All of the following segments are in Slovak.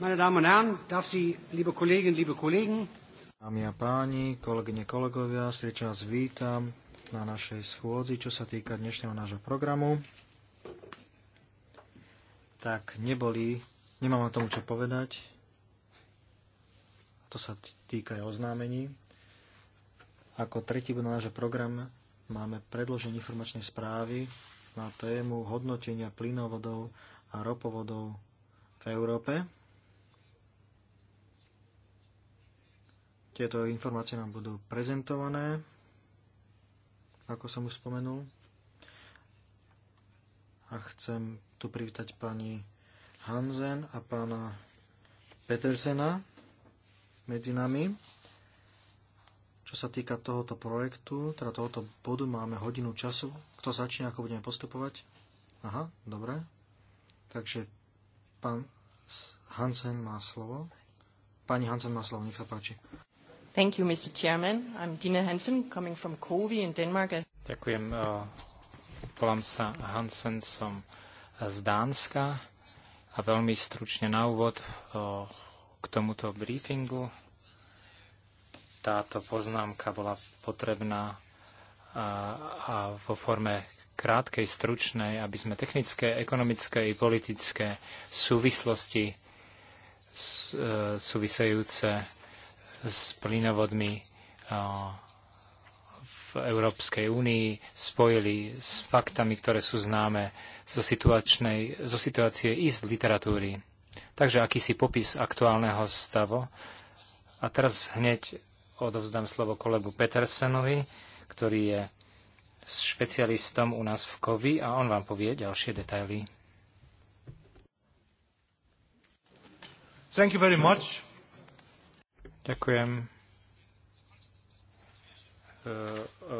Meine Damen und Herren, darf Sie, liebe Kolleginnen, liebe Kollegen, Dámy a páni, kolegyne, kolegovia, srdečne vás vítam na našej schôdzi, čo sa týka dnešného nášho programu. Tak neboli, nemám o tomu čo povedať. To sa týka aj oznámení. Ako tretí bod nášho programu máme predloženie informačnej správy na tému hodnotenia plynovodov a ropovodov v Európe. Tieto informácie nám budú prezentované, ako som už spomenul. A chcem tu privítať pani Hansen a pána Petersena medzi nami. Čo sa týka tohoto projektu, teda tohoto bodu, máme hodinu času. Kto začne, ako budeme postupovať? Aha, dobre. Takže pán Hansen má slovo. Pani Hansen má slovo, nech sa páči. Thank you, Mr. Chairman. I'm Dina Hansen, coming from Kovi in Denmark. Ďakujem. Uh, volám sa Hansen, som uh, z Dánska a veľmi stručne na úvod uh, k tomuto briefingu. Táto poznámka bola potrebná a, a vo forme krátkej, stručnej, aby sme technické, ekonomické i politické súvislosti súvisejúce s plynovodmi v Európskej únii spojili s faktami, ktoré sú známe zo, situačnej, zo situácie i z literatúry. Takže akýsi popis aktuálneho stavu. A teraz hneď odovzdám slovo kolegu Petersenovi, ktorý je špecialistom u nás v Kovi a on vám povie ďalšie detaily. Thank you very much. Ďakujem. E, e,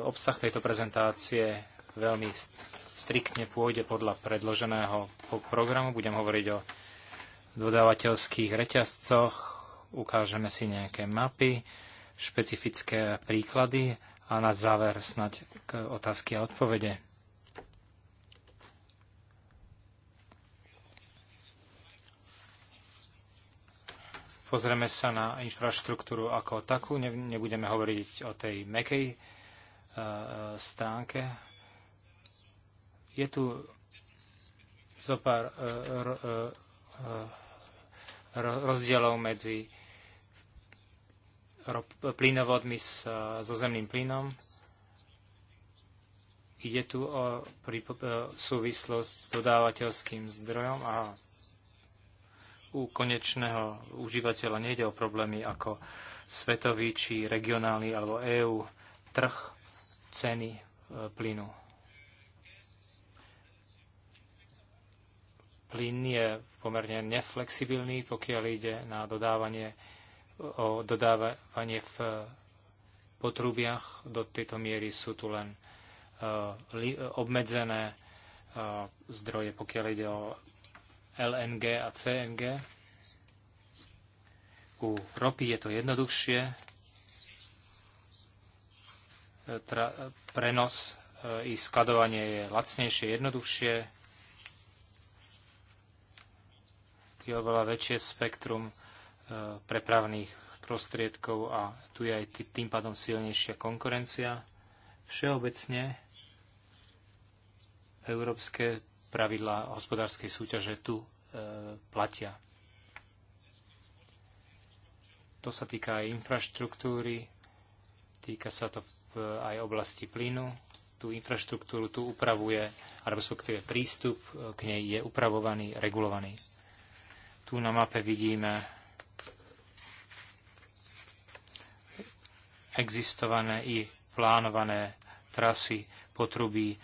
obsah tejto prezentácie veľmi striktne pôjde podľa predloženého programu. Budem hovoriť o dodávateľských reťazcoch, ukážeme si nejaké mapy, špecifické príklady a na záver snať k otázky a odpovede. Pozrieme sa na infraštruktúru ako takú, nebudeme hovoriť o tej mekej e, stránke. Je tu zo pár e, e, rozdielov medzi plynovodmi so zemným plynom. Ide tu o súvislosť s dodávateľským zdrojom a u konečného užívateľa nejde o problémy ako svetový či regionálny alebo EÚ trh ceny e, plynu. Plyn je pomerne neflexibilný, pokiaľ ide na dodávanie, o dodávanie v e, potrubiach. Do tejto miery sú tu len e, obmedzené zdroje, pokiaľ ide o LNG a CNG. U ropy je to jednoduchšie. Tra, prenos e, i skladovanie je lacnejšie, jednoduchšie. Je oveľa väčšie spektrum e, prepravných prostriedkov a tu je aj tým pádom silnejšia konkurencia. Všeobecne európske pravidlá hospodárskej súťaže tu e, platia. To sa týka aj infraštruktúry, týka sa to e, aj oblasti plynu. Tú infraštruktúru tu upravuje, alebo respektíve prístup e, k nej je upravovaný, regulovaný. Tu na mape vidíme existované i plánované trasy potrubí e,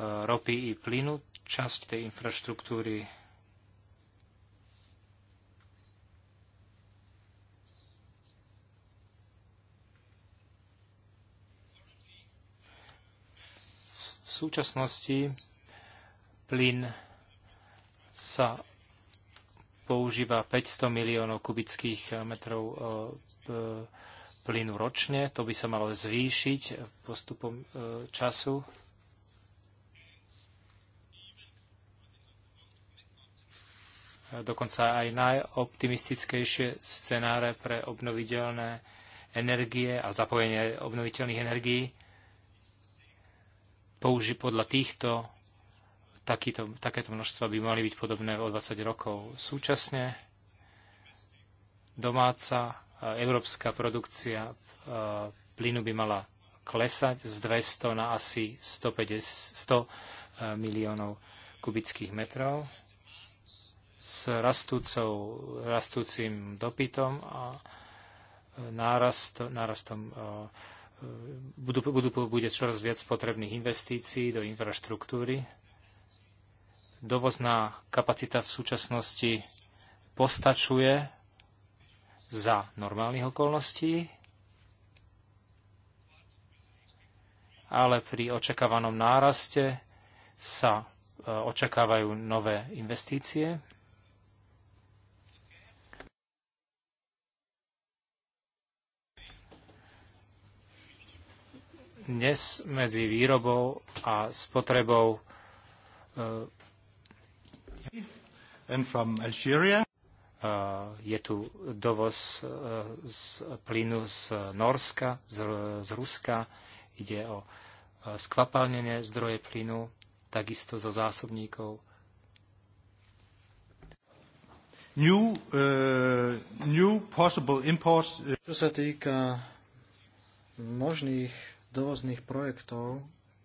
ropy i plynu časť tej infraštruktúry v súčasnosti plyn sa používa 500 miliónov kubických metrov e, plynu ročne. To by sa malo zvýšiť postupom e, času. dokonca aj najoptimistickejšie scenáre pre obnoviteľné energie a zapojenie obnoviteľných energií Použiť podľa týchto takýto, takéto množstva by mali byť podobné o 20 rokov. Súčasne domáca e, európska produkcia e, plynu by mala klesať z 200 na asi 150, 100 e, miliónov kubických metrov s rastúcou, rastúcim dopytom a e, nárast, nárastom e, e, budú, budú, bude čoraz viac potrebných investícií do infraštruktúry. Dovozná kapacita v súčasnosti postačuje za normálnych okolností, ale pri očakávanom náraste sa očakávajú nové investície. dnes medzi výrobou a spotrebou eh, eh, je tu dovoz eh, z plynu z Norska, z, z Ruska, ide o skvapalnené zdroje plynu, takisto zo zásobníkov. New, uh, new possible imports. Čo sa týka možných dovozných projektov,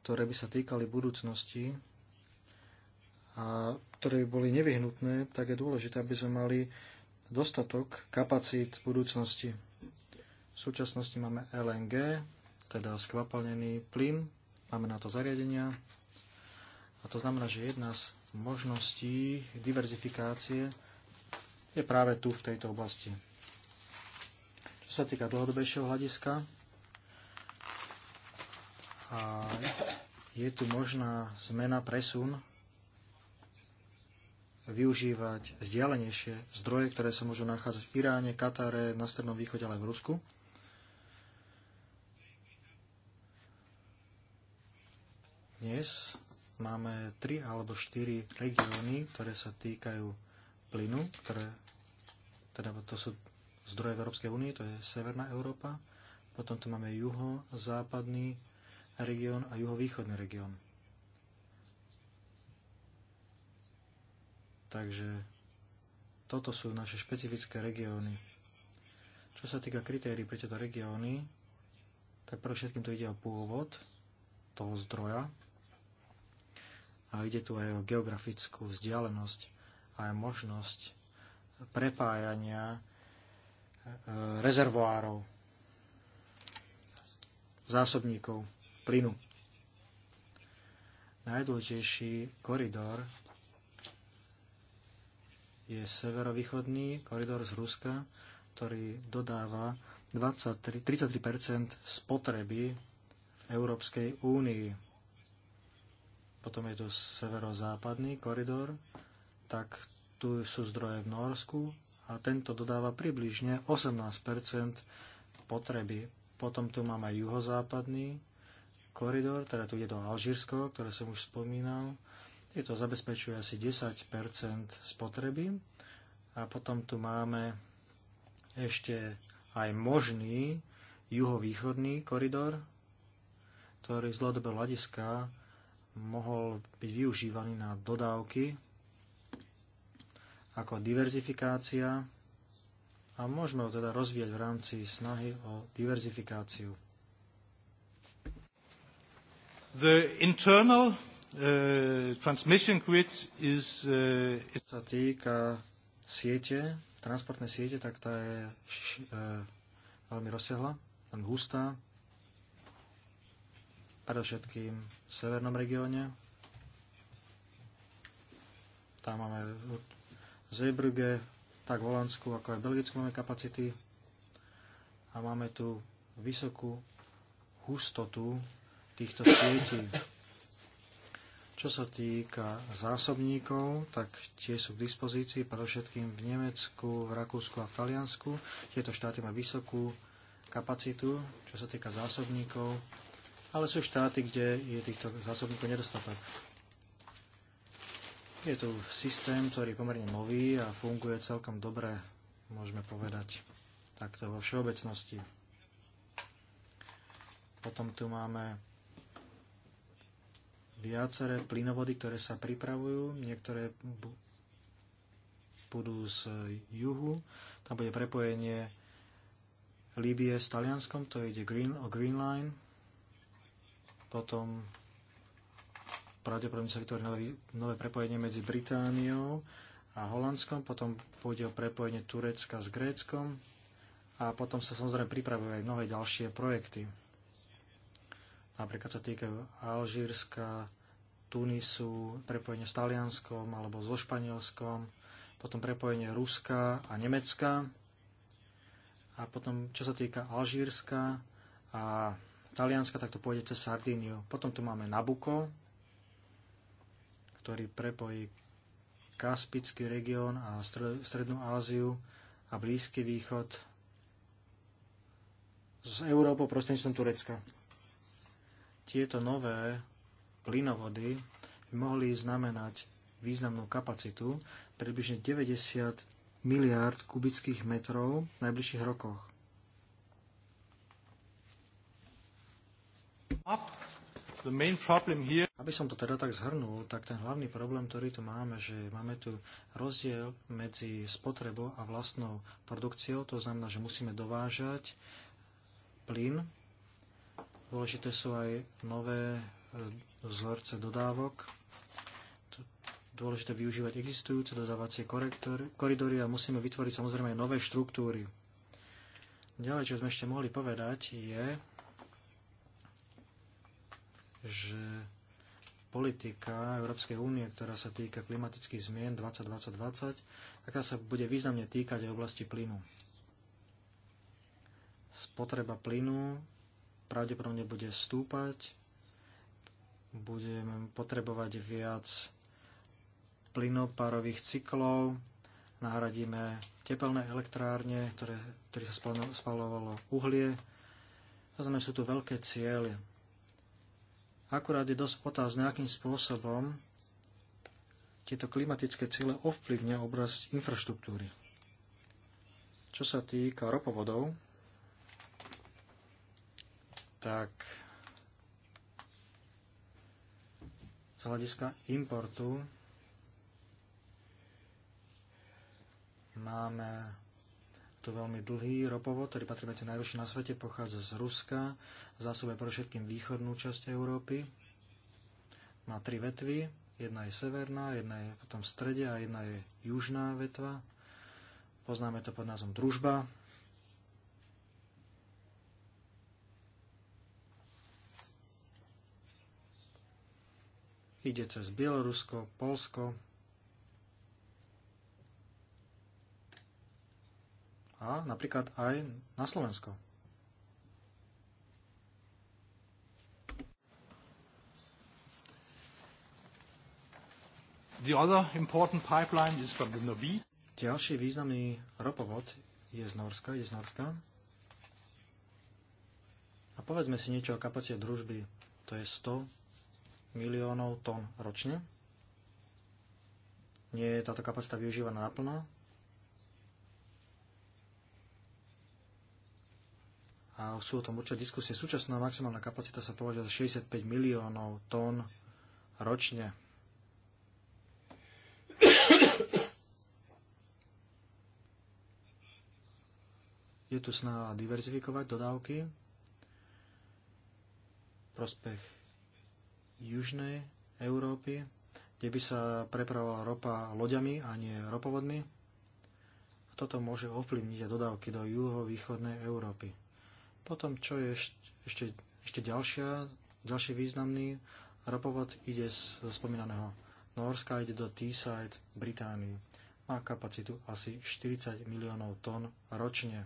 ktoré by sa týkali budúcnosti a ktoré by boli nevyhnutné, tak je dôležité, aby sme mali dostatok kapacít v budúcnosti. V súčasnosti máme LNG, teda skvapalnený plyn, máme na to zariadenia a to znamená, že jedna z možností diverzifikácie je práve tu v tejto oblasti. Čo sa týka dlhodobejšieho hľadiska, a je tu možná zmena, presun, využívať vzdialenejšie zdroje, ktoré sa môžu nachádzať v Iráne, Katare, na Strednom východe, ale aj v Rusku. Dnes máme tri alebo štyri regióny, ktoré sa týkajú plynu, ktoré, teda to sú zdroje v Európskej únie, to je Severná Európa, potom tu máme juho, západný región a juhovýchodný región. Takže toto sú naše špecifické regióny. Čo sa týka kritérií pre tieto regióny, tak pre všetkým to ide o pôvod toho zdroja a ide tu aj o geografickú vzdialenosť a aj možnosť prepájania e, rezervoárov, zásobníkov plynu. Najdôležitejší koridor je severovýchodný koridor z Ruska, ktorý dodáva 33 spotreby v Európskej únii. Potom je tu severozápadný koridor, tak tu sú zdroje v Norsku a tento dodáva približne 18 potreby. Potom tu máme juhozápadný koridor, teda tu ide do Alžírsko, ktoré som už spomínal. to zabezpečuje asi 10 spotreby. A potom tu máme ešte aj možný juhovýchodný koridor, ktorý z dlhodobého hľadiska mohol byť využívaný na dodávky ako diverzifikácia a môžeme ho teda rozvíjať v rámci snahy o diverzifikáciu. The internal uh, transmission grid is... Uh, sa týka siete, transportné siete, tak tá je uh, veľmi rozsiahla, veľmi hustá, predovšetkým v severnom regióne. Tam máme od Zeebrugge, tak v Holandsku, ako aj v Belgicku máme kapacity. A máme tu vysokú hustotu týchto sietí. Čo sa týka zásobníkov, tak tie sú k dispozícii predovšetkým v Nemecku, v Rakúsku a v Taliansku. Tieto štáty majú vysokú kapacitu, čo sa týka zásobníkov, ale sú štáty, kde je týchto zásobníkov nedostatok. Je tu systém, ktorý je pomerne nový a funguje celkom dobre, môžeme povedať takto vo všeobecnosti. Potom tu máme viaceré plynovody, ktoré sa pripravujú. Niektoré budú z juhu. Tam bude prepojenie Líbie s Talianskom, to ide Green, o Green Line. Potom pravdepodobne sa vytvorí nové, nové prepojenie medzi Britániou a Holandskom, potom pôjde o prepojenie Turecka s Gréckom a potom sa samozrejme pripravujú aj mnohé ďalšie projekty napríklad sa týkajú Alžírska, Tunisu, prepojenie s Talianskom alebo so Španielskom, potom prepojenie Ruska a Nemecka a potom, čo sa týka Alžírska a Talianska, tak to pôjde cez Sardíniu. Potom tu máme Nabuko, ktorý prepojí Kaspický región a Strednú Áziu a Blízky východ s Európou prostredníctvom Turecka. Tieto nové plynovody by mohli znamenať významnú kapacitu približne 90 miliárd kubických metrov v najbližších rokoch. Aby som to teda tak zhrnul, tak ten hlavný problém, ktorý tu máme, že máme tu rozdiel medzi spotrebou a vlastnou produkciou, to znamená, že musíme dovážať plyn Dôležité sú aj nové e, vzorce dodávok. Dôležité využívať existujúce dodávacie koridory a musíme vytvoriť samozrejme aj nové štruktúry. Ďalej, čo sme ešte mohli povedať, je, že politika Európskej únie, ktorá sa týka klimatických zmien 2020-2020, aká sa bude významne týkať aj oblasti plynu. Spotreba plynu pravdepodobne bude stúpať, budeme potrebovať viac plynoparových cyklov, nahradíme tepelné elektrárne, ktoré, ktoré sa spalovalo uhlie. To znamená, sú tu veľké cieľe. Akurát je dosť otázne, akým spôsobom tieto klimatické ciele ovplyvnia oblasť infraštruktúry. Čo sa týka ropovodov, tak z hľadiska importu máme tu veľmi dlhý ropovod, ktorý patrí medzi najvyšší na svete, pochádza z Ruska, zásobuje pre všetkým východnú časť Európy. Má tri vetvy, jedna je severná, jedna je potom v strede a jedna je južná vetva. Poznáme to pod názvom družba. ide cez Bielorusko, Polsko a napríklad aj na Slovensko. The other important pipeline is from the Novi. Ďalší významný ropovod je z Norska, je z Norska. A povedzme si niečo o kapacite družby. To je 100 miliónov tón ročne. Nie je táto kapacita využívaná naplno. A sú o tom určite diskusie. Súčasná maximálna kapacita sa považuje za 65 miliónov tón ročne. Je tu snaha diverzifikovať dodávky prospech južnej Európy, kde by sa prepravovala ropa loďami a nie ropovodmi. A toto môže ovplyvniť aj dodávky do juhovýchodnej Európy. Potom, čo je ešte, ešte ďalšia, ďalší významný ropovod, ide z spomínaného Norska, ide do Teesside, Británii. Má kapacitu asi 40 miliónov tón ročne.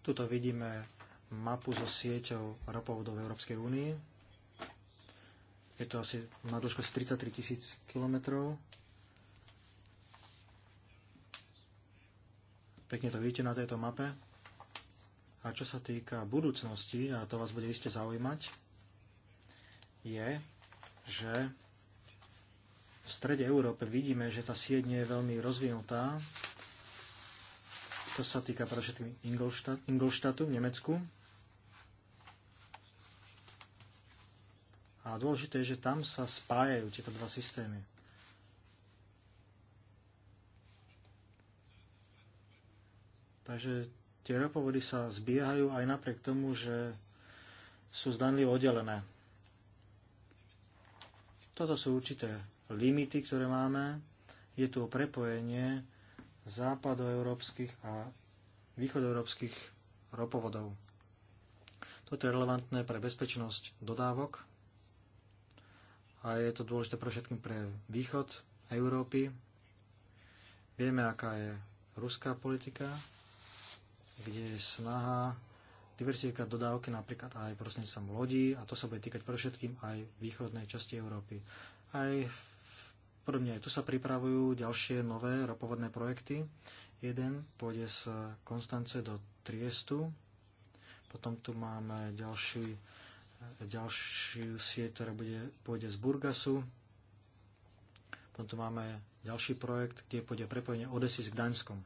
Tuto vidíme mapu so sieťou ropovodov v Európskej únie. Je to asi, má dĺžku 33 tisíc kilometrov. Pekne to vidíte na tejto mape. A čo sa týka budúcnosti, a to vás bude iste zaujímať, je, že v strede Európe vidíme, že tá sieť nie je veľmi rozvinutá to sa týka pre všetkým Ingolstadt, Ingolštátu v Nemecku. A dôležité je, že tam sa spájajú tieto dva systémy. Takže tie ropovody sa zbiehajú aj napriek tomu, že sú zdanlivo oddelené. Toto sú určité limity, ktoré máme. Je tu prepojenie západoeurópskych a východoeurópskych ropovodov. Toto je relevantné pre bezpečnosť dodávok a je to dôležité pre všetkým pre východ Európy. Vieme, aká je ruská politika, kde je snaha diversifikovať dodávky napríklad aj prostredníctvom lodí a to sa bude týkať pre všetkým aj východnej časti Európy. Aj v podobne aj tu sa pripravujú ďalšie nové ropovodné projekty. Jeden pôjde z Konstance do Triestu. Potom tu máme ďalší, ďalšiu sieť, ktorá bude, pôjde z Burgasu. Potom tu máme ďalší projekt, kde pôjde prepojenie Odesy s Gdaňskom.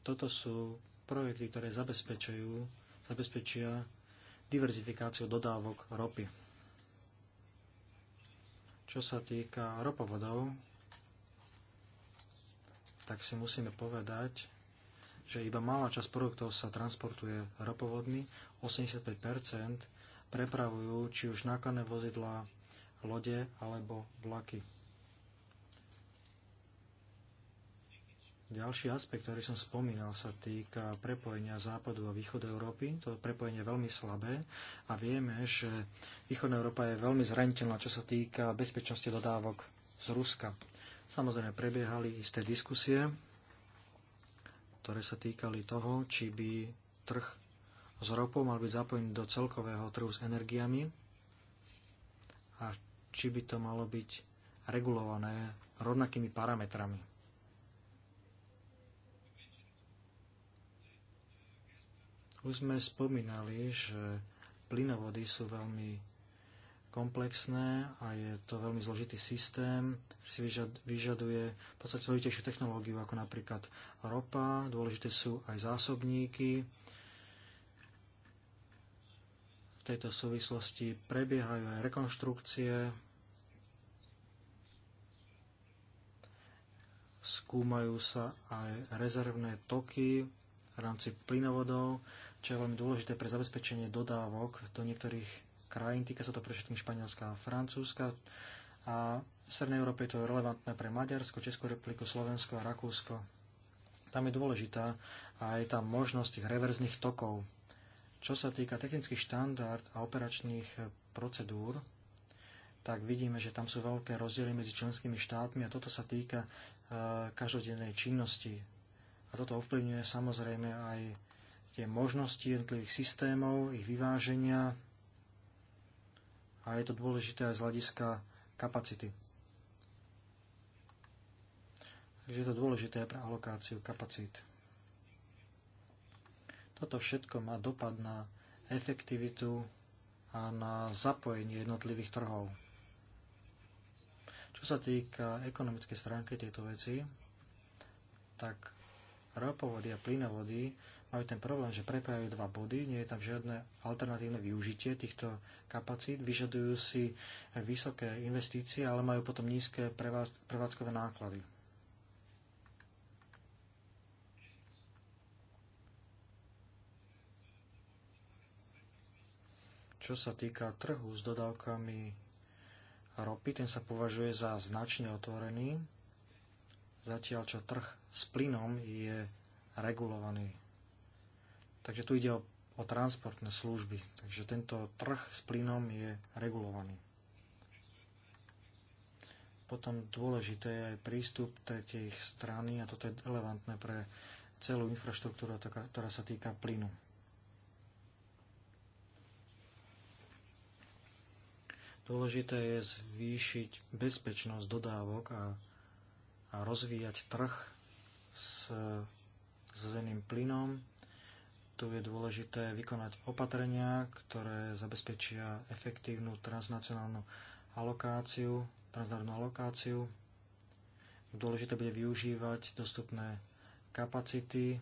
Toto sú projekty, ktoré zabezpečujú, zabezpečia diverzifikáciu dodávok ropy. Čo sa týka ropovodov, tak si musíme povedať, že iba malá časť produktov sa transportuje ropovodmi, 85 prepravujú či už nákladné vozidlá, lode alebo vlaky. Ďalší aspekt, ktorý som spomínal, sa týka prepojenia západu a východu Európy. To prepojenie je veľmi slabé a vieme, že východná Európa je veľmi zraniteľná, čo sa týka bezpečnosti dodávok z Ruska. Samozrejme, prebiehali isté diskusie, ktoré sa týkali toho, či by trh s ropou mal byť zapojený do celkového trhu s energiami a či by to malo byť regulované rovnakými parametrami. Už sme spomínali, že plynovody sú veľmi komplexné a je to veľmi zložitý systém, ktorý si vyžaduje v podstate zložitejšiu technológiu ako napríklad ropa, dôležité sú aj zásobníky. V tejto súvislosti prebiehajú aj rekonštrukcie, skúmajú sa aj rezervné toky v rámci plynovodov čo je veľmi dôležité pre zabezpečenie dodávok do niektorých krajín. Týka sa to pre všetkým Španielska a Francúzska. A v Srednej Európe je to relevantné pre Maďarsko, Českú republiku, Slovensko a Rakúsko. Tam je dôležitá aj tá možnosť tých reverzných tokov. Čo sa týka technických štandard a operačných procedúr, tak vidíme, že tam sú veľké rozdiely medzi členskými štátmi a toto sa týka e, každodennej činnosti. A toto ovplyvňuje samozrejme aj tie možnosti jednotlivých systémov, ich vyváženia a je to dôležité aj z hľadiska kapacity. Takže je to dôležité pre alokáciu kapacít. Toto všetko má dopad na efektivitu a na zapojenie jednotlivých trhov. Čo sa týka ekonomickej stránky tejto veci, tak ropovody a plynovody majú ten problém, že prepájajú dva body, nie je tam žiadne alternatívne využitie týchto kapacít, vyžadujú si vysoké investície, ale majú potom nízke prevádzkové náklady. Čo sa týka trhu s dodávkami ropy, ten sa považuje za značne otvorený, zatiaľ čo trh s plynom je regulovaný. Takže tu ide o, o transportné služby. Takže tento trh s plynom je regulovaný. Potom dôležité je aj prístup tretej strany a toto je relevantné pre celú infraštruktúru, ktorá sa týka plynu. Dôležité je zvýšiť bezpečnosť dodávok a, a rozvíjať trh s zeleným plynom tu je dôležité vykonať opatrenia, ktoré zabezpečia efektívnu transnacionálnu alokáciu, transnárodnú alokáciu. Dôležité bude využívať dostupné kapacity,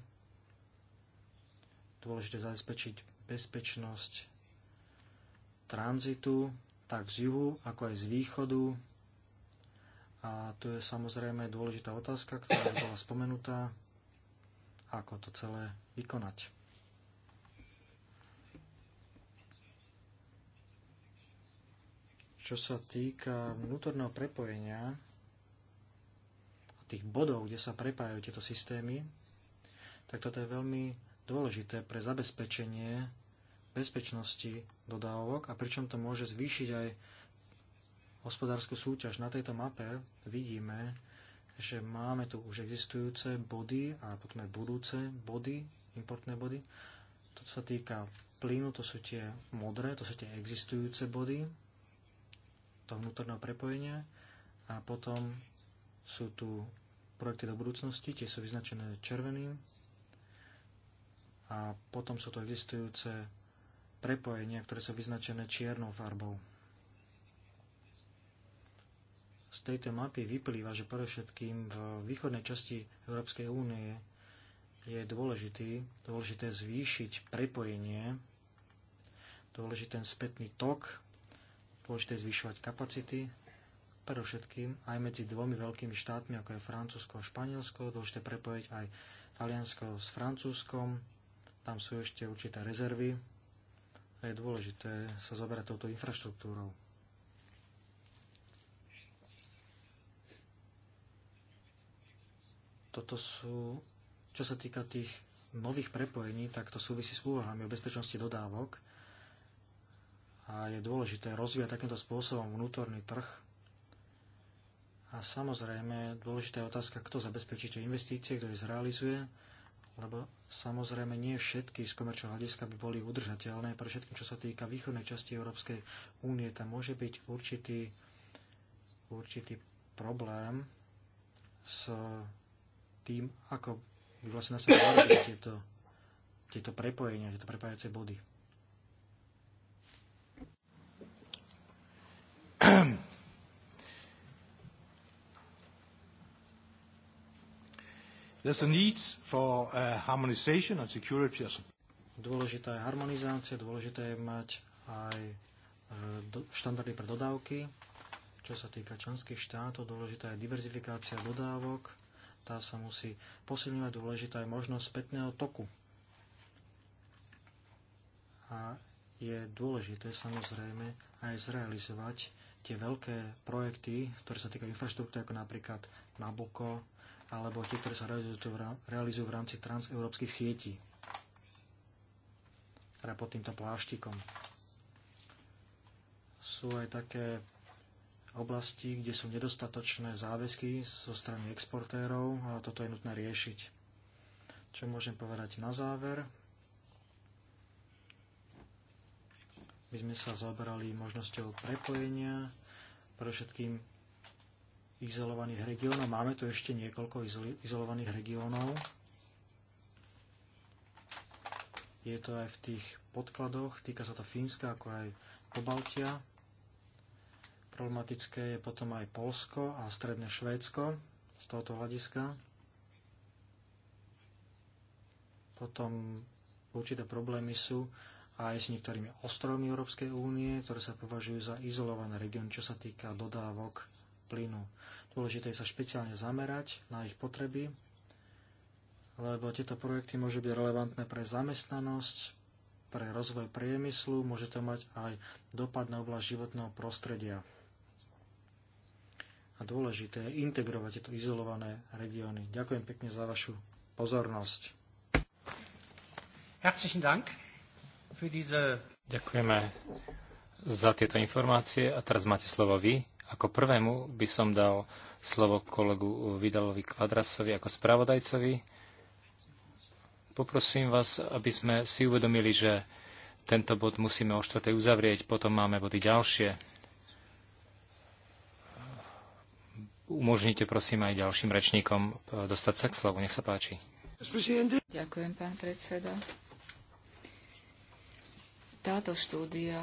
dôležité zabezpečiť bezpečnosť tranzitu, tak z juhu, ako aj z východu. A tu je samozrejme dôležitá otázka, ktorá bola spomenutá, ako to celé vykonať. Čo sa týka vnútorného prepojenia a tých bodov, kde sa prepájajú tieto systémy, tak toto je veľmi dôležité pre zabezpečenie bezpečnosti dodávok a pričom to môže zvýšiť aj hospodárskú súťaž. Na tejto mape vidíme, že máme tu už existujúce body a potom aj budúce body, importné body. To sa týka plynu, to sú tie modré, to sú tie existujúce body toho vnútorného prepojenia a potom sú tu projekty do budúcnosti, tie sú vyznačené červeným a potom sú to existujúce prepojenia, ktoré sú vyznačené čiernou farbou. Z tejto mapy vyplýva, že predovšetkým v východnej časti Európskej únie je dôležitý, dôležité zvýšiť prepojenie, dôležitý ten spätný tok dôležité zvyšovať kapacity, predovšetkým aj medzi dvomi veľkými štátmi, ako je Francúzsko a Španielsko, dôležité prepojiť aj Taliansko s Francúzskom, tam sú ešte určité rezervy a je dôležité sa zoberať touto infraštruktúrou. Toto sú, čo sa týka tých nových prepojení, tak to súvisí s úvahami o bezpečnosti dodávok a je dôležité rozvíjať takýmto spôsobom vnútorný trh. A samozrejme, dôležitá je otázka, kto zabezpečí tie investície, kto ich zrealizuje, lebo samozrejme nie všetky z komerčného hľadiska by boli udržateľné. Pre všetkým, čo sa týka východnej časti Európskej únie, tam môže byť určitý, určitý problém s tým, ako by vlastne sa tieto, tieto prepojenia, tieto prepájacie body. There's a need for uh, harmonization and security Dôležitá je harmonizácia, dôležité je mať aj e, štandardy pre dodávky. Čo sa týka členských štátov, dôležitá je diverzifikácia dodávok. Tá sa musí posilňovať, dôležitá je možnosť spätného toku. A je dôležité samozrejme aj zrealizovať tie veľké projekty, ktoré sa týkajú infraštruktúry, ako napríklad Nabucco, alebo tie, ktoré sa realizujú v rámci transeurópskych sietí. Teda pod týmto pláštikom. Sú aj také oblasti, kde sú nedostatočné záväzky zo strany exportérov a toto je nutné riešiť. Čo môžem povedať na záver? by sme sa zaoberali možnosťou prepojenia pre všetkým izolovaných regiónov. Máme tu ešte niekoľko izolovaných regiónov. Je to aj v tých podkladoch, týka sa to Fínska, ako aj Pobaltia. Problematické je potom aj Polsko a stredné Švédsko z tohoto hľadiska. Potom určité problémy sú aj s niektorými ostrovmi Európskej únie, ktoré sa považujú za izolované regióny, čo sa týka dodávok plynu. Dôležité je sa špeciálne zamerať na ich potreby, lebo tieto projekty môžu byť relevantné pre zamestnanosť, pre rozvoj priemyslu, môže to mať aj dopad na oblasť životného prostredia. A dôležité je integrovať tieto izolované regióny. Ďakujem pekne za vašu pozornosť. Herzlichen Dank. Ďakujeme za tieto informácie a teraz máte slovo vy. Ako prvému by som dal slovo kolegu Vidalovi Kvadrasovi ako spravodajcovi. Poprosím vás, aby sme si uvedomili, že tento bod musíme o 4. uzavrieť, potom máme body ďalšie. Umožnite prosím aj ďalším rečníkom eh, dostať sa k slovu. Nech sa páči. Ďakujem, pán predseda. Táto štúdia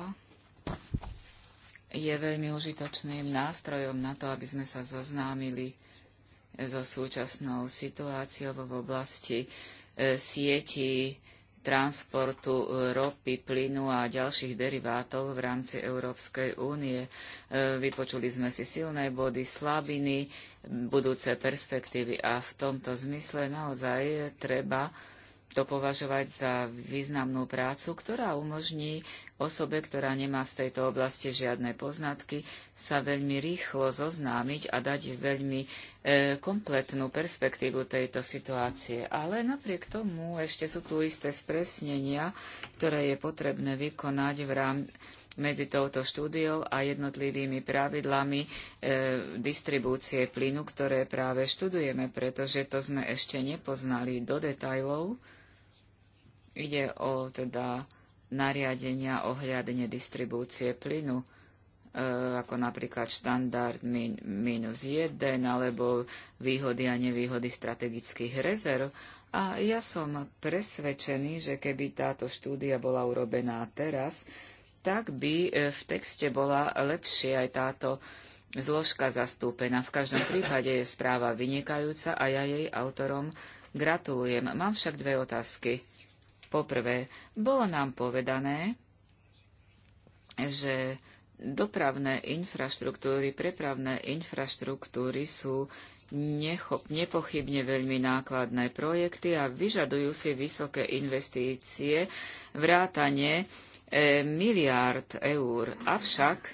je veľmi užitočným nástrojom na to, aby sme sa zoznámili so súčasnou situáciou v oblasti e, sieti transportu e, ropy, plynu a ďalších derivátov v rámci Európskej únie. E, vypočuli sme si silné body, slabiny, budúce perspektívy a v tomto zmysle naozaj treba to považovať za významnú prácu, ktorá umožní osobe, ktorá nemá z tejto oblasti žiadne poznatky, sa veľmi rýchlo zoznámiť a dať veľmi e, kompletnú perspektívu tejto situácie. Ale napriek tomu ešte sú tu isté spresnenia, ktoré je potrebné vykonať v rámci medzi touto štúdiou a jednotlivými pravidlami e, distribúcie plynu, ktoré práve študujeme, pretože to sme ešte nepoznali do detajlov. Ide o teda nariadenia ohľadne distribúcie plynu, e, ako napríklad štandard min, minus 1 alebo výhody a nevýhody strategických rezerv. A ja som presvedčený, že keby táto štúdia bola urobená teraz, tak by e, v texte bola lepšie aj táto zložka zastúpená. V každom prípade je správa vynikajúca a ja jej autorom gratulujem. Mám však dve otázky. Poprvé, bolo nám povedané, že dopravné infraštruktúry, prepravné infraštruktúry sú nechop, nepochybne veľmi nákladné projekty a vyžadujú si vysoké investície, vrátanie e, miliárd eur. Avšak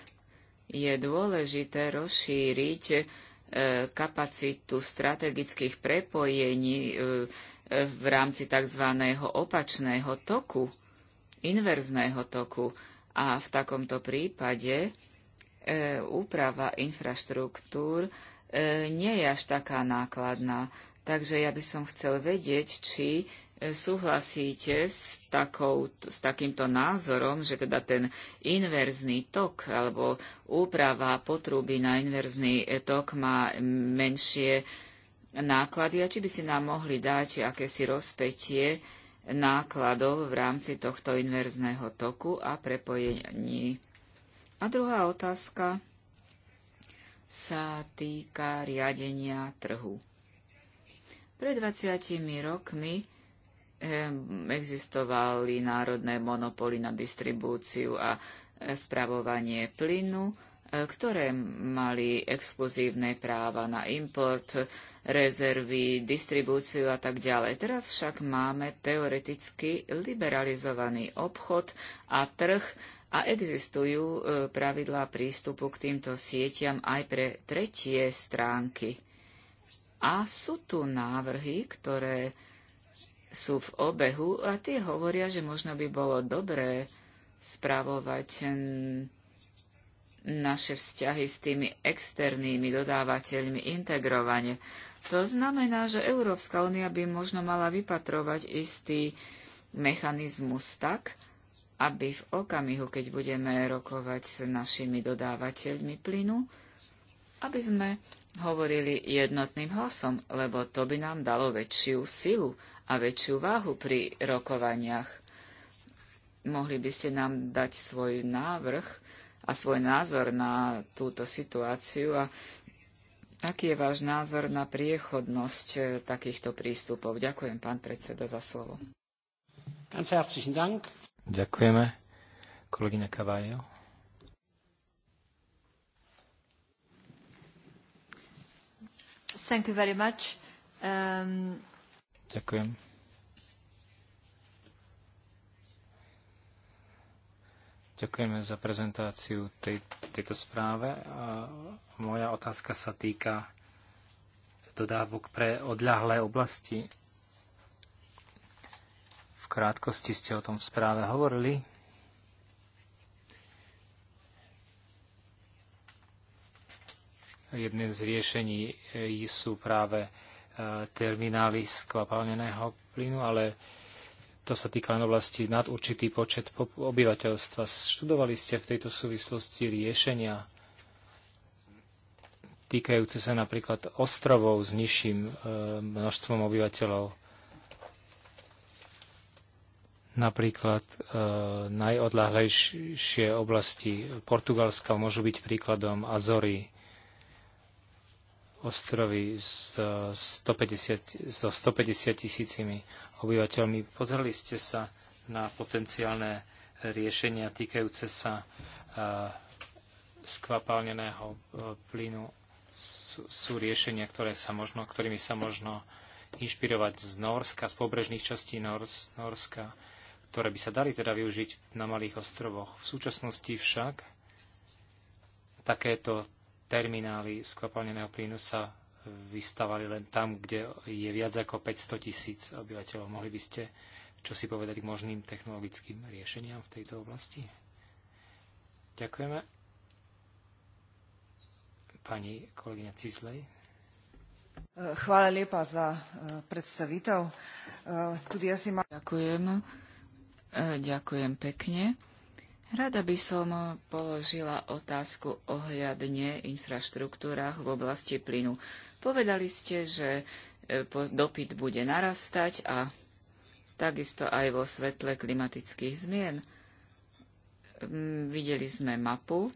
je dôležité rozšíriť e, kapacitu strategických prepojení e, v rámci tzv. opačného toku, inverzného toku. A v takomto prípade e, úprava infraštruktúr e, nie je až taká nákladná. Takže ja by som chcel vedieť, či e, súhlasíte s, takou, s takýmto názorom, že teda ten inverzný tok alebo úprava potruby na inverzný tok má menšie náklady a či by si nám mohli dať akési rozpetie nákladov v rámci tohto inverzného toku a prepojení. A druhá otázka sa týka riadenia trhu. Pred 20 rokmi ehm, existovali národné monopoly na distribúciu a spravovanie plynu E, ktoré mali exkluzívne práva na import, rezervy, distribúciu a tak ďalej. Teraz však máme teoreticky liberalizovaný obchod a trh a existujú e, pravidlá prístupu k týmto sieťam aj pre tretie stránky. A sú tu návrhy, ktoré sú v obehu a tie hovoria, že možno by bolo dobré spravovať mm, naše vzťahy s tými externými dodávateľmi integrovane. To znamená, že Európska únia by možno mala vypatrovať istý mechanizmus tak, aby v okamihu, keď budeme rokovať s našimi dodávateľmi plynu, aby sme hovorili jednotným hlasom, lebo to by nám dalo väčšiu silu a väčšiu váhu pri rokovaniach. Mohli by ste nám dať svoj návrh, a svoj názor na túto situáciu a aký je váš názor na priechodnosť eh, takýchto prístupov. Ďakujem, pán predseda, za slovo. Ďakujeme. Kolegyňa Kavajo. Thank you very much. Um... Ďakujem. Ďakujeme za prezentáciu tej, tejto správe. A moja otázka sa týka dodávok pre odľahlé oblasti. V krátkosti ste o tom v správe hovorili. Jedným z riešení e, sú práve e, terminály skvapalneného plynu, ale to sa týka len oblasti nad určitý počet obyvateľstva. Študovali ste v tejto súvislosti riešenia týkajúce sa napríklad ostrovov s nižším e, množstvom obyvateľov. Napríklad e, najodláhlejšie oblasti Portugalska môžu byť príkladom Azory, ostrovy 150, e, so 150 tisícimi obyvateľmi. Pozreli ste sa na potenciálne riešenia týkajúce sa skvapalneného e, plynu. Sú, riešenia, ktoré sa možno, ktorými sa možno inšpirovať z Norska, z pobrežných častí Nors, Norska, ktoré by sa dali teda využiť na malých ostrovoch. V súčasnosti však takéto terminály skvapalneného plynu sa vystavali len tam, kde je viac ako 500 tisíc obyvateľov. Mohli by ste čo si povedať k možným technologickým riešeniam v tejto oblasti? Ďakujeme. Pani kolegyňa Cizlej. Chvála lepa za e, predstavitev. E, tudi ja si ma... Ďakujem. E, ďakujem pekne. Rada by som položila otázku ohľadne infraštruktúrach v oblasti plynu. Povedali ste, že e, dopyt bude narastať a takisto aj vo svetle klimatických zmien. Mm, videli sme mapu,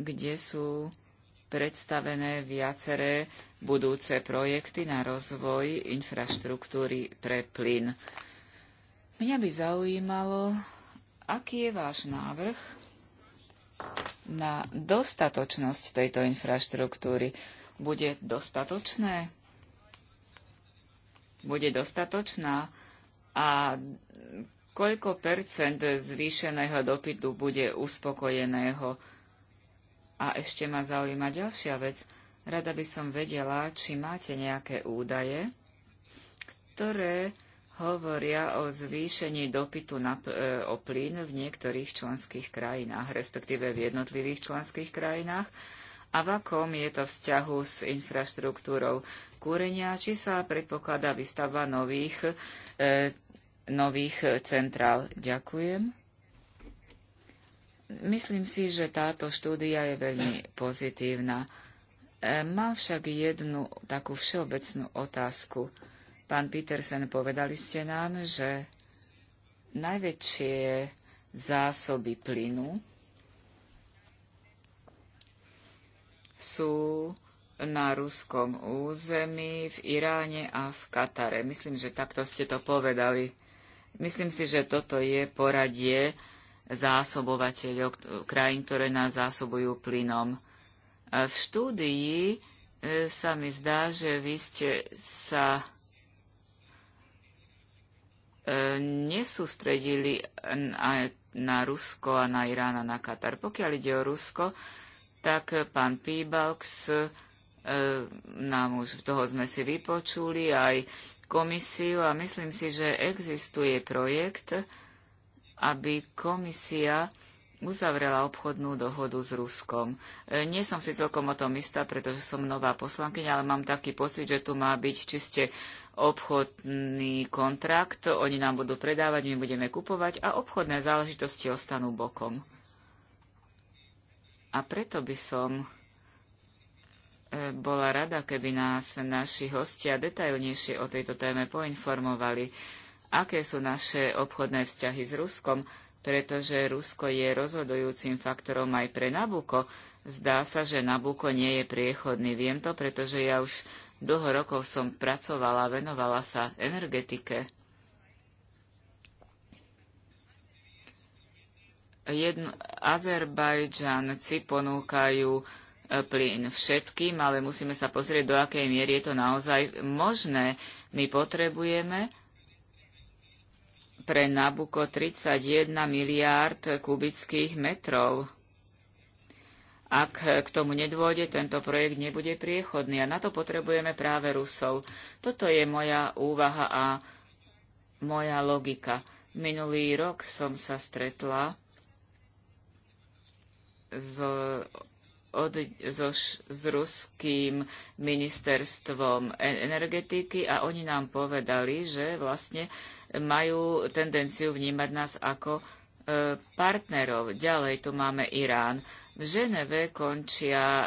kde sú predstavené viaceré budúce projekty na rozvoj infraštruktúry pre plyn. Mňa by zaujímalo, aký je váš návrh na dostatočnosť tejto infraštruktúry bude dostatočné? Bude dostatočná? A koľko percent zvýšeného dopytu bude uspokojeného? A ešte ma zaujíma ďalšia vec. Rada by som vedela, či máte nejaké údaje, ktoré hovoria o zvýšení dopytu na, e, o plyn v niektorých členských krajinách, respektíve v jednotlivých členských krajinách a v akom je to vzťahu s infraštruktúrou kúrenia, či sa predpokladá výstavba nových, e, nových centrál. Ďakujem. Myslím si, že táto štúdia je veľmi pozitívna. E, mám však jednu takú všeobecnú otázku. Pán Petersen, povedali ste nám, že najväčšie zásoby plynu sú na ruskom území, v Iráne a v Katare. Myslím, že takto ste to povedali. Myslím si, že toto je poradie zásobovateľov krajín, ktoré nás zásobujú plynom. E, v štúdii e, sa mi zdá, že vy ste sa e, nesústredili na, Rusko a na Irán a na Katar. Pokiaľ ide o Rusko, tak pán Pibalks, eh, nám už toho sme si vypočuli, aj komisiu a myslím si, že existuje projekt, aby komisia uzavrela obchodnú dohodu s Ruskom. Eh, nie som si celkom o tom istá, pretože som nová poslankyňa, ale mám taký pocit, že tu má byť čiste obchodný kontrakt. Oni nám budú predávať, my budeme kupovať a obchodné záležitosti ostanú bokom. A preto by som e, bola rada, keby nás naši hostia detailnejšie o tejto téme poinformovali, aké sú naše obchodné vzťahy s Ruskom, pretože Rusko je rozhodujúcim faktorom aj pre Nabuko. Zdá sa, že Nabuko nie je priechodný. Viem to, pretože ja už dlho rokov som pracovala, venovala sa energetike. jedno, Azerbajdžanci ponúkajú e, plyn všetkým, ale musíme sa pozrieť, do akej miery je to naozaj možné. My potrebujeme pre Nabuko 31 miliárd kubických metrov. Ak k tomu nedôjde, tento projekt nebude priechodný a na to potrebujeme práve Rusov. Toto je moja úvaha a moja logika. Minulý rok som sa stretla z, od, so, s ruským ministerstvom e, energetiky a oni nám povedali, že vlastne majú tendenciu vnímať nás ako e, partnerov. Ďalej tu máme Irán. V Ženeve končia e,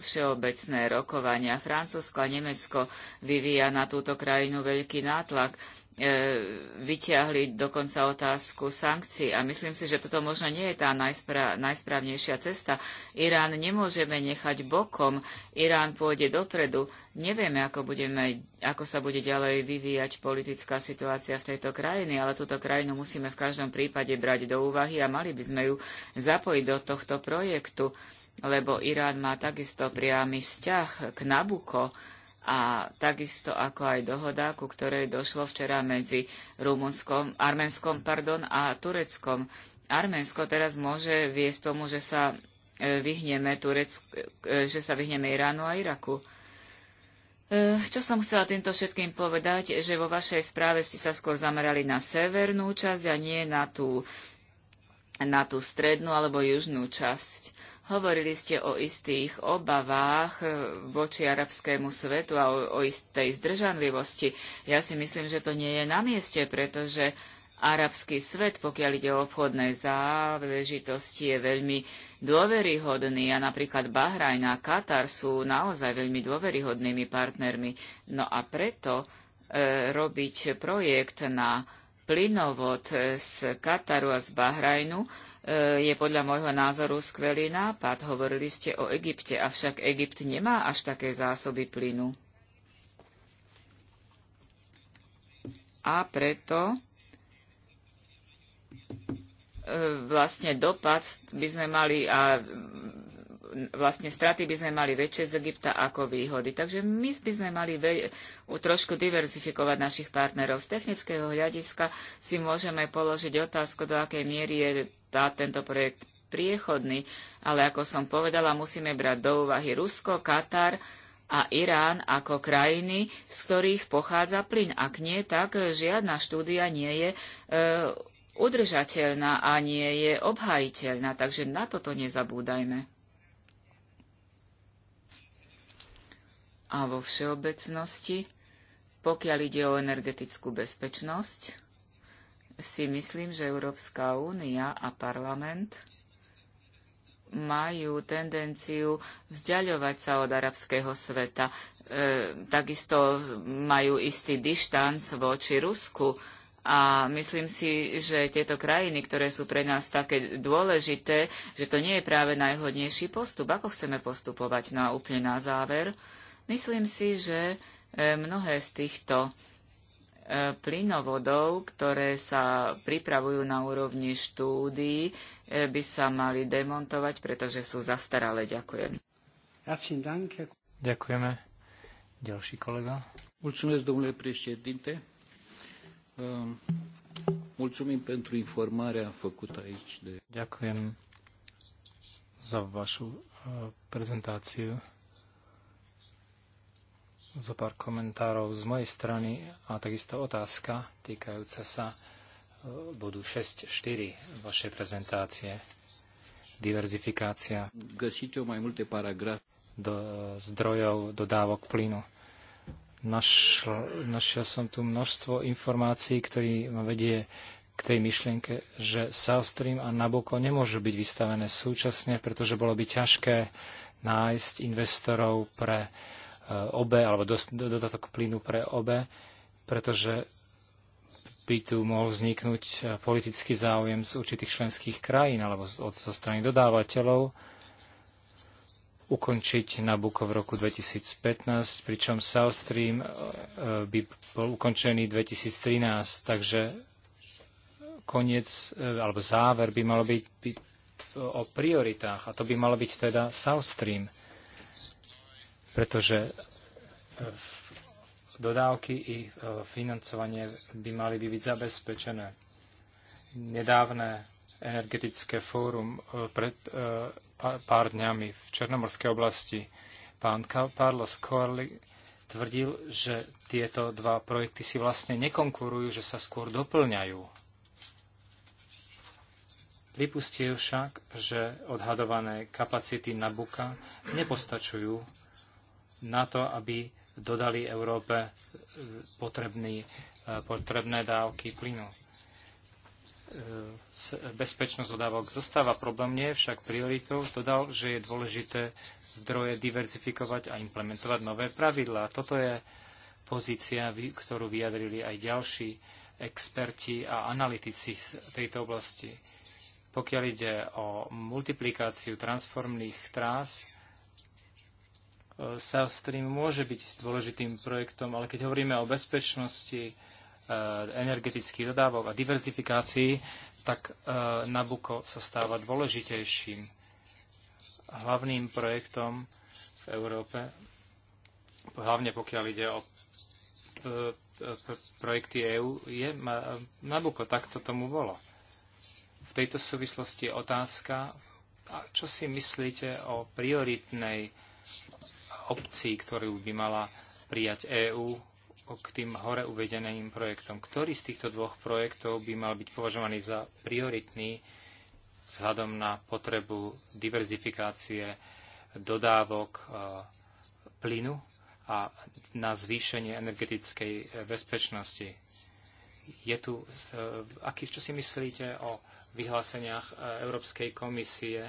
všeobecné rokovania. Francúzsko a Nemecko vyvíja na túto krajinu veľký nátlak. E, vyťahli dokonca otázku sankcií. A myslím si, že toto možno nie je tá najsprávnejšia cesta. Irán nemôžeme nechať bokom. Irán pôjde dopredu. Nevieme, ako, budeme, ako sa bude ďalej vyvíjať politická situácia v tejto krajine, ale túto krajinu musíme v každom prípade brať do úvahy a mali by sme ju zapojiť do tohto projektu, lebo Irán má takisto priamy vzťah k Nabuko a takisto ako aj dohoda, ku ktorej došlo včera medzi Rumunskom, Arménskom pardon, a Tureckom. Arménsko teraz môže viesť tomu, že sa e, vyhneme, Tureck- e, že sa vyhneme Iránu a Iraku. E, čo som chcela týmto všetkým povedať, že vo vašej správe ste sa skôr zamerali na severnú časť a nie na tú, na tú strednú alebo južnú časť. Hovorili ste o istých obavách e, voči arabskému svetu a o, o istej zdržanlivosti. Ja si myslím, že to nie je na mieste, pretože arabský svet, pokiaľ ide o obchodné záležitosti, je veľmi dôveryhodný a napríklad Bahrajn a Katar sú naozaj veľmi dôveryhodnými partnermi. No a preto e, robiť projekt na plynovod z Kataru a z Bahrajnu E, je podľa môjho názoru skvelý nápad. Hovorili ste o Egypte, avšak Egypt nemá až také zásoby plynu. A preto e, vlastne dopad by sme mali a vlastne straty by sme mali väčšie z Egypta ako výhody. Takže my by sme mali trošku diverzifikovať našich partnerov. Z technického hľadiska si môžeme položiť otázku, do akej miery je štát tento projekt priechodný, ale ako som povedala, musíme brať do úvahy Rusko, Katar a Irán ako krajiny, z ktorých pochádza plyn. Ak nie, tak žiadna štúdia nie je e, udržateľná a nie je obhajiteľná, takže na toto nezabúdajme. A vo všeobecnosti, pokiaľ ide o energetickú bezpečnosť, si myslím, že Európska únia a parlament majú tendenciu vzdialovať sa od arabského sveta. E, takisto majú istý dištanc voči Rusku. A myslím si, že tieto krajiny, ktoré sú pre nás také dôležité, že to nie je práve najhodnejší postup. Ako chceme postupovať? No a úplne na záver, myslím si, že e, mnohé z týchto plynovodov, ktoré sa pripravujú na úrovni štúdií, e, by sa mali demontovať, pretože sú zastaralé. Ďakujem. Ďakujeme. Ďalší kolega. Mulțumesc, domnule președinte. Ehm, mulțumim pentru informarea făcută aici. De... Ďakujem za vašu e, prezentáciu zo pár komentárov z mojej strany a takisto otázka týkajúca sa e, bodu 6.4 vašej prezentácie. Diverzifikácia do e, zdrojov dodávok plynu. Našl, našiel som tu množstvo informácií, ktorý ma vedie k tej myšlienke, že South Stream a Nabucco nemôžu byť vystavené súčasne, pretože bolo by ťažké nájsť investorov pre uh, Eh, obe, alebo dodatok plynu pre obe, pretože by tu mohol vzniknúť eh, politický záujem z určitých členských krajín alebo od, zo strany dodávateľov ukončiť Nabucco v roku 2015, pričom South Stream eh, by bol ukončený 2013, takže koniec alebo záver by malo byť, byť o prioritách a to by malo byť teda South Stream pretože e, dodávky i e, financovanie by mali by byť zabezpečené. Nedávne energetické fórum e, pred pár dňami v Černomorskej oblasti pán Carlos Corley tvrdil, že tieto dva projekty si vlastne nekonkurujú, že sa skôr doplňajú. Pripustil však, že odhadované kapacity Nabuka nepostačujú na to, aby dodali Európe e, potrebný, e, potrebné dávky plynu. E, bezpečnosť dodávok zostáva problém, nie však prioritou. Dodal, že je dôležité zdroje diverzifikovať a implementovať nové pravidlá. Toto je pozícia, ktorú vyjadrili aj ďalší experti a analytici z tejto oblasti. Pokiaľ ide o multiplikáciu transformných trás, Eh, South Stream môže byť dôležitým projektom, ale keď hovoríme o bezpečnosti eh, energetických dodávok a diverzifikácii, tak eh, Nabuko sa stáva dôležitejším hlavným projektom v Európe, hlavne pokiaľ ide o projekty EÚ, je Nabuko, to tomu bolo. V tejto súvislosti je otázka, čo si myslíte o prioritnej opcií, ktorú by mala prijať EÚ k tým hore uvedeným projektom. Ktorý z týchto dvoch projektov by mal byť považovaný za prioritný vzhľadom na potrebu diverzifikácie dodávok e, plynu a na zvýšenie energetickej e, bezpečnosti. Je tu, e, aký, čo si myslíte o vyhláseniach Európskej komisie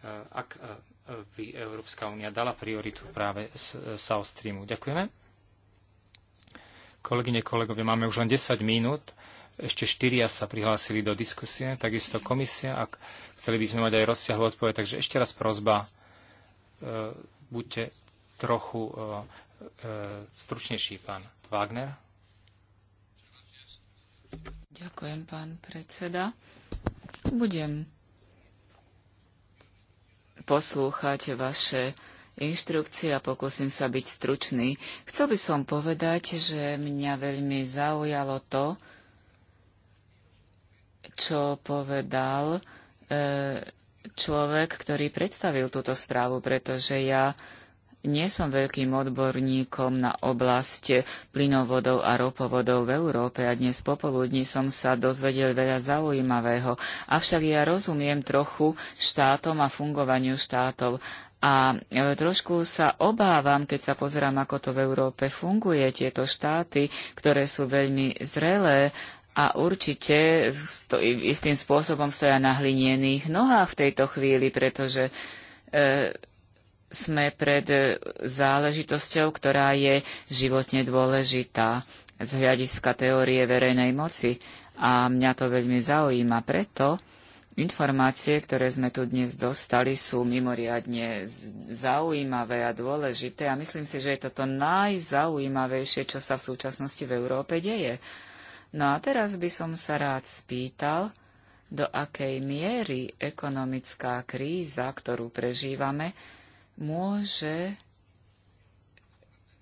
Eh, ak eh, by Európska únia dala prioritu práve eh, South Streamu. Ďakujeme. Kolegyne, kolegovia, máme už len 10 minút. Ešte štyria sa prihlásili do diskusie, takisto komisia. Ak chceli by sme mať aj rozsiahlu odpoveď, takže ešte raz prozba, buďte trochu stručnejší, pán Wagner. Ďakujem, pán predseda. Budem poslúchať vaše inštrukcie a pokúsim sa byť stručný. Chcel by som povedať, že mňa veľmi zaujalo to, čo povedal e, človek, ktorý predstavil túto správu, pretože ja e, nie som veľkým odborníkom na oblasť plynovodov a ropovodov v Európe a dnes popoludní som sa dozvedel veľa zaujímavého. Avšak ja rozumiem trochu štátom a fungovaniu štátov. A e, trošku sa obávam, keď sa pozerám, ako to v Európe funguje, tieto štáty, ktoré sú veľmi zrelé a určite istým spôsobom stoja na hliniených nohách v tejto chvíli, pretože e, sme pred e, záležitosťou, ktorá je životne dôležitá z hľadiska teórie verejnej moci. A mňa to veľmi zaujíma, preto informácie, ktoré sme tu dnes dostali, sú mimoriadne zaujímavé a dôležité. A myslím si, že je toto najzaujímavejšie, čo sa v súčasnosti v Európe deje. No a teraz by som sa rád spýtal, do akej miery ekonomická kríza, ktorú prežívame, môže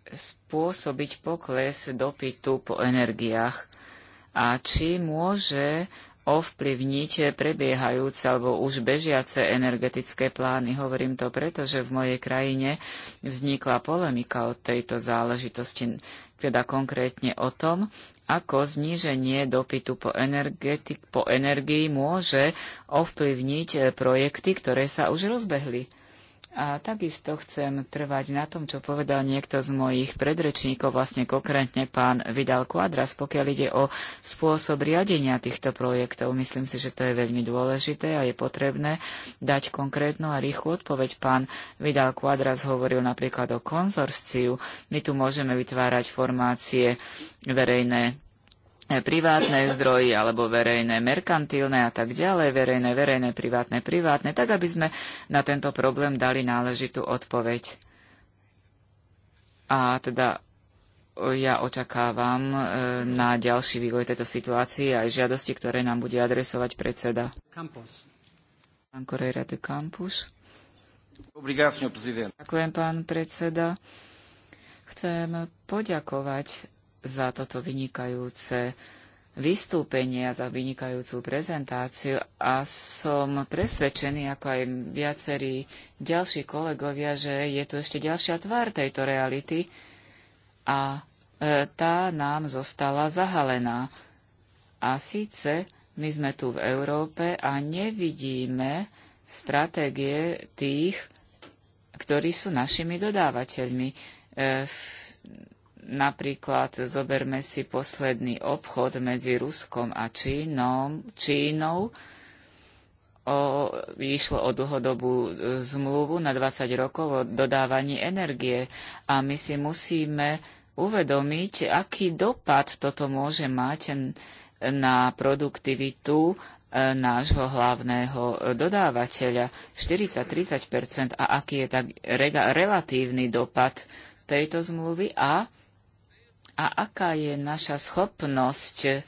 spôsobiť pokles dopytu po energiách a či môže ovplyvniť prebiehajúce alebo už bežiace energetické plány. Hovorím to preto, že v mojej krajine vznikla polemika o tejto záležitosti, teda konkrétne o tom, ako zníženie dopytu po, energetik, po energii môže ovplyvniť projekty, ktoré sa už rozbehli. A takisto chcem trvať na tom, čo povedal niekto z mojich predrečníkov, vlastne konkrétne pán Vidal Quadras, pokiaľ ide o spôsob riadenia týchto projektov. Myslím si, že to je veľmi dôležité a je potrebné dať konkrétnu a rýchlu odpoveď. Pán Vidal Quadras hovoril napríklad o konzorciu. My tu môžeme vytvárať formácie verejné privátne zdroji alebo verejné, merkantilné a tak ďalej, verejné, verejné, privátne, privátne, tak aby sme na tento problém dali náležitú odpoveď. A teda ja očakávam e, na ďalší vývoj tejto situácie aj žiadosti, ktoré nám bude adresovať predseda. Pán Correira de Campus. Ďakujem, pán predseda. Chcem poďakovať za toto vynikajúce vystúpenie a za vynikajúcu prezentáciu a som presvedčený, ako aj viacerí ďalší kolegovia, že je tu ešte ďalšia tvár tejto reality a e, tá nám zostala zahalená. A síce my sme tu v Európe a nevidíme stratégie tých, ktorí sú našimi dodávateľmi. E, Napríklad zoberme si posledný obchod medzi Ruskom a Čínom, Čínou. O, išlo o dlhodobú e, zmluvu na 20 rokov o dodávaní energie a my si musíme uvedomiť, aký dopad toto môže mať na produktivitu e, nášho hlavného dodávateľa 40-30 a aký je tak relatívny dopad tejto zmluvy a a aká je naša schopnosť e,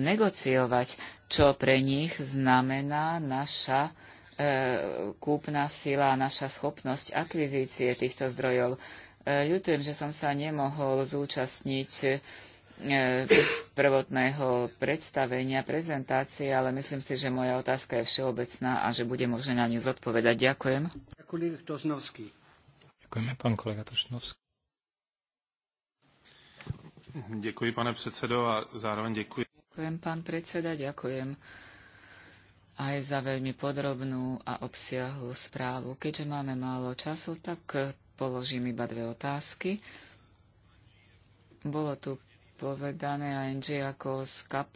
negociovať, čo pre nich znamená naša e, kúpna sila, naša schopnosť akvizície týchto zdrojov. E, ľutujem, že som sa nemohol zúčastniť prvotného predstavenia, prezentácie, ale myslím si, že moja otázka je všeobecná a že bude možné na ňu zodpovedať. Ďakujem. Ďakujeme, pán kolega Tošnovský. Ďakujem, pane predsedo, a zároveň ďakujem. Ďakujem, pán predseda, ďakujem aj za veľmi podrobnú a obsiahlu správu. Keďže máme málo času, tak položím iba dve otázky. Bolo tu povedané ANG ako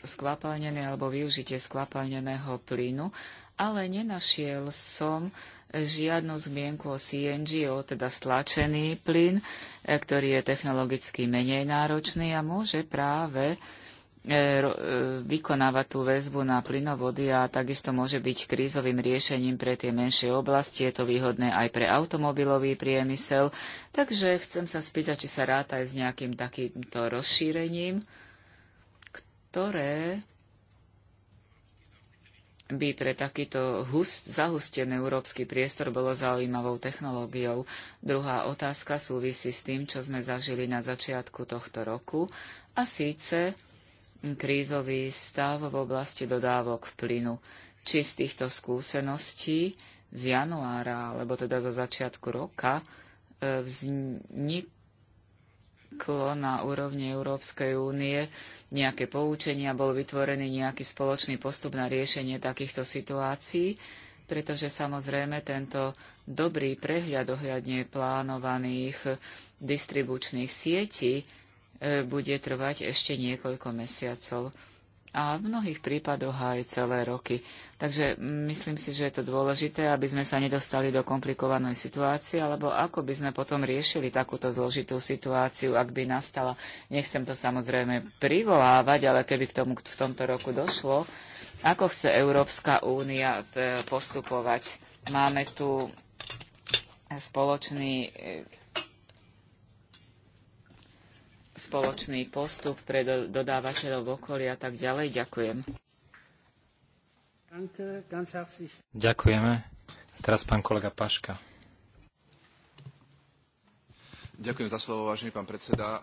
skvapalnené alebo využitie skvapalneného plynu, ale nenašiel som žiadnu zmienku o CNG, o teda stlačený plyn, e, ktorý je technologicky menej náročný a môže práve e, e, vykonávať tú väzbu na plynovody a takisto môže byť krízovým riešením pre tie menšie oblasti. Je to výhodné aj pre automobilový priemysel. Takže chcem sa spýtať, či sa ráta aj s nejakým takýmto rozšírením, ktoré by pre takýto hust, zahustený európsky priestor bolo zaujímavou technológiou. Druhá otázka súvisí s tým, čo sme zažili na začiatku tohto roku, a síce krízový stav v oblasti dodávok plynu. Či z týchto skúseností z januára, alebo teda zo začiatku roka, e, vznik vzniklo na úrovni Európskej únie nejaké poučenia, bol vytvorený nejaký spoločný postup na riešenie takýchto situácií, pretože samozrejme tento dobrý prehľad ohľadne plánovaných distribučných sietí e, bude trvať ešte niekoľko mesiacov a v mnohých prípadoch aj celé roky. Takže myslím si, že je to dôležité, aby sme sa nedostali do komplikovanej situácie, alebo ako by sme potom riešili takúto zložitú situáciu, ak by nastala. Nechcem to samozrejme privolávať, ale keby k tomu v tomto roku došlo, ako chce Európska únia eh, postupovať. Máme tu spoločný eh, spoločný postup pre dodávateľov okolia a tak ďalej. Ďakujem. Ďakujeme. Teraz pán kolega Paška. Ďakujem za slovo, vážený pán predseda.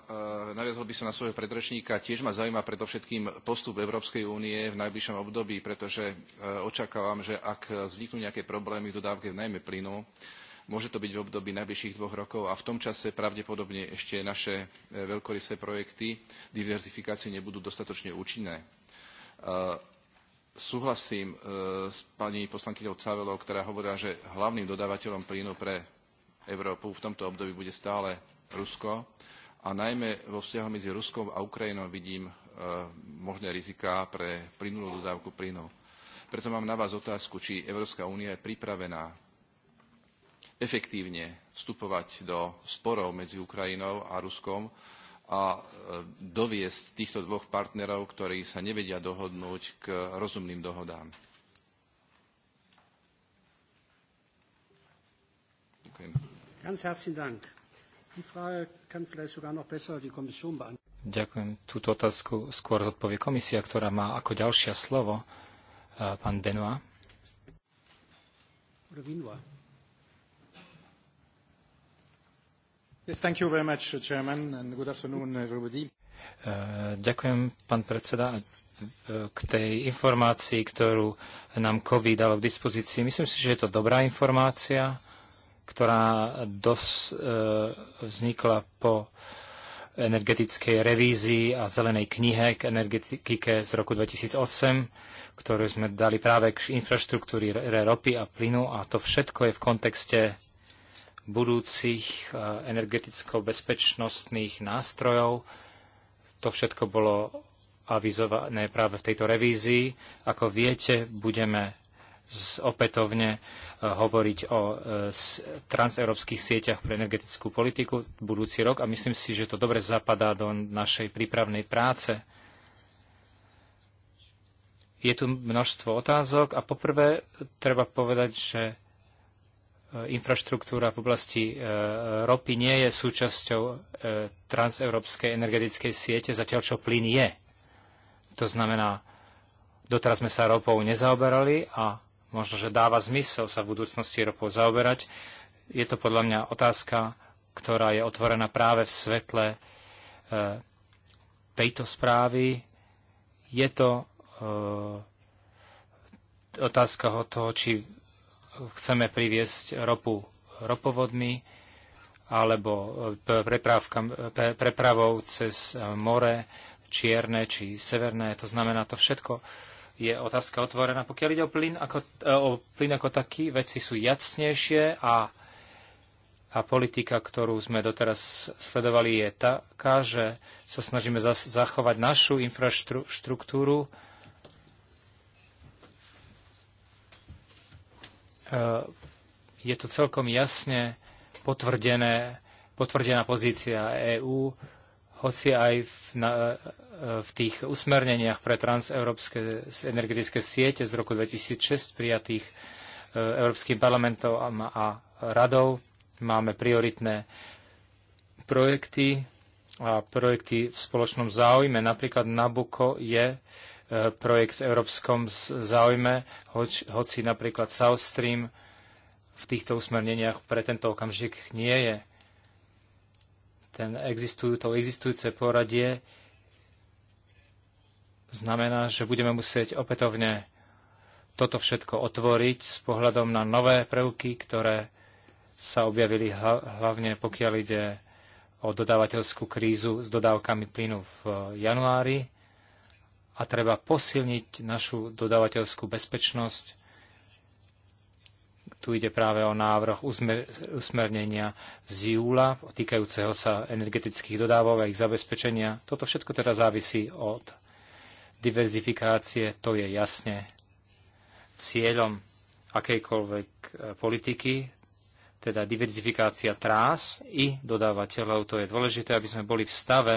E, Naviazol by som na svojho predrečníka. Tiež ma zaujíma predovšetkým postup Európskej únie v najbližšom období, pretože e, očakávam, že ak vzniknú nejaké problémy v dodávke najmä plynu, Môže to byť v období najbližších dvoch rokov a v tom čase pravdepodobne ešte naše e, veľkorysé projekty diverzifikácie nebudú dostatočne účinné. E, súhlasím e, s pani poslankyňou Cavelou, ktorá hovorila, že hlavným dodávateľom plynu pre Európu v tomto období bude stále Rusko a najmä vo vzťahu medzi Ruskom a Ukrajinou vidím možné riziká pre plynulú dodávku plynu. Preto mám na vás otázku, či Európska únia je pripravená efektívne vstupovať do sporov medzi Ukrajinou a Ruskom a e, doviesť týchto dvoch partnerov, ktorí sa nevedia dohodnúť k rozumným dohodám. Ďakujem. Túto otázku skôr komisia, ktorá má ako ďalšia slovo e, pán Benoit. Uh, uh, ďakujem, pán predseda, e, k tej informácii, ktorú nám COVID dalo k dispozícii. Myslím si, že je to dobrá informácia, ktorá dos, e, vznikla po energetickej revízii a zelenej knihe k energetike z roku 2008, ktorú sme dali práve k infraštruktúry ropy a plynu a to všetko je v kontexte budúcich eh, energeticko-bezpečnostných nástrojov. To všetko bolo avizované práve v tejto revízii. Ako viete, budeme opätovne eh, hovoriť o eh, transeurópskych sieťach pre energetickú politiku budúci rok a myslím si, že to dobre zapadá do našej prípravnej práce. Je tu množstvo otázok a poprvé treba povedať, že E, infraštruktúra v oblasti e, ropy nie je súčasťou e, transeurópskej energetickej siete, zatiaľ čo plyn je. To znamená, doteraz sme sa ropou nezaoberali a možno, že dáva zmysel sa v budúcnosti ropou zaoberať. Je to podľa mňa otázka, ktorá je otvorená práve v svetle tejto správy. Je to otázka toho, či chceme priviesť ropu ropovodmi alebo e, e, prepravou cez e, more, čierne či severné. To znamená, to všetko je otázka otvorená. Pokiaľ ide o plyn ako, o plyn ako taký, veci sú jasnejšie a, a politika, ktorú sme doteraz sledovali, je taká, že sa snažíme zachovať našu infraštruktúru, infraštru, je to celkom jasne potvrdené, potvrdená pozícia EÚ, hoci aj v, na, e, v tých usmerneniach pre transeurópske energetické siete z roku 2006 prijatých e, Európskym parlamentom a radou máme prioritné projekty a projekty v spoločnom záujme. Napríklad Nabuko je projekt v európskom záujme, hoč, hoci napríklad South Stream v týchto usmerneniach pre tento okamžik nie je. Ten existujú, to existujúce poradie znamená, že budeme musieť opätovne toto všetko otvoriť s pohľadom na nové prvky, ktoré sa objavili hlavne pokiaľ ide o dodávateľskú krízu s dodávkami plynu v januári a treba posilniť našu dodávateľskú bezpečnosť. Tu ide práve o návrh usmernenia z júla týkajúceho sa energetických dodávok a ich zabezpečenia. Toto všetko teda závisí od diverzifikácie, to je jasne cieľom akejkoľvek e, politiky, teda diverzifikácia trás i dodávateľov. To je dôležité, aby sme boli v stave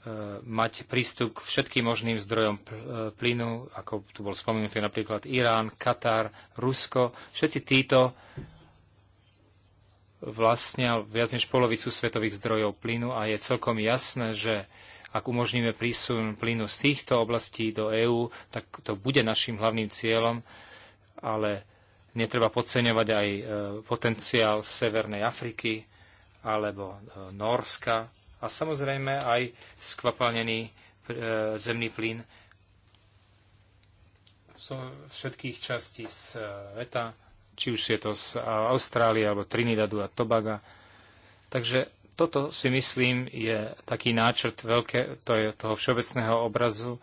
E, mať prístup k všetkým možným zdrojom e, plynu, ako tu bol spomenutý napríklad Irán, Katar, Rusko. Všetci títo vlastnia viac než polovicu svetových zdrojov plynu a je celkom jasné, že ak umožníme prísun plynu z týchto oblastí do EÚ, tak to bude našim hlavným cieľom, ale netreba podceňovať aj e, potenciál Severnej Afriky alebo Norska, a samozrejme aj skvapalnený e, zemný plyn zo všetkých častí sveta, e, či už je to z e, Austrálie alebo Trinidadu a Tobaga. Takže toto si myslím je taký náčrt veľké, to je toho všeobecného obrazu.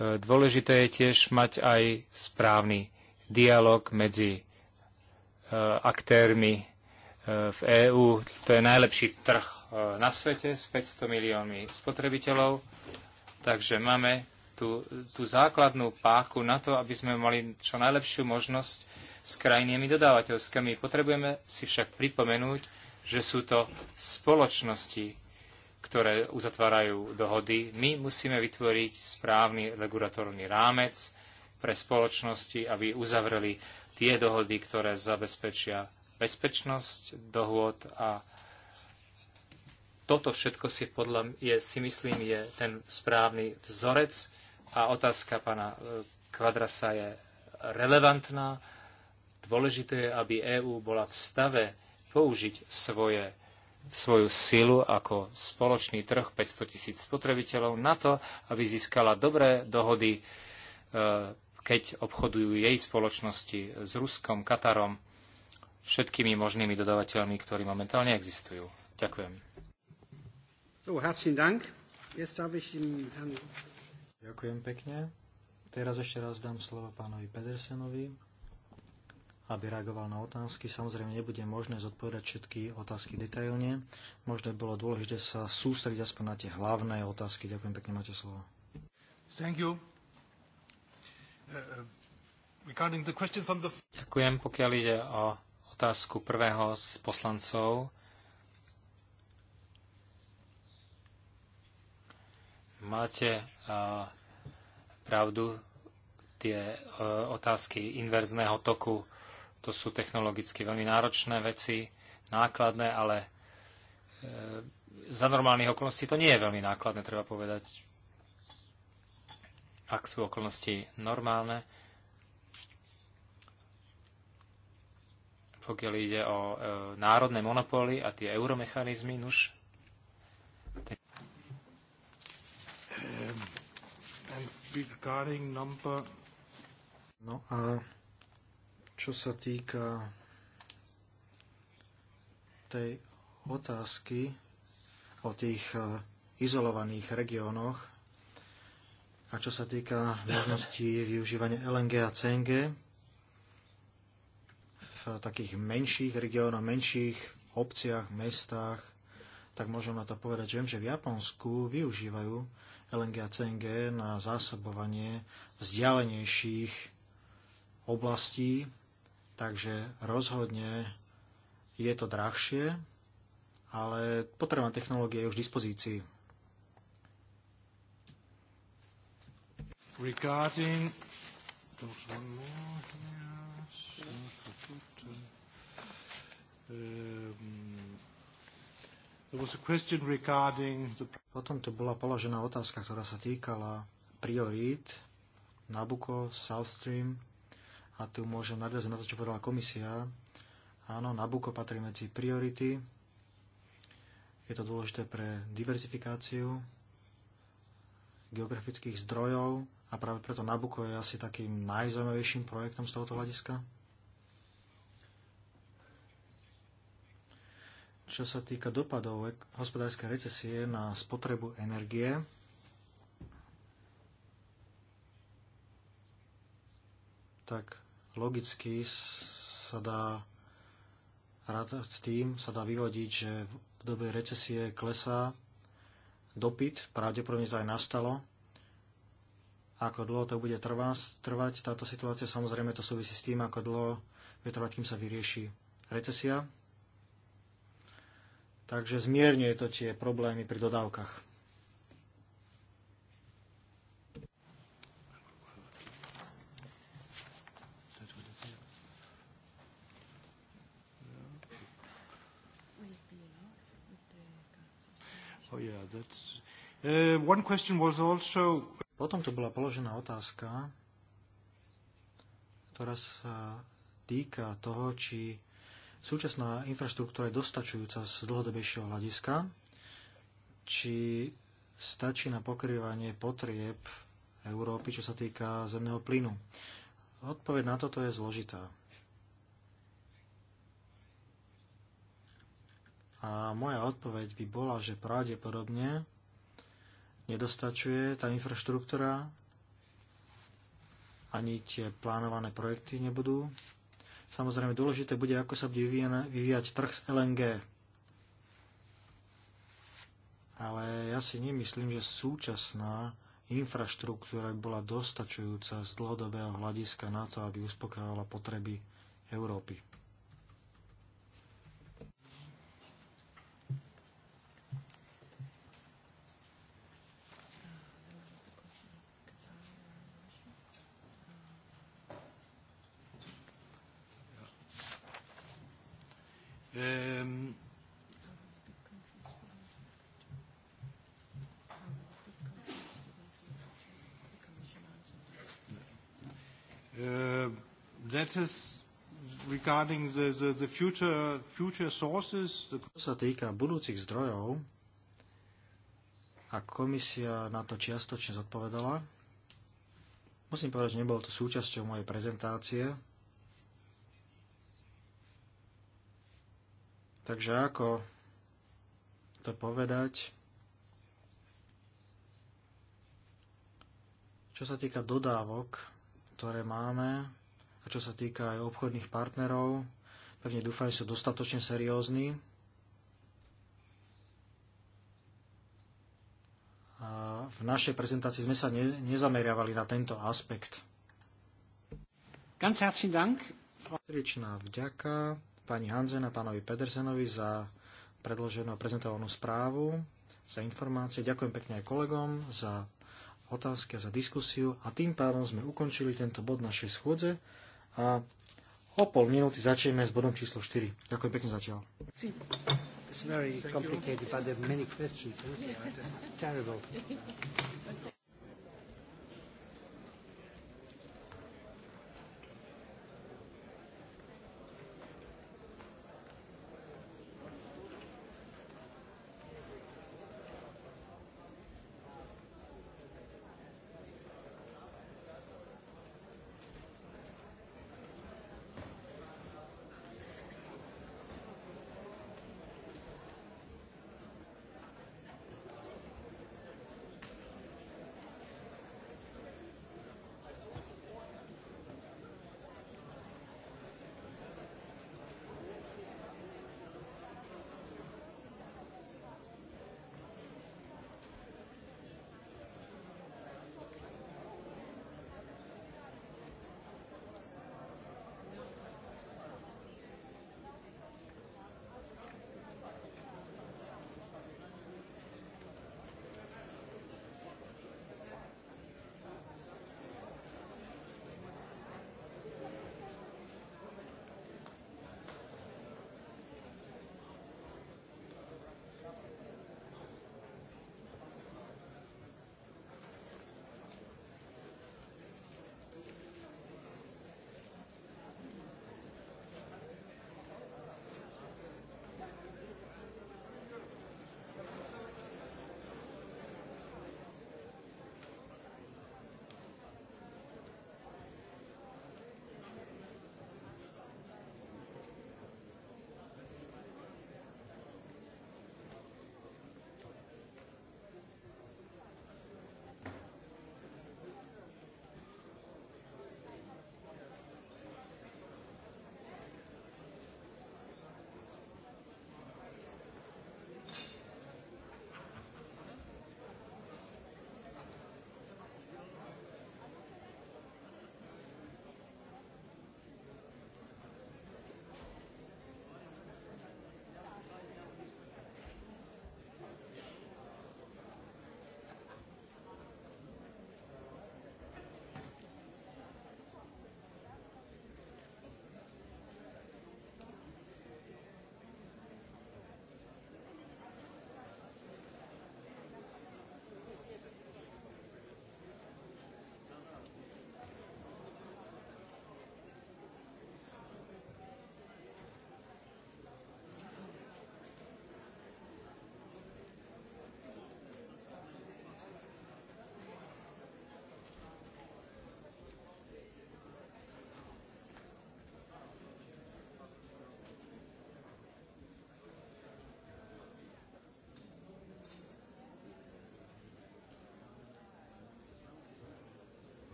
Dôležité je tiež mať aj správny dialog medzi aktérmi v EÚ. To je najlepší trh e, na svete s 500 miliónmi spotrebiteľov. Takže máme tú, tú základnú páku na to, aby sme mali čo najlepšiu možnosť s krajinami dodávateľskými. Potrebujeme si však pripomenúť, že sú to spoločnosti, ktoré uzatvárajú dohody. My musíme vytvoriť správny regulatorný rámec pre spoločnosti, aby uzavreli tie dohody, ktoré zabezpečia bezpečnosť dohôd a toto všetko si podľa je, si myslím je ten správny vzorec a otázka pána e, Kvadrasa je relevantná. Dôležité je, aby EÚ bola v stave použiť svoje, svoju silu ako spoločný trh 500 tisíc spotrebiteľov na to, aby získala dobré dohody, e, keď obchodujú jej spoločnosti s Ruskom, Katarom, všetkými možnými dodávateľmi, ktorí momentálne existujú. Ďakujem. Ďakujem pekne. Teraz ešte raz dám slovo pánovi Pedersenovi, aby reagoval na otázky. Samozrejme, nebude možné zodpovedať všetky otázky detailne. Možno bolo dôležité sa sústrediť aspoň na tie hlavné otázky. Ďakujem pekne, máte slovo. Thank you. Uh, uh the... Ďakujem, pokiaľ ide o otázku prvého z poslancov. Máte e, pravdu, tie e, otázky inverzného toku, to sú technologicky veľmi náročné veci, nákladné, ale e, za normálnych okolností to nie je veľmi nákladné, treba povedať. Ak sú okolnosti normálne, pokiaľ ide o e, národné monopóly a tie euromechanizmy, nuž. No a čo sa týka tej otázky o tých e, izolovaných regiónoch a čo sa týka možností využívania LNG a CNG, v takých menších regiónoch, menších obciach, mestách, tak môžem na to povedať, že viem, že v Japonsku využívajú LNG a CNG na zásobovanie vzdialenejších oblastí, takže rozhodne je to drahšie, ale potrebná technológia je už v dispozícii. Regarding... There's one more here. Potom tu bola položená otázka, ktorá sa týkala priorít Nabucco, South Stream a tu môžem nadviazať na to, čo povedala komisia. Áno, Nabucco patrí medzi priority. Je to dôležité pre diversifikáciu geografických zdrojov a práve preto Nabucco je asi takým najzaujímavejším projektom z tohoto hľadiska. čo sa týka dopadov hospodárskej recesie na spotrebu energie, tak logicky sa dá rátať s tým, sa dá vyvodiť, že v dobe recesie klesá dopyt, pravdepodobne to aj nastalo. Ako dlho to bude trvať, táto situácia, samozrejme to súvisí s tým, ako dlho bude trvať, kým sa vyrieši recesia Takže zmierňuje to tie problémy pri dodávkach. Oh, yeah, that's... Uh, one question was also... Potom tu bola položená otázka, ktorá sa týka toho, či súčasná infraštruktúra je dostačujúca z dlhodobejšieho hľadiska, či stačí na pokrývanie potrieb Európy, čo sa týka zemného plynu. Odpoveď na toto je zložitá. A moja odpoveď by bola, že pravdepodobne nedostačuje tá infraštruktúra, ani tie plánované projekty nebudú Samozrejme dôležité bude, ako sa bude vyvíjať trh s LNG. Ale ja si nemyslím, že súčasná infraštruktúra bola dostačujúca z dlhodobého hľadiska na to, aby uspokojovala potreby Európy. Um, Uh, that is regarding the, the, the future, future sources. The... Čo sa týka budúcich zdrojov, a komisia na to čiastočne zodpovedala, musím povedať, že nebolo to súčasťou mojej prezentácie, Takže ako to povedať? Čo sa týka dodávok, ktoré máme, a čo sa týka aj obchodných partnerov, pevne dúfam, že sú dostatočne seriózni. A v našej prezentácii sme sa ne, nezameriavali na tento aspekt. Ganz herzlichen Dank. Vďaka pani Hanzen a pánovi Pedersenovi za predloženú a prezentovanú správu, za informácie. Ďakujem pekne aj kolegom za otázky a za diskusiu. A tým pádom sme ukončili tento bod našej schôdze a o pol minúty začneme s bodom číslo 4. Ďakujem pekne zatiaľ. It's very complicated, but there are many questions. Terrible.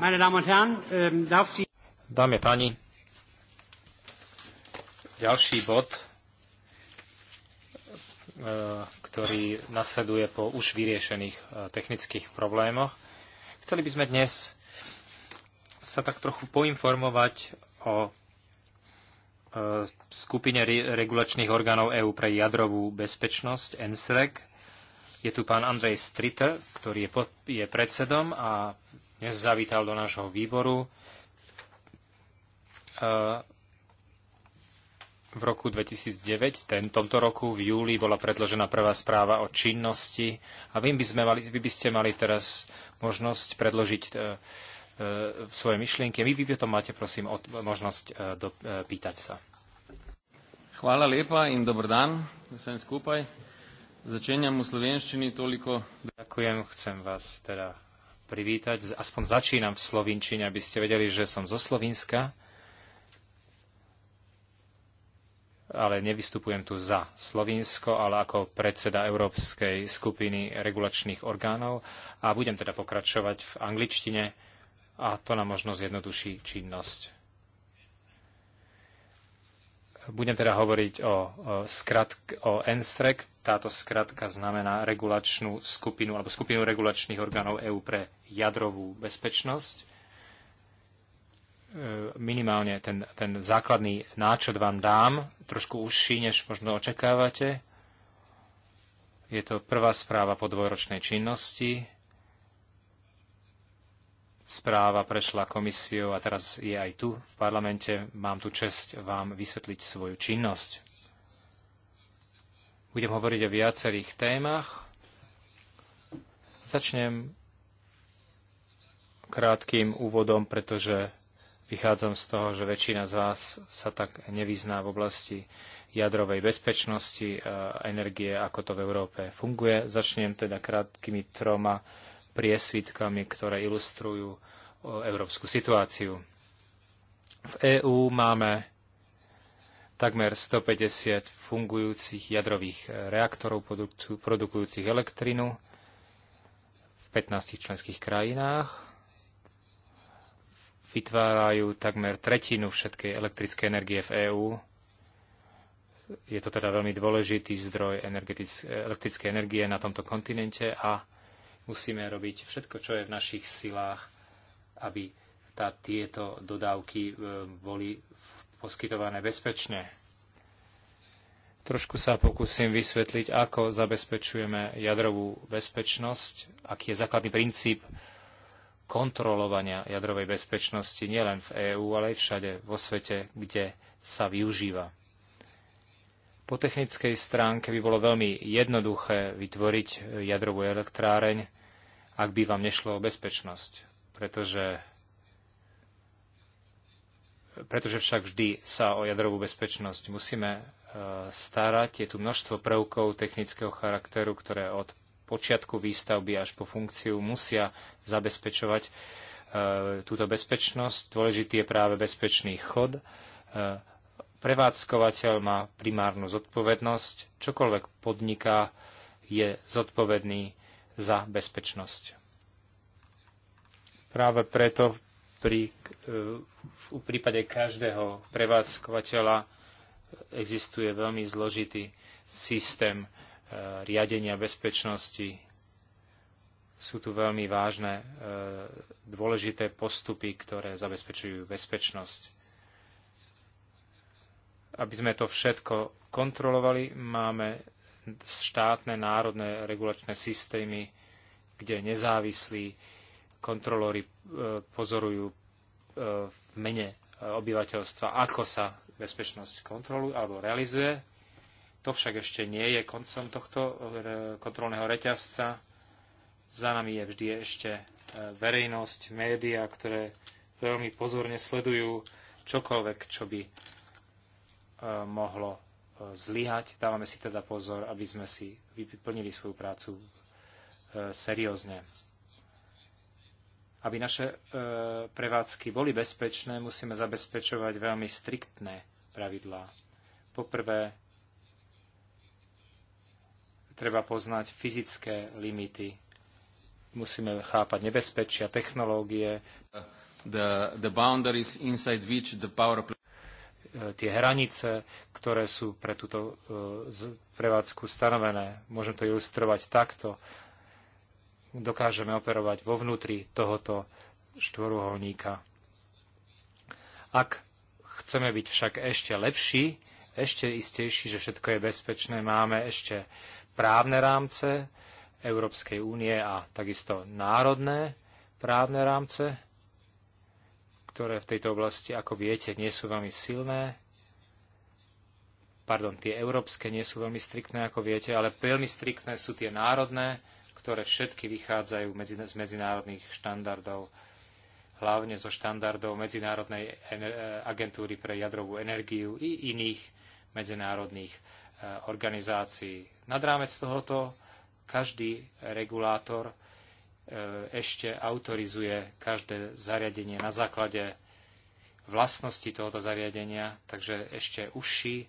meine Damen und Herren, ähm, darf Sie... Dámy a páni, ďalší bod, e, ktorý nasleduje po už vyriešených e, technických problémoch. Chceli by sme dnes sa tak trochu poinformovať o e, skupine regulačných orgánov EÚ pre jadrovú bezpečnosť, NSREC, je tu pán Andrej Striter, ktorý je, pod, je predsedom a dnes zavítal do nášho výboru. Eh, v roku 2009, ten, tomto roku v júli, bola predložená prvá správa o činnosti a vy by, sme mali, vy by ste mali teraz možnosť predložiť e, e, svoje myšlienky. Vy, by potom máte, prosím, od, možnosť e, do, e, pýtať sa. Chvála lepa in dobrý dan vsem skupaj. Začeniam v slovenštini toliko... Ďakujem, chcem vás teda privítať. Aspoň začínam v slovinčine, aby ste vedeli, že som zo Slovenska. ale nevystupujem tu za Slovinsko, ale ako predseda Európskej skupiny regulačných orgánov a budem teda pokračovať v angličtine a to nám možno zjednoduší činnosť. Budem teda hovoriť o, skratk, o NSTREC. Táto skratka znamená regulačnú skupinu alebo skupinu regulačných orgánov EÚ pre jadrovú bezpečnosť. E, minimálne ten, ten základný náčod vám dám, trošku užší, než možno očakávate. Je to prvá správa po dvojročnej činnosti správa prešla komisiou a teraz je aj tu v parlamente. Mám tu čest vám vysvetliť svoju činnosť. Budem hovoriť o viacerých témach. Začnem krátkým úvodom, pretože vychádzam z toho, že väčšina z vás sa tak nevyzná v oblasti jadrovej bezpečnosti a energie, ako to v Európe funguje. Začnem teda krátkými troma priesvitkami, ktoré ilustrujú e, európsku situáciu. V EÚ máme takmer 150 fungujúcich jadrových e, reaktorov produkujúcich elektrinu v 15 členských krajinách vytvárajú takmer tretinu všetkej elektrickej energie v EÚ. Je to teda veľmi dôležitý zdroj elektrickej energie na tomto kontinente a Musíme robiť všetko, čo je v našich silách, aby tá, tieto dodávky e, boli poskytované bezpečne. Trošku sa pokúsim vysvetliť, ako zabezpečujeme jadrovú bezpečnosť, aký je základný princíp kontrolovania jadrovej bezpečnosti nielen v EÚ, ale aj všade vo svete, kde sa využíva. Po technickej stránke by bolo veľmi jednoduché vytvoriť jadrovú elektráreň ak by vám nešlo o bezpečnosť, pretože pretože však vždy sa o jadrovú bezpečnosť musíme e, starať. Je tu množstvo prvkov technického charakteru, ktoré od počiatku výstavby až po funkciu musia zabezpečovať e, túto bezpečnosť. Dôležitý je práve bezpečný chod. E, prevádzkovateľ má primárnu zodpovednosť. Čokoľvek podniká, je zodpovedný za bezpečnosť. Práve preto pri, e, v prípade každého prevádzkovateľa existuje veľmi zložitý systém e, riadenia bezpečnosti. Sú tu veľmi vážne e, dôležité postupy, ktoré zabezpečujú bezpečnosť. Aby sme to všetko kontrolovali, máme štátne národné regulačné systémy, kde nezávislí kontrolóri e, pozorujú e, v mene obyvateľstva, ako sa bezpečnosť kontroluje alebo realizuje. To však ešte nie je koncom tohto e, kontrolného reťazca. Za nami je vždy ešte verejnosť, médiá, ktoré veľmi pozorne sledujú čokoľvek, čo by mohlo zlyhať. Dávame si teda pozor, aby sme si vyplnili svoju prácu e, seriózne. Aby naše e, prevádzky boli bezpečné, musíme zabezpečovať veľmi striktné pravidlá. Poprvé, treba poznať fyzické limity. Musíme chápať nebezpečia, technológie. The, the boundaries inside which the power E, tie hranice, ktoré sú pre túto e, prevádzku stanovené. Môžem to ilustrovať takto. Dokážeme operovať vo vnútri tohoto štvoruholníka. Ak chceme byť však ešte lepší, ešte istejší, že všetko je bezpečné, máme ešte právne rámce Európskej únie a takisto národné právne rámce, ktoré v tejto oblasti, ako viete, nie sú veľmi silné. Pardon, tie európske nie sú veľmi striktné, ako viete, ale veľmi striktné sú tie národné, ktoré všetky vychádzajú medzi, z medzinárodných štandardov, hlavne zo štandardov Medzinárodnej e, agentúry pre jadrovú energiu i iných medzinárodných e, organizácií. Nad rámec tohoto každý regulátor E, ešte autorizuje každé zariadenie na základe vlastnosti tohoto zariadenia, takže ešte užší e,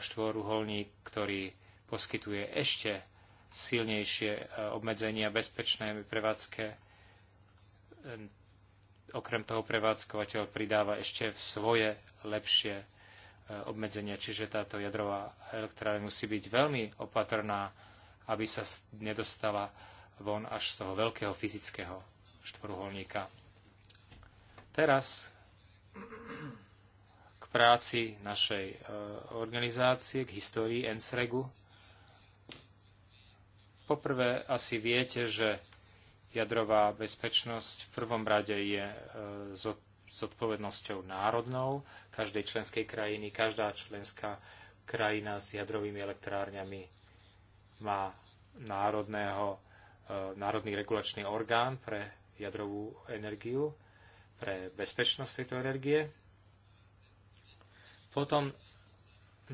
štvoruholník, ktorý poskytuje ešte silnejšie e, obmedzenia bezpečné prevádzke. Okrem toho prevádzkovateľ pridáva ešte svoje lepšie obmedzenia, čiže táto jadrová elektrárne musí byť veľmi opatrná, aby sa nedostala von až z toho veľkého fyzického štvorholníka. Teraz k práci našej e, organizácie, k histórii ENSREGu. Poprvé asi viete, že jadrová bezpečnosť v prvom rade je s e, odpovednosťou národnou každej členskej krajiny. Každá členská krajina s jadrovými elektrárňami má národného Eh, Národný regulačný orgán pre jadrovú energiu, pre bezpečnosť tejto energie. Potom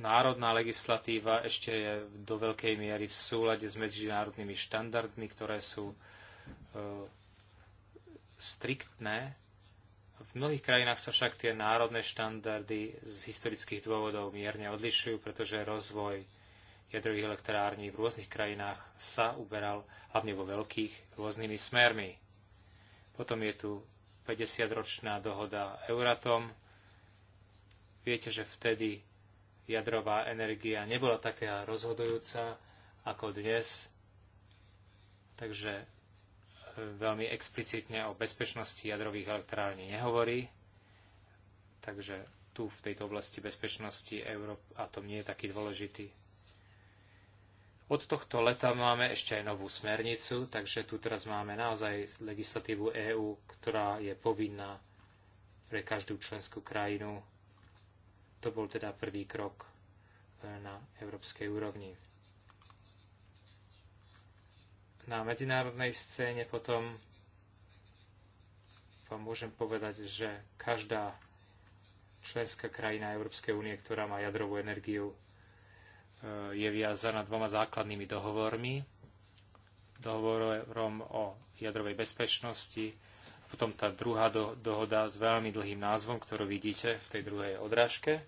národná legislatíva ešte je do veľkej miery v súlade s medzinárodnými štandardmi, ktoré sú e, striktné. V mnohých krajinách sa však tie národné štandardy z historických dôvodov mierne odlišujú, pretože rozvoj jadrových elektrární v rôznych krajinách sa uberal, hlavne vo veľkých, rôznymi smermi. Potom je tu 50-ročná dohoda Euratom. Viete, že vtedy jadrová energia nebola taká rozhodujúca ako dnes, takže e, veľmi explicitne o bezpečnosti jadrových elektrární nehovorí. Takže tu v tejto oblasti bezpečnosti Európ a nie je taký dôležitý. Od tohto leta máme ešte aj novú smernicu, takže tu teraz máme naozaj legislatívu EÚ, ktorá je povinná pre každú členskú krajinu. To bol teda prvý krok e, na európskej úrovni. Na medzinárodnej scéne potom vám môžem povedať, že každá členská krajina Európskej únie, ktorá má jadrovú energiu, E, je viazaná dvoma základnými dohovormi. Dohovorom o jadrovej bezpečnosti, potom tá druhá do, dohoda s veľmi dlhým názvom, ktorú vidíte v tej druhej odrážke,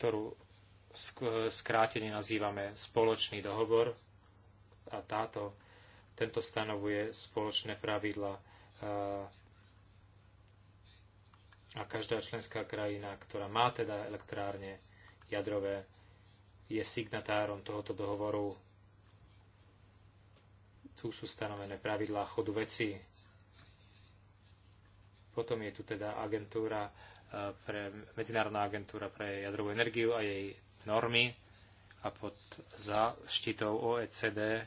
ktorú sk- skrátene nazývame spoločný dohovor a táto, tento stanovuje spoločné pravidla e, a každá členská krajina, ktorá má teda elektrárne jadrové, je signatárom tohoto dohovoru. Tu sú stanovené pravidlá chodu veci. Potom je tu teda agentúra eh, pre, Medzinárodná agentúra pre jadrovú energiu a jej normy a pod záštitou OECD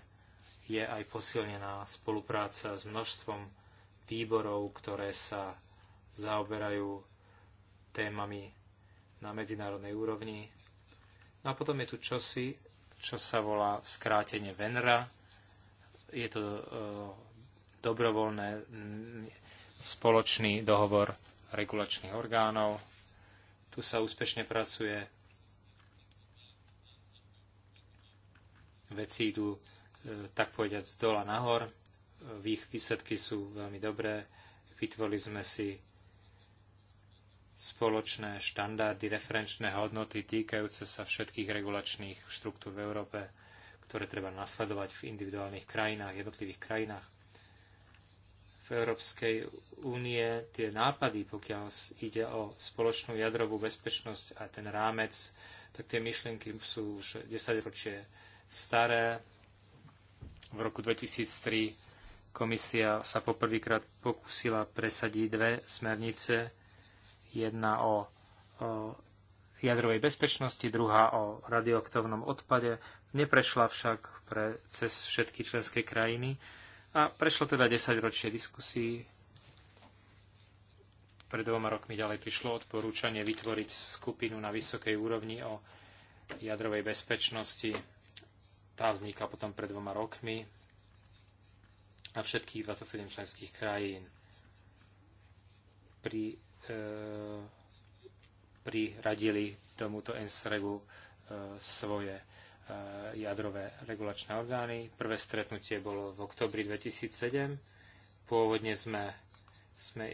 je aj posilnená spolupráca s množstvom výborov, ktoré sa zaoberajú témami na medzinárodnej úrovni No a potom je tu čosi, čo sa volá skrátenie Venra. Je to e, dobrovoľné spoločný dohovor regulačných orgánov. Tu sa úspešne pracuje. Veci idú, e, tak povediať, z dola nahor. Ich e, výsledky sú veľmi dobré. Vytvorili sme si spoločné štandardy, referenčné hodnoty týkajúce sa všetkých regulačných štruktúr v Európe, ktoré treba nasledovať v individuálnych krajinách, jednotlivých krajinách. V Európskej únie tie nápady, pokiaľ ide o spoločnú jadrovú bezpečnosť a ten rámec, tak tie myšlienky sú už 10 ročie staré. V roku 2003 komisia sa poprvýkrát pokúsila presadiť dve smernice Jedna o, o jadrovej bezpečnosti, druhá o radioaktívnom odpade. Neprešla však pre, cez všetky členské krajiny a prešlo teda 10 ročie diskusí. Pred dvoma rokmi ďalej prišlo odporúčanie vytvoriť skupinu na vysokej úrovni o jadrovej bezpečnosti. Tá vznikla potom pred dvoma rokmi na všetkých 27 členských krajín. Pri E, priradili tomuto NSREGu e, svoje e, jadrové regulačné orgány. Prvé stretnutie bolo v oktobri 2007. Pôvodne sme, sme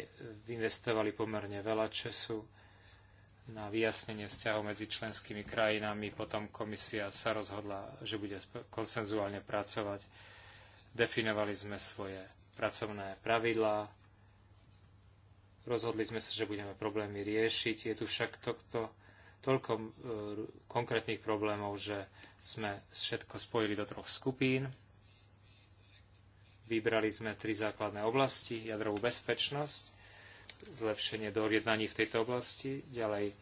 investovali pomerne veľa času na vyjasnenie vzťahov medzi členskými krajinami. Potom komisia sa rozhodla, že bude konsenzuálne pracovať. Definovali sme svoje pracovné pravidlá, Rozhodli sme sa, že budeme problémy riešiť. Je tu však toľko e, konkrétnych problémov, že sme všetko spojili do troch skupín. Vybrali sme tri základné oblasti. Jadrovú bezpečnosť, zlepšenie dojednaní v tejto oblasti, ďalej e,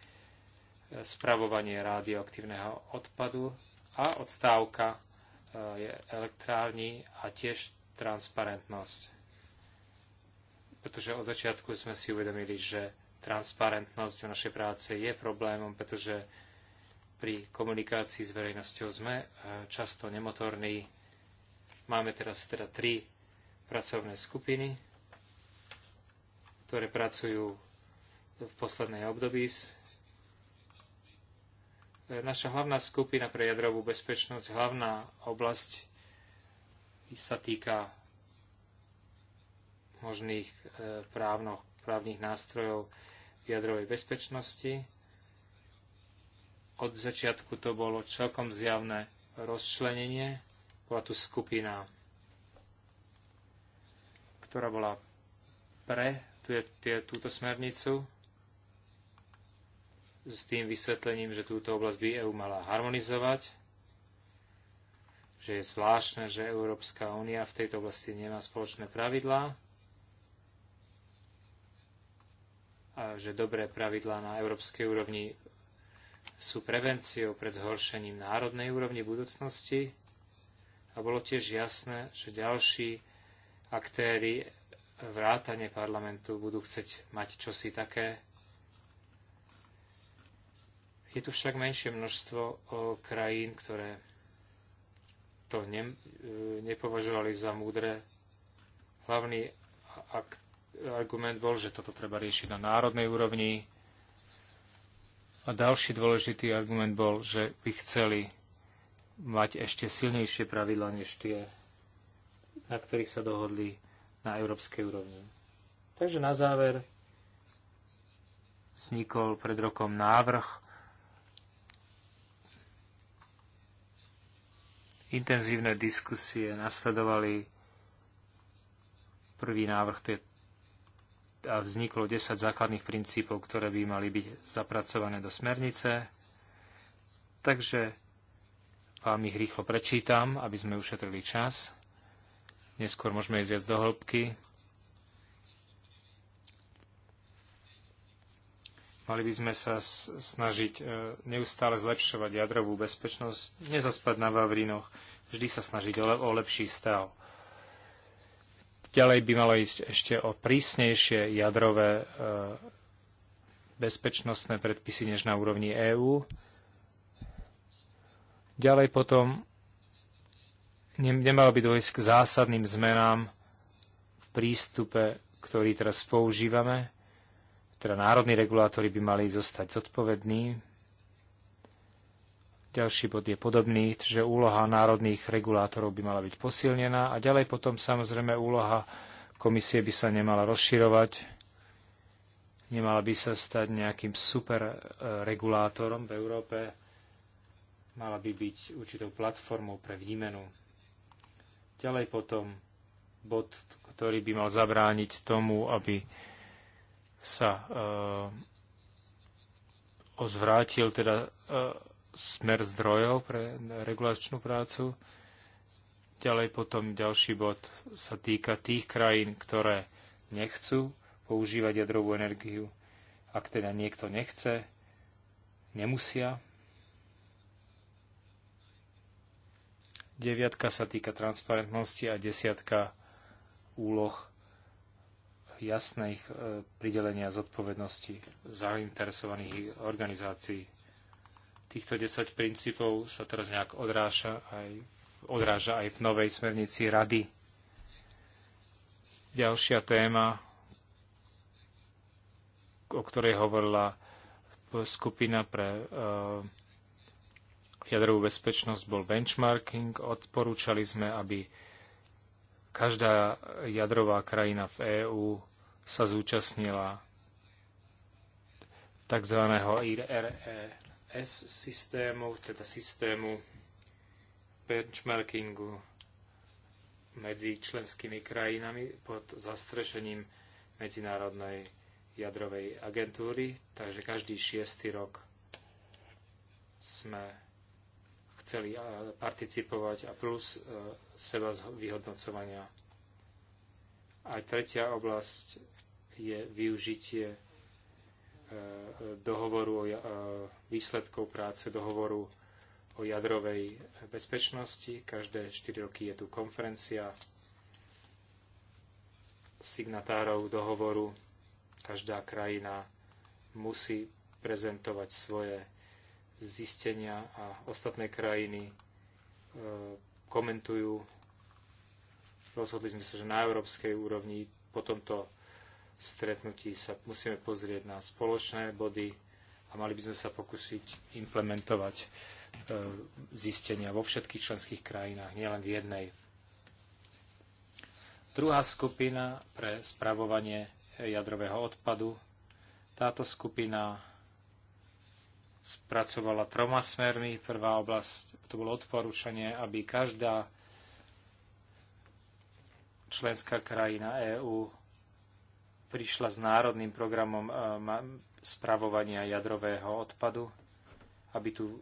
spravovanie radioaktívneho odpadu a odstávka e, elektrární a tiež transparentnosť pretože od začiatku sme si uvedomili, že transparentnosť v našej práce je problémom, pretože pri komunikácii s verejnosťou sme e, často nemotorní. Máme teraz teda tri pracovné skupiny, ktoré pracujú v poslednej období. E, naša hlavná skupina pre jadrovú bezpečnosť, hlavná oblasť sa týka možných e, právno, právnych nástrojov jadrovej bezpečnosti. Od začiatku to bolo celkom zjavné rozčlenenie. Bola tu skupina, ktorá bola pre túto smernicu s tým vysvetlením, že túto oblasť by EU mala harmonizovať, že je zvláštne, že Európska únia v tejto oblasti nemá spoločné pravidlá. že dobré pravidlá na európskej úrovni sú prevenciou pred zhoršením národnej úrovni budúcnosti a bolo tiež jasné, že ďalší aktéry vrátane parlamentu budú chceť mať čosi také. Je tu však menšie množstvo krajín, ktoré to ne, e, nepovažovali za múdre. Hlavný akt argument bol, že toto treba riešiť na národnej úrovni. A ďalší dôležitý argument bol, že by chceli mať ešte silnejšie pravidla než tie, na ktorých sa dohodli na európskej úrovni. Takže na záver vznikol pred rokom návrh intenzívne diskusie nasledovali prvý návrh tej, a vzniklo 10 základných princípov, ktoré by mali byť zapracované do smernice. Takže vám ich rýchlo prečítam, aby sme ušetrili čas. Neskôr môžeme ísť viac do hĺbky. Mali by sme sa snažiť e, neustále zlepšovať jadrovú bezpečnosť, nezaspať na Vavrinoch, vždy sa snažiť o lepší stav. Ďalej by malo ísť ešte o prísnejšie jadrové e, bezpečnostné predpisy než na úrovni EÚ. Ďalej potom nemalo by dôjsť k zásadným zmenám v prístupe, ktorý teraz používame. Teda národní regulátori by mali zostať zodpovední ďalší bod je podobný, že úloha národných regulátorov by mala byť posilnená a ďalej potom samozrejme úloha komisie by sa nemala rozširovať, nemala by sa stať nejakým super e, regulátorom v Európe, mala by byť určitou platformou pre výmenu. Ďalej potom bod, ktorý by mal zabrániť tomu, aby sa e, ozvrátil teda e, smer zdrojov pre regulačnú prácu. Ďalej potom ďalší bod sa týka tých krajín, ktoré nechcú používať jadrovú energiu. Ak teda niekto nechce, nemusia. Deviatka sa týka transparentnosti a desiatka úloh jasných e, pridelenia zodpovednosti zainteresovaných organizácií. Týchto 10 princípov sa teraz nejak odráža aj, odráža aj v novej smernici rady. Ďalšia téma, o ktorej hovorila skupina pre e, jadrovú bezpečnosť, bol benchmarking. Odporúčali sme, aby každá jadrová krajina v EÚ sa zúčastnila tzv. IRE s systémov, teda systému benchmarkingu medzi členskými krajinami pod zastrešením Medzinárodnej jadrovej agentúry, takže každý šiestý rok sme chceli participovať a plus e, seba vyhodnocovania. Aj tretia oblasť je využitie Eh, dohovoru o eh, výsledkov práce dohovoru o jadrovej bezpečnosti. Každé 4 roky je tu konferencia signatárov dohovoru. Každá krajina musí prezentovať svoje zistenia a ostatné krajiny eh, komentujú. Rozhodli sme sa, že na európskej úrovni po tomto stretnutí sa musíme pozrieť na spoločné body a mali by sme sa pokúsiť implementovať e, zistenia vo všetkých členských krajinách, nielen v jednej. Druhá skupina pre spravovanie jadrového odpadu. Táto skupina spracovala troma smermi. Prvá oblasť, to bolo odporúčanie, aby každá členská krajina EÚ prišla s národným programom eh, spravovania jadrového odpadu, aby, tu,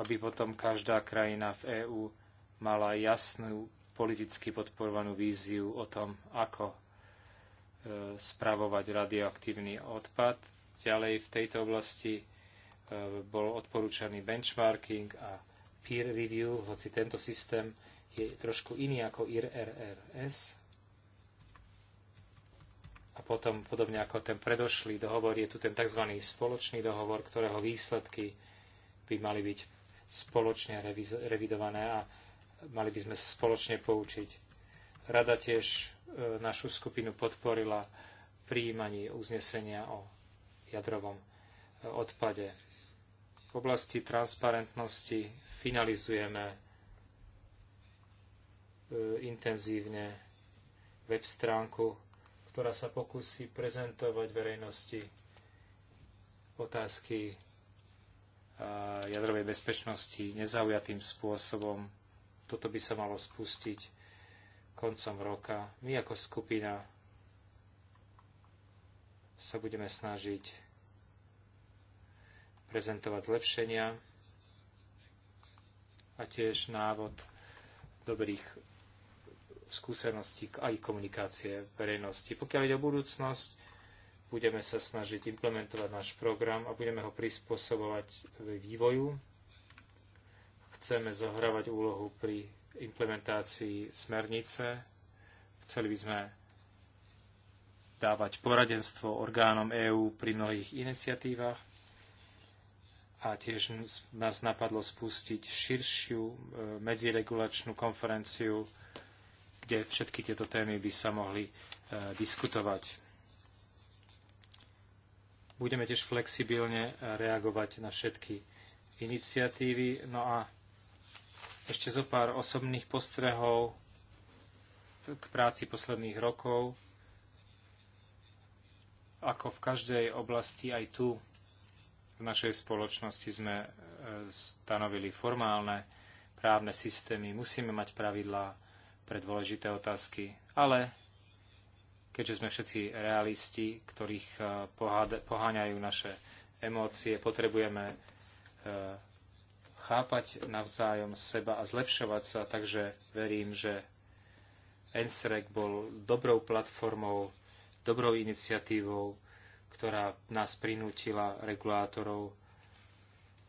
aby potom každá krajina v EÚ mala jasnú politicky podporovanú víziu o tom, ako eh, spravovať radioaktívny odpad. Ďalej v tejto oblasti eh, bol odporúčaný benchmarking a peer review, hoci tento systém je trošku iný ako IRRRS, a potom, podobne ako ten predošlý dohovor, je tu ten tzv. spoločný dohovor, ktorého výsledky by mali byť spoločne revidované a mali by sme sa spoločne poučiť. Rada tiež e, našu skupinu podporila príjmaní uznesenia o jadrovom e, odpade. V oblasti transparentnosti finalizujeme e, intenzívne web stránku ktorá sa pokusí prezentovať verejnosti otázky jadrovej bezpečnosti nezaujatým spôsobom. Toto by sa malo spustiť koncom roka. My ako skupina sa budeme snažiť prezentovať zlepšenia a tiež návod dobrých skúsenosti aj komunikácie verejnosti. Pokiaľ ide o budúcnosť, budeme sa snažiť implementovať náš program a budeme ho prispôsobovať vývoju. Chceme zohrávať úlohu pri implementácii smernice. Chceli by sme dávať poradenstvo orgánom EÚ pri mnohých iniciatívach. A tiež nás napadlo spustiť širšiu e, medziregulačnú konferenciu kde všetky tieto témy by sa mohli e, diskutovať. Budeme tiež flexibilne e, reagovať na všetky iniciatívy. No a ešte zo pár osobných postrehov k práci posledných rokov. Ako v každej oblasti aj tu v našej spoločnosti sme e, stanovili formálne právne systémy, musíme mať pravidlá, pre dôležité otázky, ale keďže sme všetci realisti, ktorých eh, poháňajú naše emócie, potrebujeme eh, chápať navzájom seba a zlepšovať sa, takže verím, že NSREC bol dobrou platformou, dobrou iniciatívou, ktorá nás prinútila regulátorov,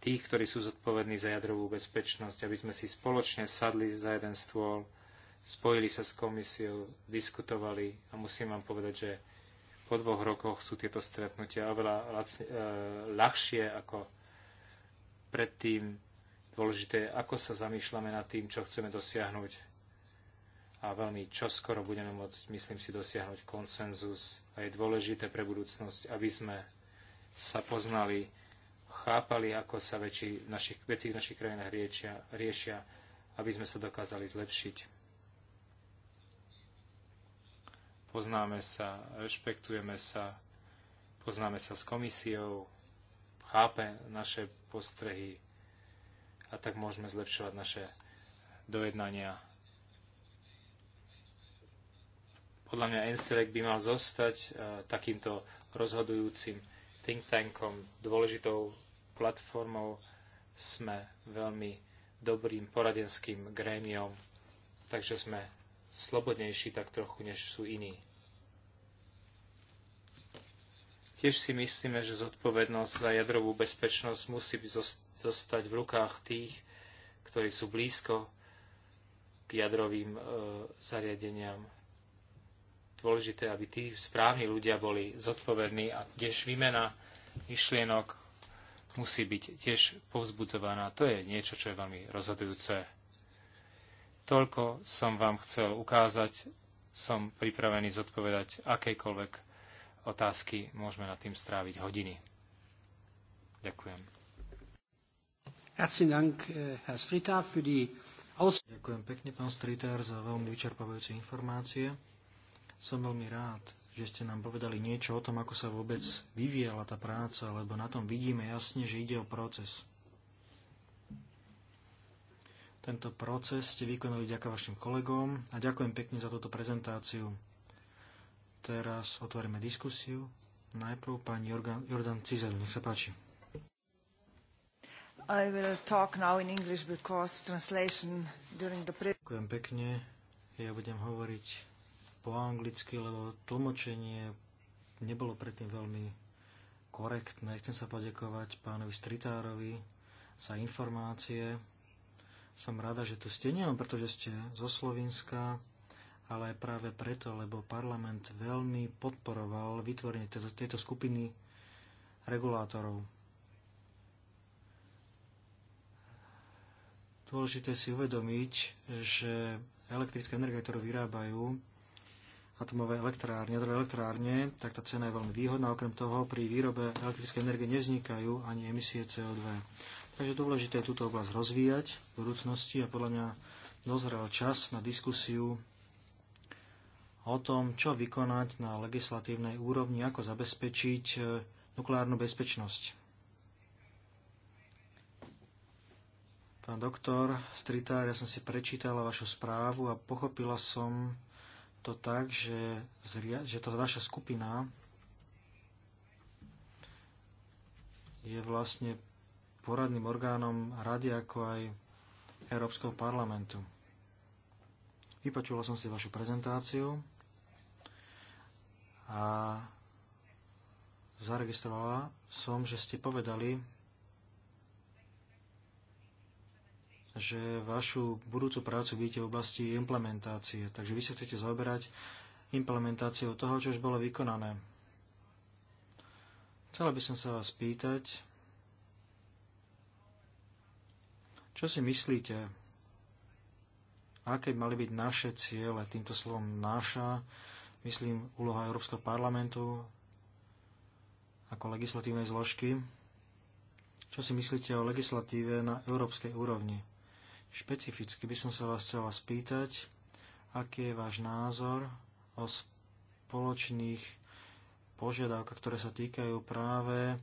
tých, ktorí sú zodpovední za jadrovú bezpečnosť, aby sme si spoločne sadli za jeden stôl spojili sa s komisiou, diskutovali a musím vám povedať, že po dvoch rokoch sú tieto stretnutia oveľa lacne, e, ľahšie ako predtým. Dôležité je, ako sa zamýšľame nad tým, čo chceme dosiahnuť. A veľmi čoskoro budeme môcť, myslím si, dosiahnuť konsenzus. A je dôležité pre budúcnosť, aby sme sa poznali, chápali, ako sa veci v našich krajinách riešia, riešia, aby sme sa dokázali zlepšiť. poznáme sa, rešpektujeme sa, poznáme sa s komisiou, chápe naše postrehy a tak môžeme zlepšovať naše dojednania. Podľa mňa NSELEC by mal zostať eh, takýmto rozhodujúcim think tankom, dôležitou platformou. Sme veľmi dobrým poradenským grémiom, takže sme slobodnejší tak trochu, než sú iní. Tiež si myslíme, že zodpovednosť za jadrovú bezpečnosť musí zostať v rukách tých, ktorí sú blízko k jadrovým e, zariadeniam. Dôležité, aby tí správni ľudia boli zodpovední a tiež výmena myšlienok musí byť tiež povzbudzovaná. To je niečo, čo je veľmi rozhodujúce Toľko som vám chcel ukázať. Som pripravený zodpovedať akékoľvek otázky. Môžeme nad tým stráviť hodiny. Ďakujem. Eh, Ďakujem pekne, pán Stritár, za veľmi vyčerpávajúce informácie. Som veľmi rád, že ste nám povedali niečo o tom, ako sa vôbec vyvíjala tá práca, lebo na tom vidíme jasne, že ide o proces. Tento proces ste vykonali ďaká vašim kolegom a ďakujem pekne za túto prezentáciu. Teraz otvoríme diskusiu. Najprv pán Jordan, Jordan Cizel, nech sa páči. I will talk now in English because translation during the... Ďakujem pekne. Ja budem hovoriť po anglicky, lebo tlmočenie nebolo predtým veľmi korektné. Chcem sa poďakovať pánovi Stritárovi za informácie, som rada, že tu ste nielen pretože ste zo Slovenska, ale aj práve preto, lebo parlament veľmi podporoval vytvorenie tejto, tejto skupiny regulátorov. Dôležité si uvedomiť, že elektrická energia, ktorú vyrábajú atomové elektrárne, jadrové elektrárne, tak tá cena je veľmi výhodná. Okrem toho, pri výrobe elektrickej energie nevznikajú ani emisie CO2. Takže dôležité je túto oblasť rozvíjať v budúcnosti a podľa mňa dozrel čas na diskusiu o tom, čo vykonať na legislatívnej úrovni, ako zabezpečiť e, nukleárnu bezpečnosť. Pán doktor Stritár, ja som si prečítala vašu správu a pochopila som to tak, že, zria, že tá vaša skupina je vlastne poradným orgánom Rady, ako aj Európskeho parlamentu. Vypočula som si vašu prezentáciu a zaregistrovala som, že ste povedali, že vašu budúcu prácu vidíte v oblasti implementácie. Takže vy sa chcete zaoberať implementáciou toho, čo už bolo vykonané. Chcela by som sa vás pýtať, Čo si myslíte, aké mali byť naše ciele, týmto slovom naša, myslím, úloha Európskeho parlamentu ako legislatívnej zložky? Čo si myslíte o legislatíve na európskej úrovni? Špecificky by som sa vás chcela spýtať, aký je váš názor o spoločných požiadavkách, ktoré sa týkajú práve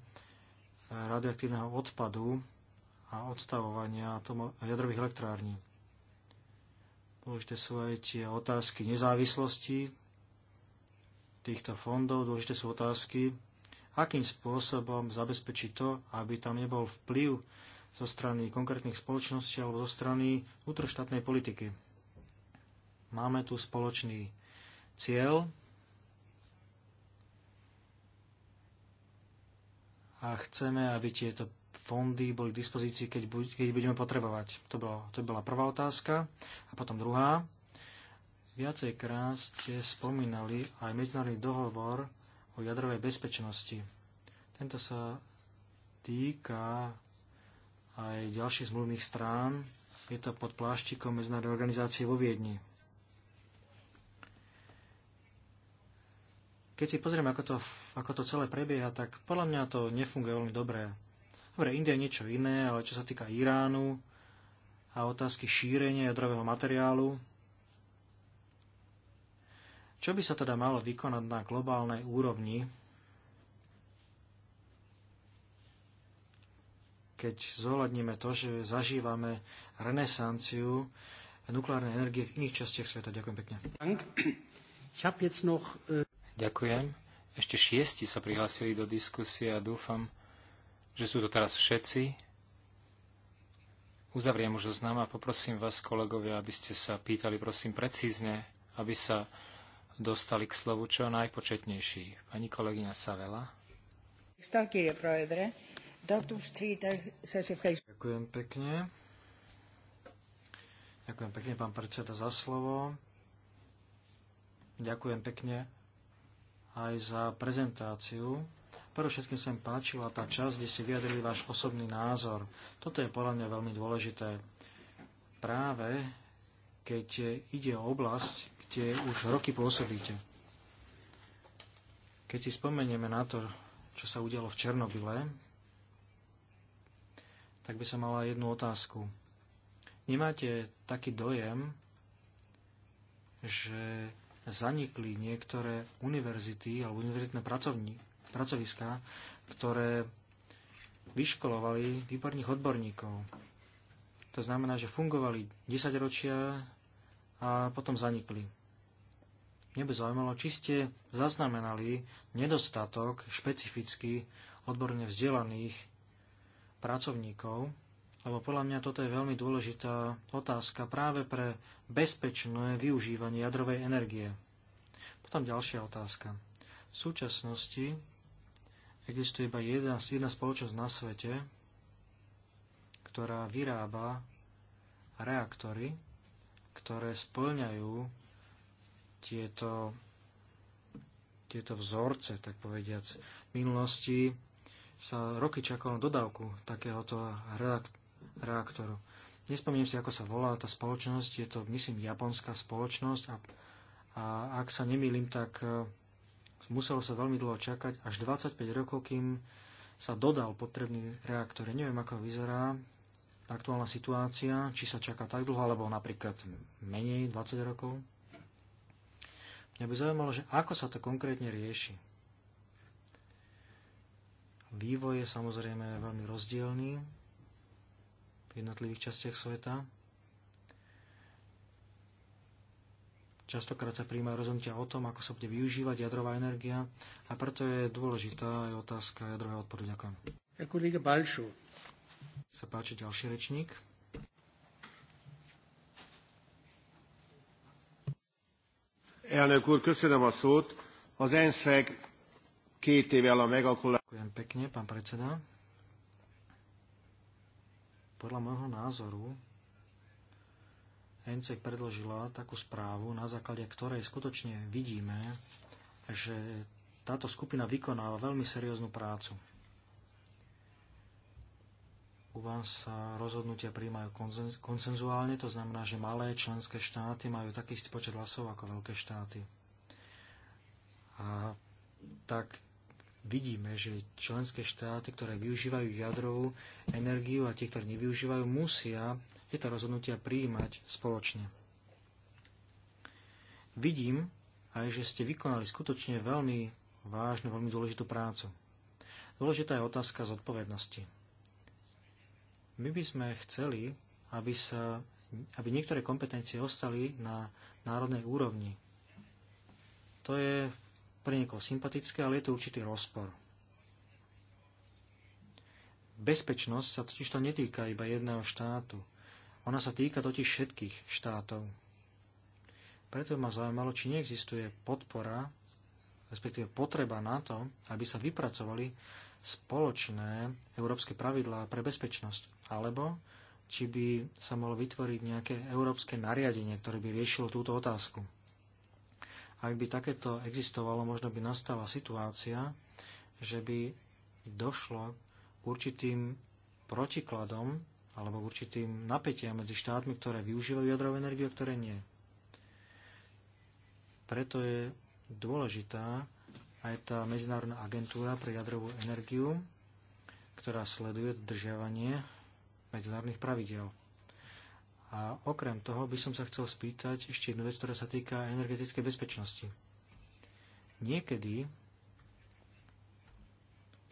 radioaktívneho odpadu a odstavovania jadrových elektrární. Dôležité sú aj tie otázky nezávislosti týchto fondov. Dôležité sú otázky, akým spôsobom zabezpečiť to, aby tam nebol vplyv zo strany konkrétnych spoločností alebo zo strany vnútroštátnej politiky. Máme tu spoločný cieľ a chceme, aby tieto fondy boli k dispozícii, keď, buď, keď budeme potrebovať? To, bolo, to bola prvá otázka. A potom druhá. Viacej krát ste spomínali aj medzinárodný dohovor o jadrovej bezpečnosti. Tento sa týka aj ďalších zmluvných strán. Je to pod pláštikom Medzinárodnej organizácie vo Viedni. keď si pozrieme, ako to, ako to celé prebieha, tak podľa mňa to nefunguje veľmi dobre. Dobre, India je niečo iné, ale čo sa týka Iránu a otázky šírenia jadrového materiálu, čo by sa teda malo vykonať na globálnej úrovni, keď zohľadníme to, že zažívame renesanciu nukleárnej energie v iných častiach sveta. Ďakujem pekne. Äh, Ďakujem. Ešte šiesti sa prihlásili do diskusie a dúfam, že sú to teraz všetci. Uzavriem už zoznam a poprosím vás, kolegovia, aby ste sa pýtali, prosím, precízne, aby sa dostali k slovu čo najpočetnejší. Pani kolegyňa Savela. Ďakujem pekne. Ďakujem pekne, pán predseda, za slovo. Ďakujem pekne aj za prezentáciu Predovšetkým sa mi páčila tá časť, kde si vyjadrili váš osobný názor. Toto je podľa mňa veľmi dôležité. Práve keď ide o oblasť, kde už roky pôsobíte. Keď si spomenieme na to, čo sa udialo v Černobyle, tak by som mala jednu otázku. Nemáte taký dojem, že zanikli niektoré univerzity alebo univerzitné pracovní, pracoviská, ktoré vyškolovali výborných odborníkov. To znamená, že fungovali 10 ročia a potom zanikli. Mne by zaujímalo, či ste zaznamenali nedostatok špecificky odborne vzdelaných pracovníkov, lebo podľa mňa toto je veľmi dôležitá otázka práve pre bezpečné využívanie jadrovej energie. Potom ďalšia otázka. V súčasnosti Existuje iba jedna, jedna spoločnosť na svete, ktorá vyrába reaktory, ktoré splňajú tieto, tieto vzorce, tak povediac. V minulosti sa roky čakalo na dodávku takéhoto reaktoru. Nespomínam si, ako sa volá tá spoločnosť, je to, myslím, japonská spoločnosť a, a ak sa nemýlim, tak muselo sa veľmi dlho čakať, až 25 rokov, kým sa dodal potrebný reaktor. Ja neviem, ako vyzerá aktuálna situácia, či sa čaká tak dlho, alebo napríklad menej 20 rokov. Mňa by zaujímalo, že ako sa to konkrétne rieši. Vývoj je samozrejme veľmi rozdielný v jednotlivých častiach sveta. Častokrát sa príjma rozhodnutia o tom, ako sa bude využívať jadrová energia a preto je dôležitá aj otázka jadrového odporu. Ďakujem. Kolega Sa páči ďalší rečník. Elnök úr, köszönöm a szót. Az ensz két évvel a megakulás... Ďakujem pekne, pán predseda. Podľa môjho názoru ENCEK predložila takú správu, na základe ktorej skutočne vidíme, že táto skupina vykonáva veľmi serióznu prácu. U vás sa rozhodnutia príjmajú konsenzuálne, to znamená, že malé členské štáty majú taký istý počet hlasov ako veľké štáty. A tak vidíme, že členské štáty, ktoré využívajú jadrovú energiu a tie, ktoré nevyužívajú, musia tieto rozhodnutia prijímať spoločne. Vidím aj, že ste vykonali skutočne veľmi vážnu, veľmi dôležitú prácu. Dôležitá je otázka zodpovednosti. My by sme chceli, aby, sa, aby niektoré kompetencie ostali na národnej úrovni. To je pre niekoho sympatické, ale je to určitý rozpor. Bezpečnosť sa totiž to netýka iba jedného štátu. Ona sa týka totiž všetkých štátov. Preto ma zaujímalo, či neexistuje podpora, respektíve potreba na to, aby sa vypracovali spoločné európske pravidlá pre bezpečnosť, alebo či by sa mohlo vytvoriť nejaké európske nariadenie, ktoré by riešilo túto otázku. Ak by takéto existovalo, možno by nastala situácia, že by došlo k určitým protikladom alebo určitým napätiam medzi štátmi, ktoré využívajú jadrovú energiu a ktoré nie. Preto je dôležitá aj tá Medzinárodná agentúra pre jadrovú energiu, ktorá sleduje dodržiavanie medzinárodných pravidel. A okrem toho by som sa chcel spýtať ešte jednu vec, ktorá sa týka energetickej bezpečnosti. Niekedy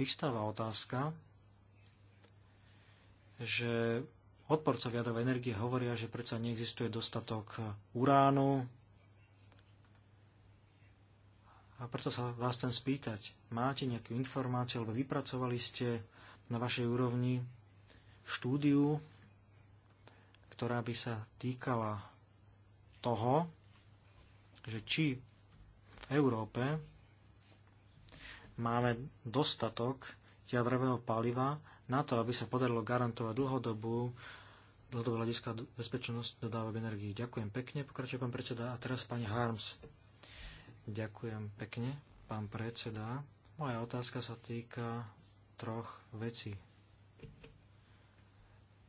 vystáva otázka, že odporcov jadrovej energie hovoria, že predsa neexistuje dostatok uránu. A preto sa vás chcem spýtať, máte nejakú informáciu, alebo vypracovali ste na vašej úrovni štúdiu, ktorá by sa týkala toho, že či v Európe máme dostatok jadrového paliva na to, aby sa podarilo garantovať dlhodobú dlhodobého hľadiska bezpečnosť dodávok energií. Ďakujem pekne, pokračuje pán predseda. A teraz pani Harms. Ďakujem pekne, pán predseda. Moja otázka sa týka troch vecí.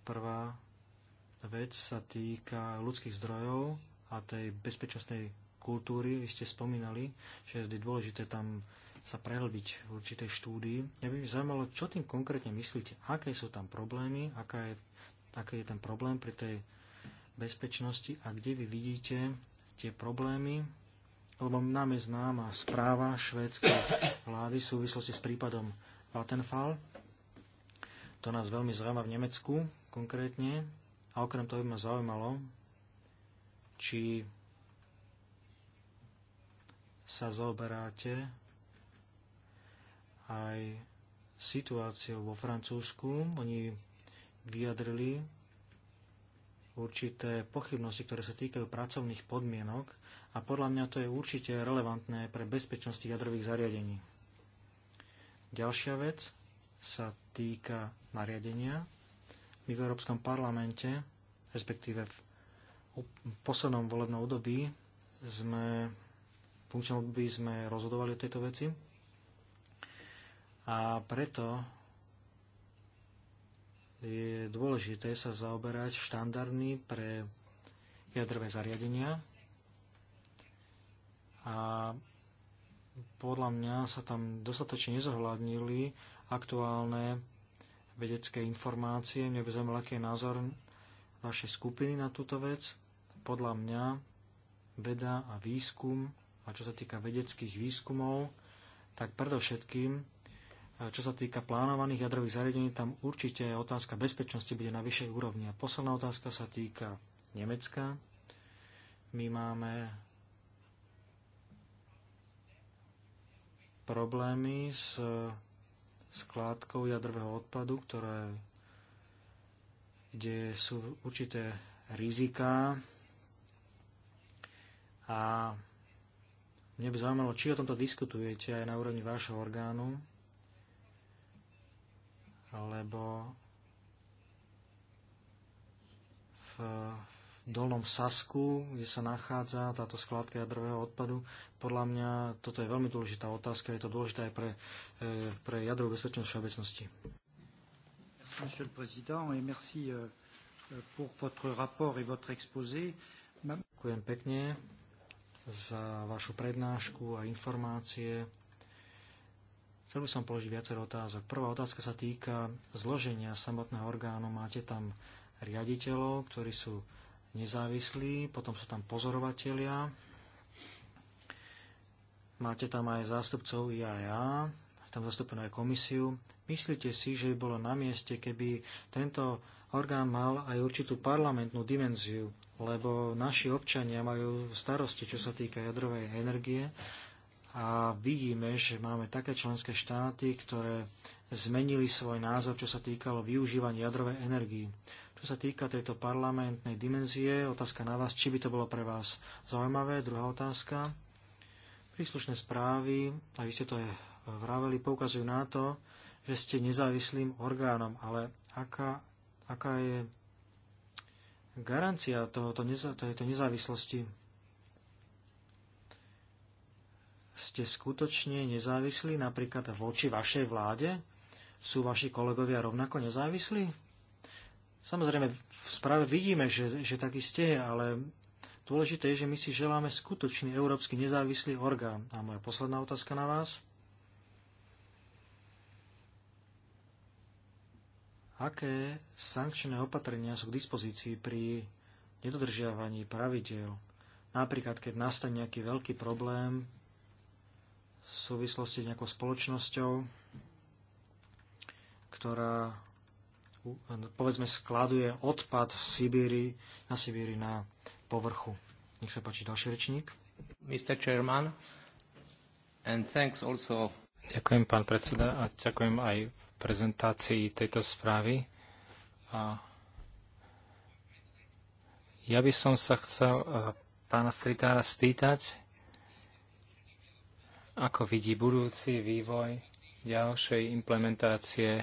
Prvá vec sa týka ľudských zdrojov a tej bezpečnostnej kultúry. Vy ste spomínali, že je dôležité tam sa prehlbiť v určitej štúdii. Ja by mi zaujímalo, čo tým konkrétne myslíte, aké sú tam problémy, aká je, aký je ten problém pri tej bezpečnosti a kde vy vidíte tie problémy, lebo nám je známa správa švédskej vlády v súvislosti s prípadom Vattenfall. To nás veľmi zaujíma v Nemecku konkrétne a okrem toho by ma zaujímalo, či sa zaoberáte aj situáciou vo Francúzsku. Oni vyjadrili určité pochybnosti, ktoré sa týkajú pracovných podmienok a podľa mňa to je určite relevantné pre bezpečnosť jadrových zariadení. Ďalšia vec sa týka nariadenia. My v Európskom parlamente, respektíve v poslednom volebnom období, sme funkčnom období sme rozhodovali o tejto veci a preto je dôležité sa zaoberať štandardmi pre jadrové zariadenia a podľa mňa sa tam dostatočne nezohľadnili aktuálne vedecké informácie. Mne by zaujímalo, aký je názor vašej skupiny na túto vec. Podľa mňa veda a výskum, a čo sa týka vedeckých výskumov, tak predovšetkým čo sa týka plánovaných jadrových zariadení, tam určite otázka bezpečnosti bude na vyššej úrovni. A posledná otázka sa týka Nemecka. My máme problémy s skládkou jadrového odpadu, ktoré, kde sú určité riziká. A mne by zaujímalo, či o tomto diskutujete aj na úrovni vášho orgánu lebo v Dolnom Sasku, kde sa nachádza táto skládka jadrového odpadu. Podľa mňa toto je veľmi dôležitá otázka, je to dôležité aj pre, e, pre jadrovú bezpečnosť všeobecnosti. Ďakujem pekne za vašu prednášku a informácie. Chcel by som položiť viacero otázok. Prvá otázka sa týka zloženia samotného orgánu. Máte tam riaditeľov, ktorí sú nezávislí, potom sú tam pozorovatelia, máte tam aj zástupcov IAA, tam zastúpenú aj komisiu. Myslíte si, že by bolo na mieste, keby tento orgán mal aj určitú parlamentnú dimenziu, lebo naši občania majú starosti, čo sa týka jadrovej energie a vidíme, že máme také členské štáty, ktoré zmenili svoj názor, čo sa týkalo využívania jadrovej energii. Čo sa týka tejto parlamentnej dimenzie, otázka na vás, či by to bolo pre vás zaujímavé. Druhá otázka. Príslušné správy, a vy ste to aj vraveli, poukazujú na to, že ste nezávislým orgánom, ale aká, aká je garancia tohoto, tejto nezávislosti? Ste skutočne nezávislí napríklad voči vašej vláde? Sú vaši kolegovia rovnako nezávislí? Samozrejme, v správe vidíme, že, že taký ste, ale dôležité je, že my si želáme skutočný európsky nezávislý orgán. A moja posledná otázka na vás. Aké sankčné opatrenia sú k dispozícii pri nedodržiavaní pravidel? Napríklad, keď nastane nejaký veľký problém v súvislosti s nejakou spoločnosťou, ktorá povedzme skladuje odpad v Sibíri, na Sibíri na povrchu. Nech sa páči ďalší rečník. Mr. Chairman, and thanks also... Ďakujem, pán predseda, a ďakujem aj prezentácii tejto správy. A ja by som sa chcel e, pána Stritára spýtať, ako vidí budúci vývoj ďalšej implementácie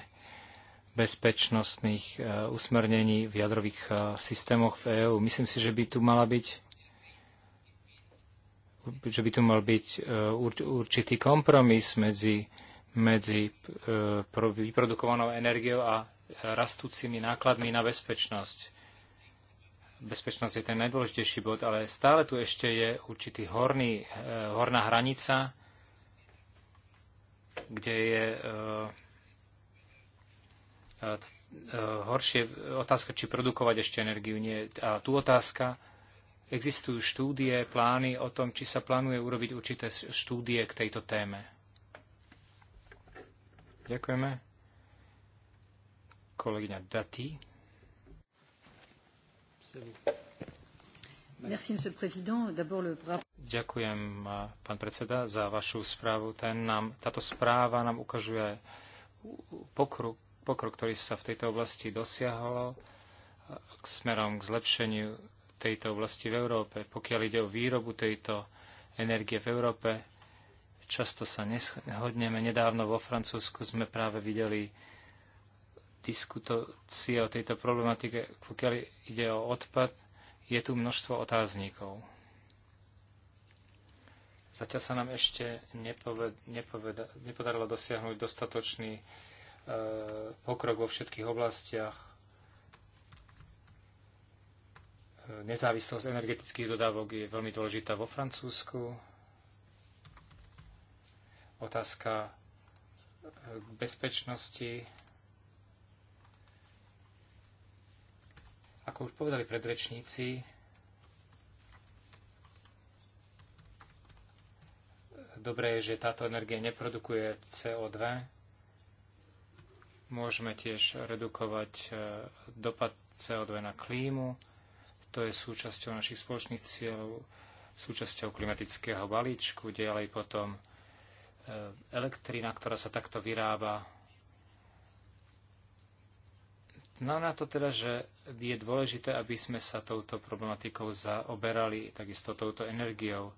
bezpečnostných e, usmernení v jadrových e, systémoch v EÚ. Myslím si, že by tu mala byť že by tu mal byť e, určitý kompromis medzi, medzi vyprodukovanou energiou a rastúcimi nákladmi na bezpečnosť. Bezpečnosť je ten najdôležitejší bod, ale stále tu ešte je určitý horný, horná hranica, kde je eh, eh, eh, horšie otázka, či produkovať ešte energiu. Nie. A tu otázka, existujú štúdie, plány o tom, či sa plánuje urobiť určité štúdie k tejto téme. Ďakujeme. Kolegyňa Dati. Ďakujem, pán predseda, za vašu správu. Ten nám, táto správa nám ukazuje pokrok, pokrok, ktorý sa v tejto oblasti dosiahol k smerom k zlepšeniu tejto oblasti v Európe. Pokiaľ ide o výrobu tejto energie v Európe, často sa neshodneme. Nedávno vo Francúzsku sme práve videli diskutácie o tejto problematike, pokiaľ ide o odpad je tu množstvo otáznikov. Zatiaľ sa nám ešte nepoved, nepoveda, nepodarilo dosiahnuť dostatočný e, pokrok vo všetkých oblastiach. E, nezávislosť energetických dodávok je veľmi dôležitá vo Francúzsku. Otázka e, bezpečnosti Ako už povedali predrečníci, dobre je, že táto energia neprodukuje CO2. Môžeme tiež redukovať e, dopad CO2 na klímu. To je súčasťou našich spoločných cieľov, súčasťou klimatického balíčku, ďalej potom e, elektrina, ktorá sa takto vyrába. Znamená no, to teda, že je dôležité, aby sme sa touto problematikou zaoberali, takisto touto energiou.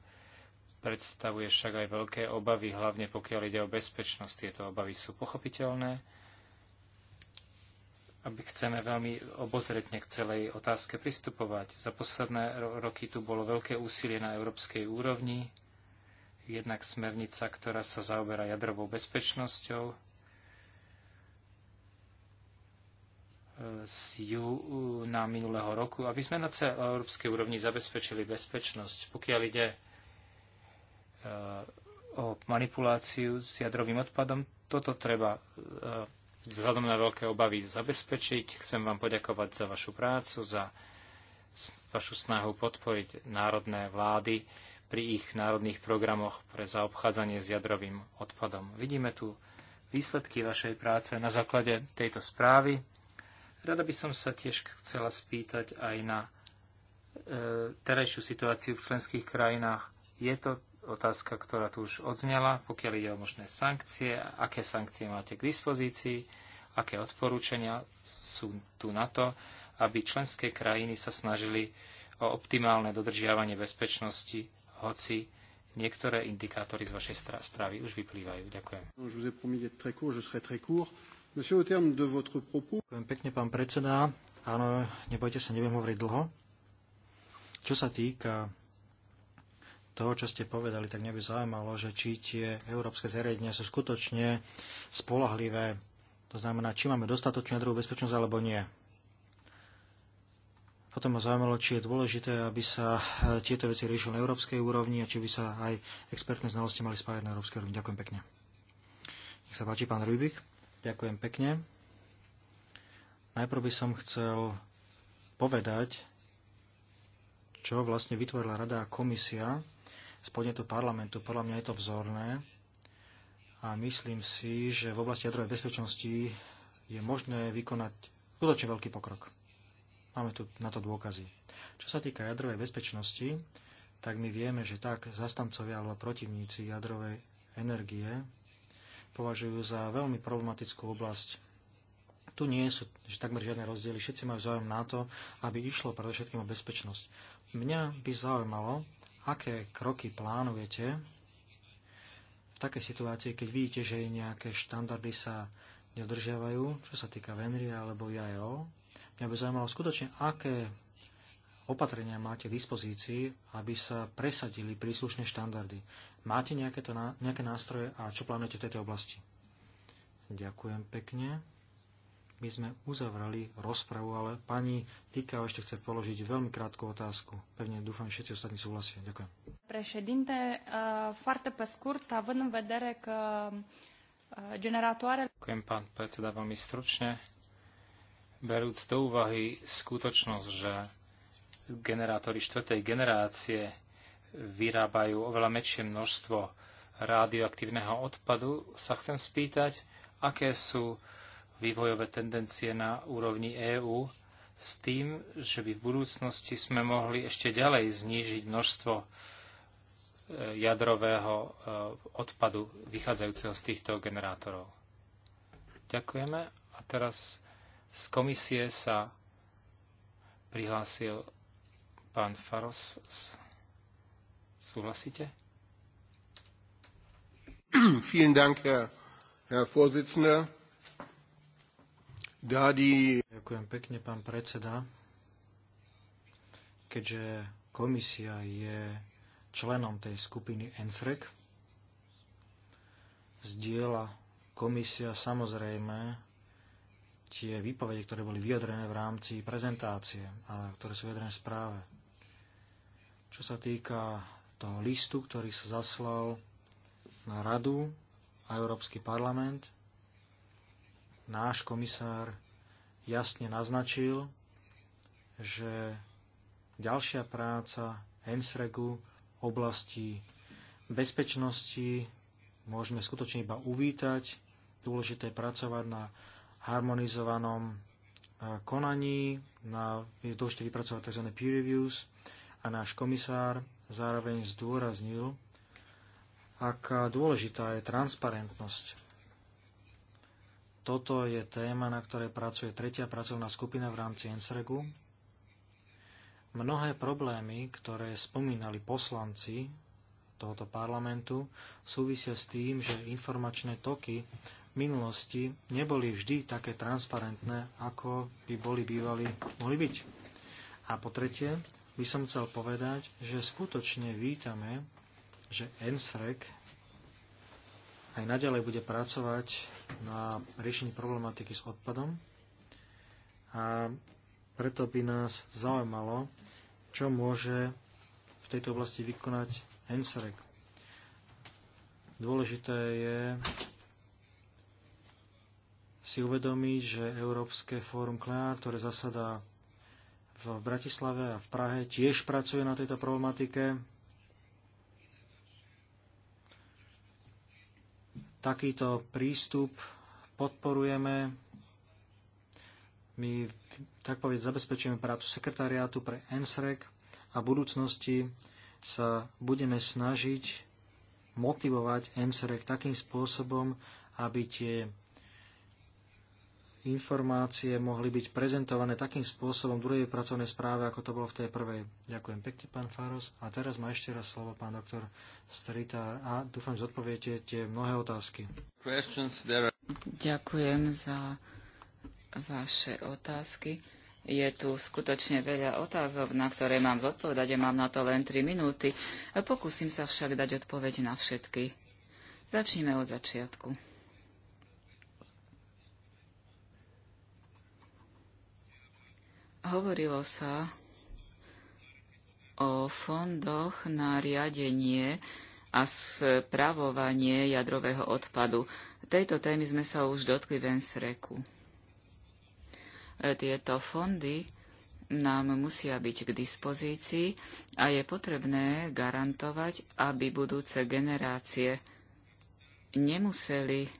Predstavuje však aj veľké obavy, hlavne pokiaľ ide o bezpečnosť. Tieto obavy sú pochopiteľné. Aby chceme veľmi obozretne k celej otázke pristupovať. Za posledné roky tu bolo veľké úsilie na európskej úrovni. Jednak smernica, ktorá sa zaoberá jadrovou bezpečnosťou, z júna uh, minulého roku, aby sme na európskej úrovni zabezpečili bezpečnosť. Pokiaľ ide uh, o manipuláciu s jadrovým odpadom, toto treba uh, vzhľadom na veľké obavy zabezpečiť. Chcem vám poďakovať za vašu prácu, za vašu snahu podporiť národné vlády pri ich národných programoch pre zaobchádzanie s jadrovým odpadom. Vidíme tu výsledky vašej práce na základe tejto správy. Rada by som sa tiež chcela spýtať aj na e, terajšiu situáciu v členských krajinách. Je to otázka, ktorá tu už odznela, pokiaľ ide o možné sankcie, aké sankcie máte k dispozícii, aké odporúčania sú tu na to, aby členské krajiny sa snažili o optimálne dodržiavanie bezpečnosti, hoci niektoré indikátory z vašej správy už vyplývajú. Ďakujem. Ďakujem pekne, pán predseda. Áno, nebojte sa, nebudem hovoriť dlho. Čo sa týka toho, čo ste povedali, tak mňa by zaujímalo, že či tie európske zariadenia sú skutočne spolahlivé. To znamená, či máme dostatočnú jadrovú bezpečnosť alebo nie. Potom ma zaujímalo, či je dôležité, aby sa eh, tieto veci riešili na európskej úrovni a či by sa aj expertné znalosti mali spájať na európskej úrovni. Ďakujem pekne. Nech sa páči, pán Rubik. Ďakujem pekne. Najprv by som chcel povedať, čo vlastne vytvorila Rada a komisia z podnetu parlamentu. Podľa mňa je to vzorné a myslím si, že v oblasti jadrovej bezpečnosti je možné vykonať skutočne veľký pokrok. Máme tu na to dôkazy. Čo sa týka jadrovej bezpečnosti, tak my vieme, že tak zastancovia alebo protivníci jadrovej energie považujú za veľmi problematickú oblasť. Tu nie sú že takmer žiadne rozdiely, všetci majú záujem na to, aby išlo predovšetkým o bezpečnosť. Mňa by zaujímalo, aké kroky plánujete v takej situácii, keď vidíte, že nejaké štandardy sa nedržiavajú, čo sa týka Venria alebo IAO. Mňa by zaujímalo skutočne, aké opatrenia máte k dispozícii, aby sa presadili príslušné štandardy. Máte nejaké, to, nejaké nástroje a čo plánujete v tejto oblasti? Ďakujem pekne. My sme uzavrali rozpravu, ale pani Tikao ešte chce položiť veľmi krátku otázku. Pevne dúfam, že všetci ostatní súhlasia. Ďakujem. Președinte, eh, foarte pe scurt, având în vedere că eh, generatoare... Ďakujem, pán predseda, veľmi stručne. Berúc do úvahy skutočnosť, že generátory štvrtej generácie vyrábajú oveľa menšie množstvo radioaktívneho odpadu, sa chcem spýtať, aké sú vývojové tendencie na úrovni EÚ s tým, že by v budúcnosti sme mohli ešte ďalej znížiť množstvo e, jadrového e, odpadu vychádzajúceho z týchto generátorov. Ďakujeme. A teraz z komisie sa prihlásil pán Faros. Súhlasíte? Vielen Dank, Herr, Herr Vorsitzender. Da die... Ďakujem pekne, pán predseda. Keďže komisia je členom tej skupiny ENSREC, zdieľa komisia samozrejme tie výpovede, ktoré boli vyjadrené v rámci prezentácie, a ktoré sú vyjadrené v správe. Čo sa týka toho listu, ktorý sa zaslal na Radu a Európsky parlament. Náš komisár jasne naznačil, že ďalšia práca Ensregu v oblasti bezpečnosti môžeme skutočne iba uvítať. Dôležité je pracovať na harmonizovanom e, konaní, na, je dôležité vypracovať tzv. peer reviews a náš komisár zároveň zdôraznil, aká dôležitá je transparentnosť. Toto je téma, na ktorej pracuje tretia pracovná skupina v rámci ENSREGu. Mnohé problémy, ktoré spomínali poslanci tohoto parlamentu, súvisia s tým, že informačné toky v minulosti neboli vždy také transparentné, ako by boli bývali mohli byť. A po tretie, by som chcel povedať, že skutočne vítame, že ENSREC aj naďalej bude pracovať na riešení problematiky s odpadom a preto by nás zaujímalo, čo môže v tejto oblasti vykonať ENSREC. Dôležité je si uvedomiť, že Európske fórum Klár, ktoré zasadá v Bratislave a v Prahe tiež pracuje na tejto problematike. Takýto prístup podporujeme. My, tak povedať, zabezpečujeme prácu sekretariátu pre ENSREC a v budúcnosti sa budeme snažiť motivovať ENSREC takým spôsobom, aby tie informácie mohli byť prezentované takým spôsobom druhej pracovnej správe, ako to bolo v tej prvej. Ďakujem pekne, pán Faros. A teraz má ešte raz slovo pán doktor Stritár a dúfam, že odpoviete tie mnohé otázky. Ďakujem za vaše otázky. Je tu skutočne veľa otázok, na ktoré mám zodpovedať a mám na to len 3 minúty. Pokúsim sa však dať odpoveď na všetky. Začníme od začiatku. Hovorilo sa o fondoch na riadenie a spravovanie jadrového odpadu. Tejto témy sme sa už dotkli ven sreku. E, tieto fondy nám musia byť k dispozícii a je potrebné garantovať, aby budúce generácie nemuseli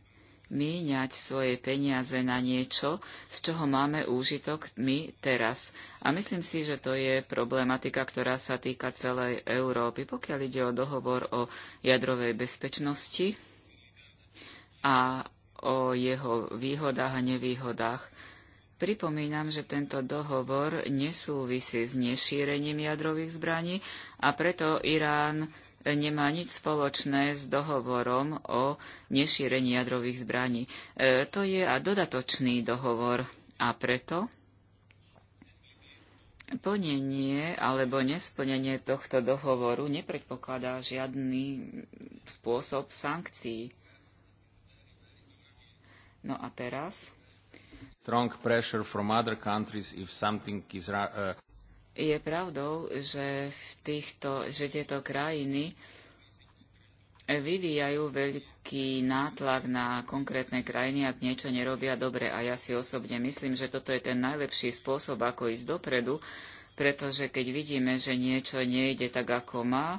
míňať svoje peniaze na niečo, z čoho máme úžitok my teraz. A myslím si, že to je problematika, ktorá sa týka celej Európy. Pokiaľ ide o dohovor o jadrovej bezpečnosti a o jeho výhodách a nevýhodách, Pripomínam, že tento dohovor nesúvisí s nešírením jadrových zbraní a preto Irán nemá nič spoločné s dohovorom o nešírení jadrových zbraní. E, to je a dodatočný dohovor a preto plnenie alebo nesplnenie tohto dohovoru nepredpokladá žiadny spôsob sankcií. No a teraz? Strong pressure from other countries if something is uh... Je pravdou, že, v týchto, že tieto krajiny vyvíjajú veľký nátlak na konkrétne krajiny, ak niečo nerobia dobre. A ja si osobne myslím, že toto je ten najlepší spôsob, ako ísť dopredu, pretože keď vidíme, že niečo nejde tak, ako má,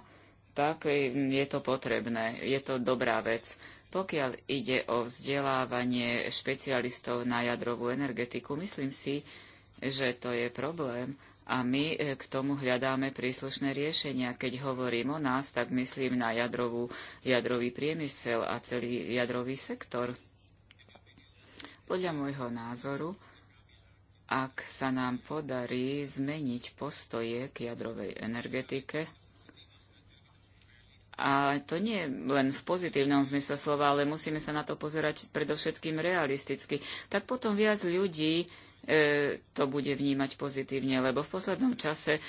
tak mm, je to potrebné, je to dobrá vec. Pokiaľ ide o vzdelávanie špecialistov na jadrovú energetiku, myslím si, že to je problém, a my e, k tomu hľadáme príslušné riešenia. Keď hovorím o nás, tak myslím na jadrovú, jadrový priemysel a celý jadrový sektor. Podľa môjho názoru, ak sa nám podarí zmeniť postoje k jadrovej energetike, a to nie len v pozitívnom zmysle slova, ale musíme sa na to pozerať predovšetkým realisticky, tak potom viac ľudí E, to bude vnímať pozitívne, lebo v poslednom čase e,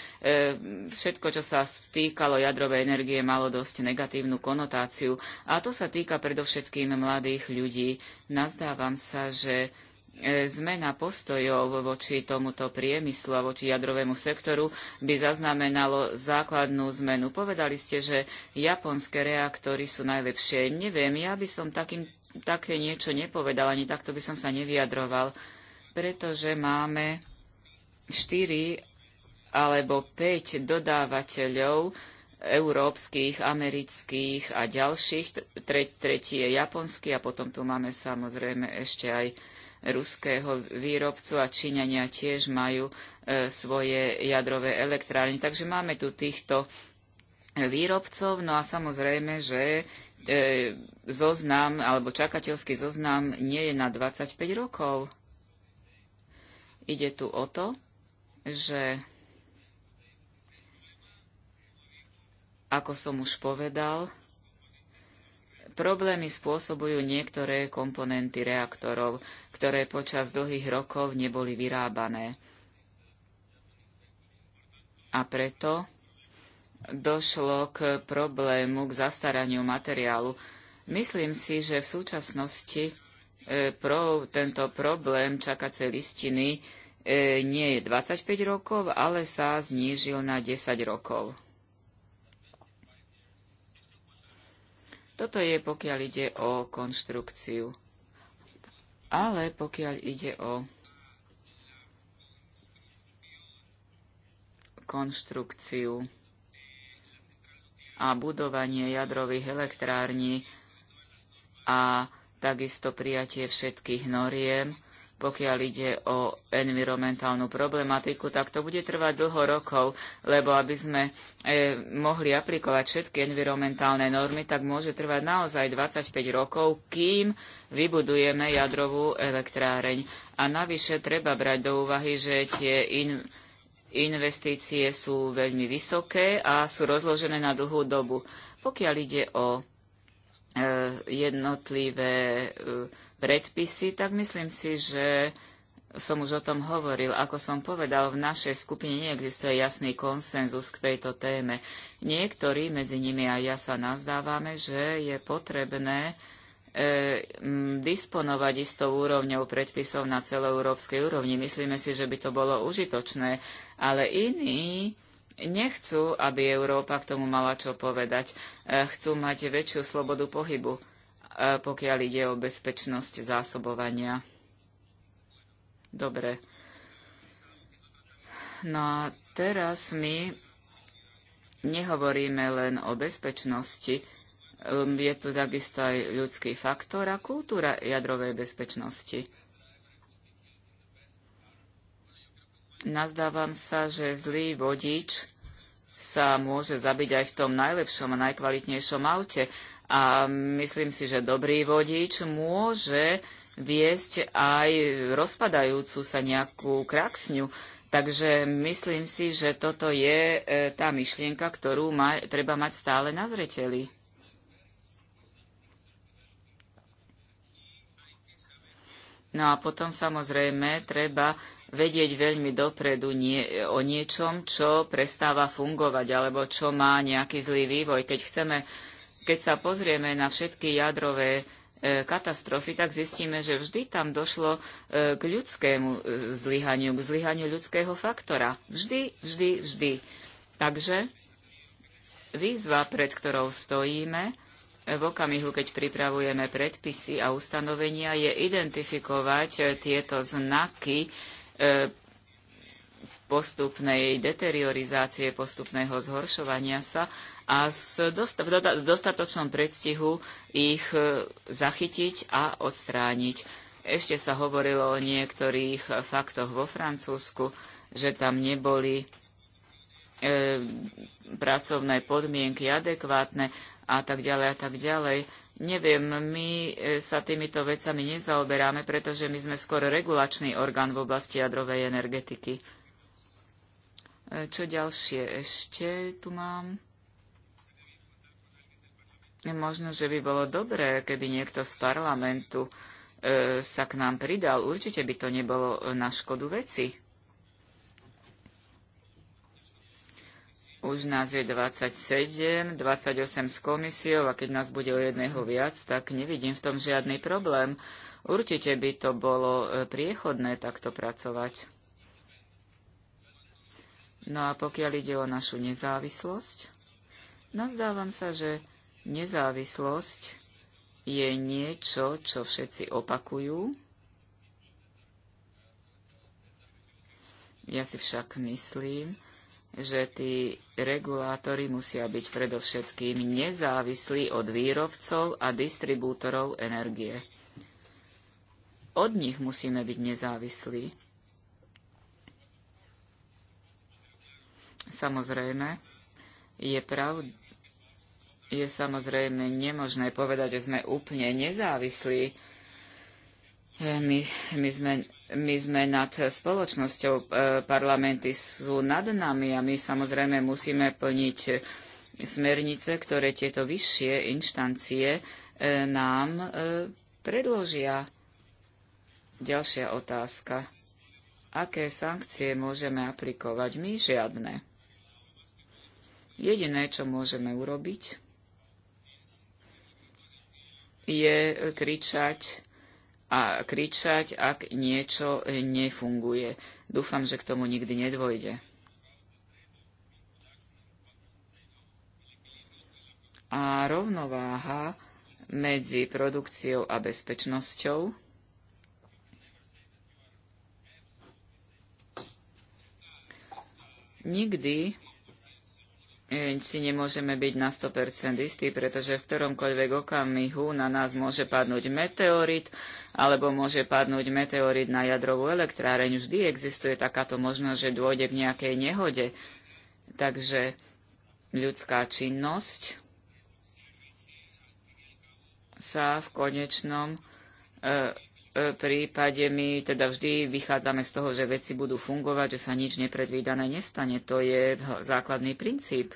všetko, čo sa týkalo jadrovej energie, malo dosť negatívnu konotáciu. A to sa týka predovšetkým mladých ľudí. Nazdávam sa, že e, zmena postojov voči tomuto priemyslu a voči jadrovému sektoru by zaznamenalo základnú zmenu. Povedali ste, že japonské reaktory sú najlepšie. Neviem, ja by som takým, také niečo nepovedal, ani takto by som sa nevyjadroval. Uh, pretože máme 4 alebo 5 dodávateľov európskych, amerických a ďalších. Tre, tretí je japonský a potom tu máme samozrejme ešte aj ruského výrobcu a Číňania tiež majú e, svoje jadrové elektrárne. Takže máme tu týchto výrobcov, no a samozrejme, že e, zoznam alebo čakateľský zoznam nie je na 25 rokov. Ide tu o to, že ako som už povedal, problémy spôsobujú niektoré komponenty reaktorov, ktoré počas dlhých rokov neboli vyrábané. A preto došlo k problému, k zastaraniu materiálu. Myslím si, že v súčasnosti E, pro, tento problém čakacej listiny e, nie je 25 rokov, ale sa znížil na 10 rokov. Toto je, pokiaľ ide o konštrukciu. Ale pokiaľ ide o konštrukciu a budovanie jadrových elektrární a takisto prijatie všetkých noriem, pokiaľ ide o environmentálnu problematiku, tak to bude trvať dlho rokov, lebo aby sme e, mohli aplikovať všetky environmentálne normy, tak môže trvať naozaj 25 rokov, kým vybudujeme jadrovú elektráreň. A navyše treba brať do úvahy, že tie in, investície sú veľmi vysoké a sú rozložené na dlhú dobu. Pokiaľ ide o E, jednotlivé e, predpisy, tak myslím si, že som už o tom hovoril. Ako som povedal, v našej skupine neexistuje jasný konsenzus k tejto téme. Niektorí, medzi nimi aj ja, sa nazdávame, že je potrebné e, disponovať istou úrovňou predpisov na celoeurópskej úrovni. Myslíme si, že by to bolo užitočné, ale iní nechcú, aby Európa k tomu mala čo povedať. E, chcú mať väčšiu slobodu pohybu, e, pokiaľ ide o bezpečnosť zásobovania. Dobre. No a teraz my nehovoríme len o bezpečnosti, je tu takisto aj ľudský faktor a kultúra jadrovej bezpečnosti. nazdávam sa, že zlý vodič sa môže zabiť aj v tom najlepšom a najkvalitnejšom aute. A myslím si, že dobrý vodič môže viesť aj rozpadajúcu sa nejakú kraksňu. Takže myslím si, že toto je e, tá myšlienka, ktorú ma, treba mať stále na zreteli. No a potom samozrejme treba vedieť veľmi dopredu nie, o niečom, čo prestáva fungovať alebo čo má nejaký zlý vývoj. Keď, chceme, keď sa pozrieme na všetky jadrové e, katastrofy, tak zistíme, že vždy tam došlo e, k ľudskému e, zlyhaniu, k zlyhaniu ľudského faktora. Vždy, vždy, vždy. Takže výzva, pred ktorou stojíme, e, v okamihu, keď pripravujeme predpisy a ustanovenia, je identifikovať e, tieto znaky E, postupnej deteriorizácie, postupného zhoršovania sa a v dostatočnom predstihu ich e, zachytiť a odstrániť. Ešte sa hovorilo o niektorých faktoch vo Francúzsku, že tam neboli e, pracovné podmienky adekvátne a tak ďalej a tak ďalej. Neviem, my e, sa týmito vecami nezaoberáme, pretože my sme skôr regulačný orgán v oblasti jadrovej energetiky. E, čo ďalšie ešte tu mám? E, možno, že by bolo dobré, keby niekto z parlamentu sa k nám pridal. Určite by to nebolo na škodu veci. už nás je 27, 28 s komisiou a keď nás bude o jedného viac, tak nevidím v tom žiadny problém. Určite by to bolo e, priechodné takto pracovať. No a pokiaľ ide o našu nezávislosť, nazdávam sa, že nezávislosť je niečo, čo všetci opakujú. Ja si však myslím, že tí regulátori musia byť predovšetkým nezávislí od výrobcov a distribútorov energie. Od nich musíme byť nezávislí. Samozrejme, je pravda, je samozrejme nemožné povedať, že sme úplne nezávislí my, my, sme, my sme nad spoločnosťou, e, parlamenty sú nad nami a my samozrejme musíme plniť smernice, ktoré tieto vyššie inštancie e, nám e, predložia. Ďalšia otázka. Aké sankcie môžeme aplikovať? My žiadne. Jediné, čo môžeme urobiť, je kričať a kričať, ak niečo nefunguje. Dúfam, že k tomu nikdy nedvojde. A rovnováha medzi produkciou a bezpečnosťou nikdy Ehm, si nemôžeme byť na 100% istí, pretože v ktoromkoľvek okamihu na nás môže padnúť meteorit, alebo môže padnúť meteorit na jadrovú elektráreň. Vždy existuje takáto možnosť, že dôjde k nejakej nehode. Takže ľudská činnosť sa v konečnom e, prípade my teda vždy vychádzame z toho, že veci budú fungovať, že sa nič nepredvídané nestane. To je základný princíp.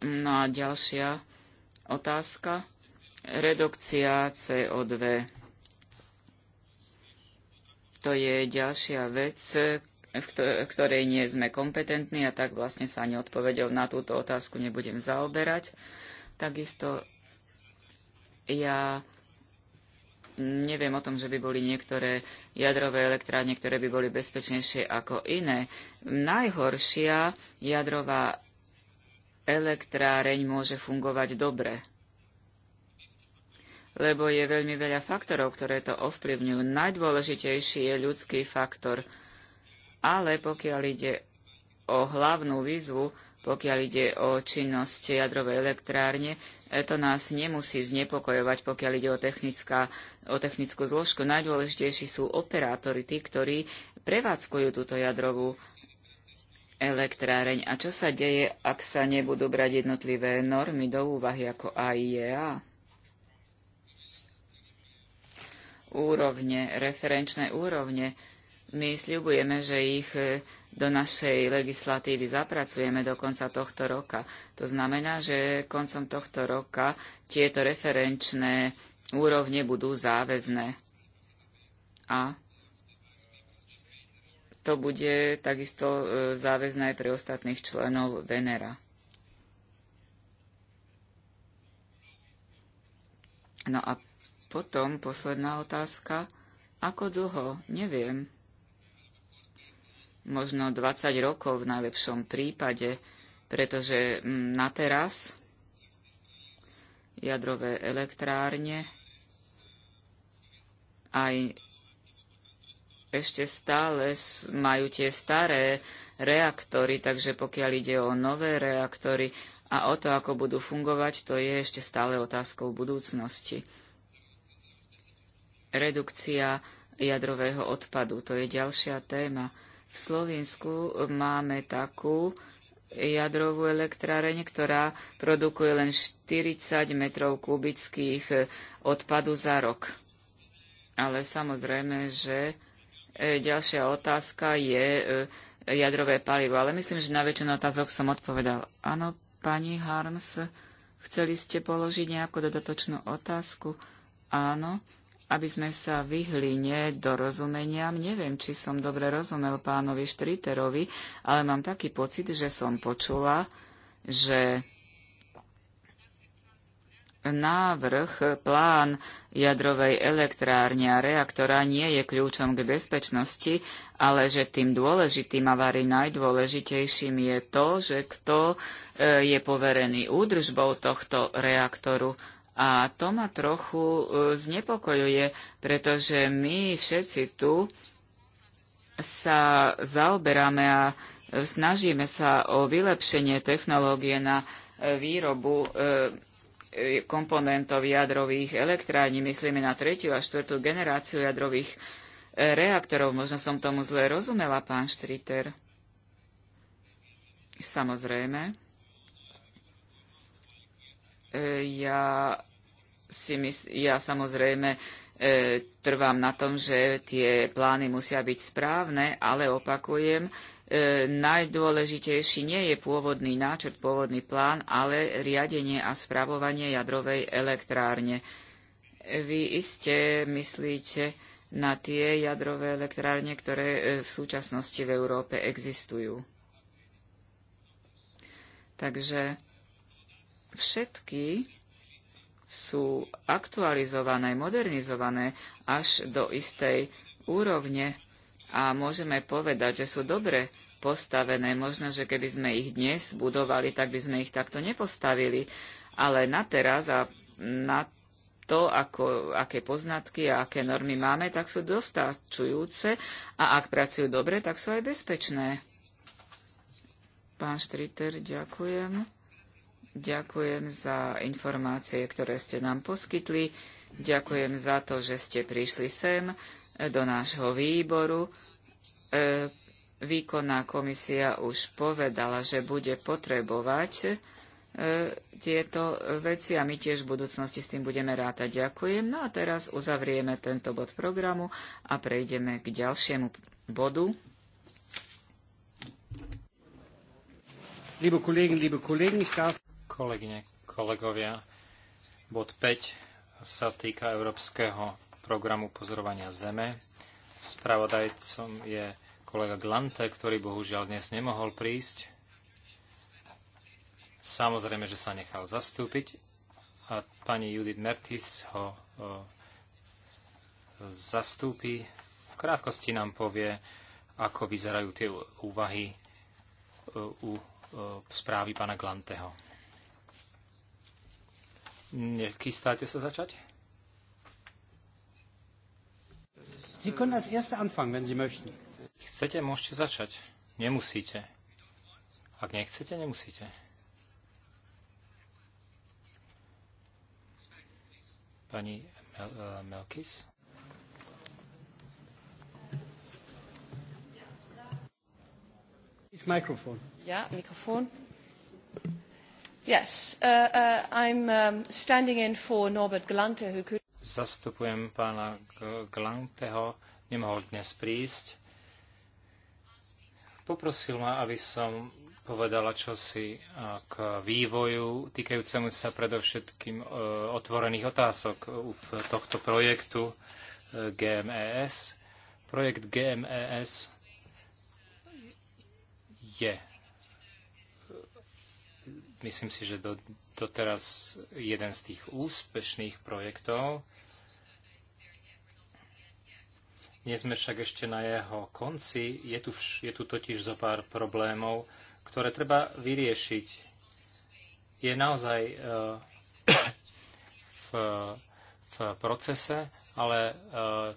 No a ďalšia otázka. Redukcia CO2. To je ďalšia vec, v ktorej nie sme kompetentní a tak vlastne sa ani odpovedou na túto otázku nebudem zaoberať. Takisto ja neviem o tom, že by boli niektoré jadrové elektrárne, ktoré by boli bezpečnejšie ako iné. Najhoršia jadrová elektráreň môže fungovať dobre lebo je veľmi veľa faktorov, ktoré to ovplyvňujú. Najdôležitejší je ľudský faktor ale pokiaľ ide o hlavnú výzvu, pokiaľ ide o činnosť jadrovej elektrárne, e, to nás nemusí znepokojovať, pokiaľ ide o, technická, o technickú zložku. Najdôležitejší sú operátori, tí, ktorí prevádzkujú túto jadrovú elektráreň. A čo sa deje, ak sa nebudú brať jednotlivé normy do úvahy ako AIEA? E úrovne, referenčné úrovne my sľubujeme, že ich e, do našej legislatívy zapracujeme do konca tohto roka. To znamená, že koncom tohto roka tieto referenčné úrovne budú záväzné. A to bude takisto e, záväzné aj pre ostatných členov Venera. No a potom posledná otázka. Ako dlho? Neviem možno 20 rokov v najlepšom prípade, pretože mm, na teraz jadrové elektrárne aj ešte stále majú tie staré reaktory, takže pokiaľ ide o nové reaktory a o to, ako budú fungovať, to je ešte stále otázkou budúcnosti. Redukcia jadrového odpadu, to je ďalšia téma. V Slovensku máme takú jadrovú elektráreň, ktorá produkuje len 40 metrov kubických odpadu za rok. Ale samozrejme, že e, ďalšia otázka je e, jadrové palivo. Ale myslím, že na väčšinu otázok som odpovedal. Áno, pani Harms, chceli ste položiť nejakú dodatočnú otázku? Áno aby sme sa vyhli nedorozumeniam. Neviem, či som dobre rozumel pánovi Štriterovi, ale mám taký pocit, že som počula, že návrh, plán jadrovej elektrárne a reaktora nie je kľúčom k bezpečnosti, ale že tým dôležitým a vary najdôležitejším je to, že kto e, je poverený údržbou tohto reaktoru. A to ma trochu e, znepokojuje, pretože my všetci tu sa zaoberáme a snažíme sa o vylepšenie technológie na e, výrobu e, komponentov jadrových elektrární, myslíme na tretiu a štvrtú generáciu jadrových reaktorov. Možno som tomu zle rozumela, pán Štriter. Samozrejme ja, si mys- ja samozrejme e, trvám na tom, že tie plány musia byť správne, ale opakujem, e, najdôležitejší nie je pôvodný náčrt, pôvodný plán, ale riadenie a spravovanie jadrovej elektrárne. Vy iste myslíte na tie jadrové elektrárne, ktoré e, v súčasnosti v Európe existujú. Takže Všetky sú aktualizované, modernizované až do istej úrovne a môžeme povedať, že sú dobre postavené. Možno, že keby sme ich dnes budovali, tak by sme ich takto nepostavili. Ale na teraz a na to, ako, aké poznatky a aké normy máme, tak sú dostačujúce a ak pracujú dobre, tak sú aj bezpečné. Pán Štriter, ďakujem. Ďakujem za informácie, ktoré ste nám poskytli. Ďakujem za to, že ste prišli sem do nášho výboru. E, výkonná komisia už povedala, že bude potrebovať e, tieto veci a my tiež v budúcnosti s tým budeme rátať. Ďakujem. No a teraz uzavrieme tento bod programu a prejdeme k ďalšiemu bodu. Liebe Kollegen, liebe Kollegen, ich darf Kolegyne, kolegovia, bod 5 sa týka Európskeho programu pozorovania Zeme. Spravodajcom je kolega Glante, ktorý bohužiaľ dnes nemohol prísť. Samozrejme, že sa nechal zastúpiť a pani Judith Mertis ho zastúpi. V krátkosti nám povie, ako vyzerajú tie úvahy u správy pána Glanteho. Nechystáte sa začať? Sie können als erste anfangen, wenn Sie möchten. Chcete, môžete začať. Nemusíte. Ak nechcete, nemusíte. Pani Mel- uh, Melkis? Ja, mikrofón. Yes, uh, uh, I'm um, standing in for Norbert who could... Zastupujem pána Glanteho, nemohol dnes prísť. Poprosil ma, aby som povedala čosi uh, k vývoju týkajúcemu sa predovšetkým uh, otvorených otázok v tohto projektu uh, GMES. Projekt GMES je Myslím si, že do, doteraz jeden z tých úspešných projektov. Nie sme však ešte na jeho konci. Je tu, je tu totiž zo pár problémov, ktoré treba vyriešiť. Je naozaj uh, v, v procese, ale uh,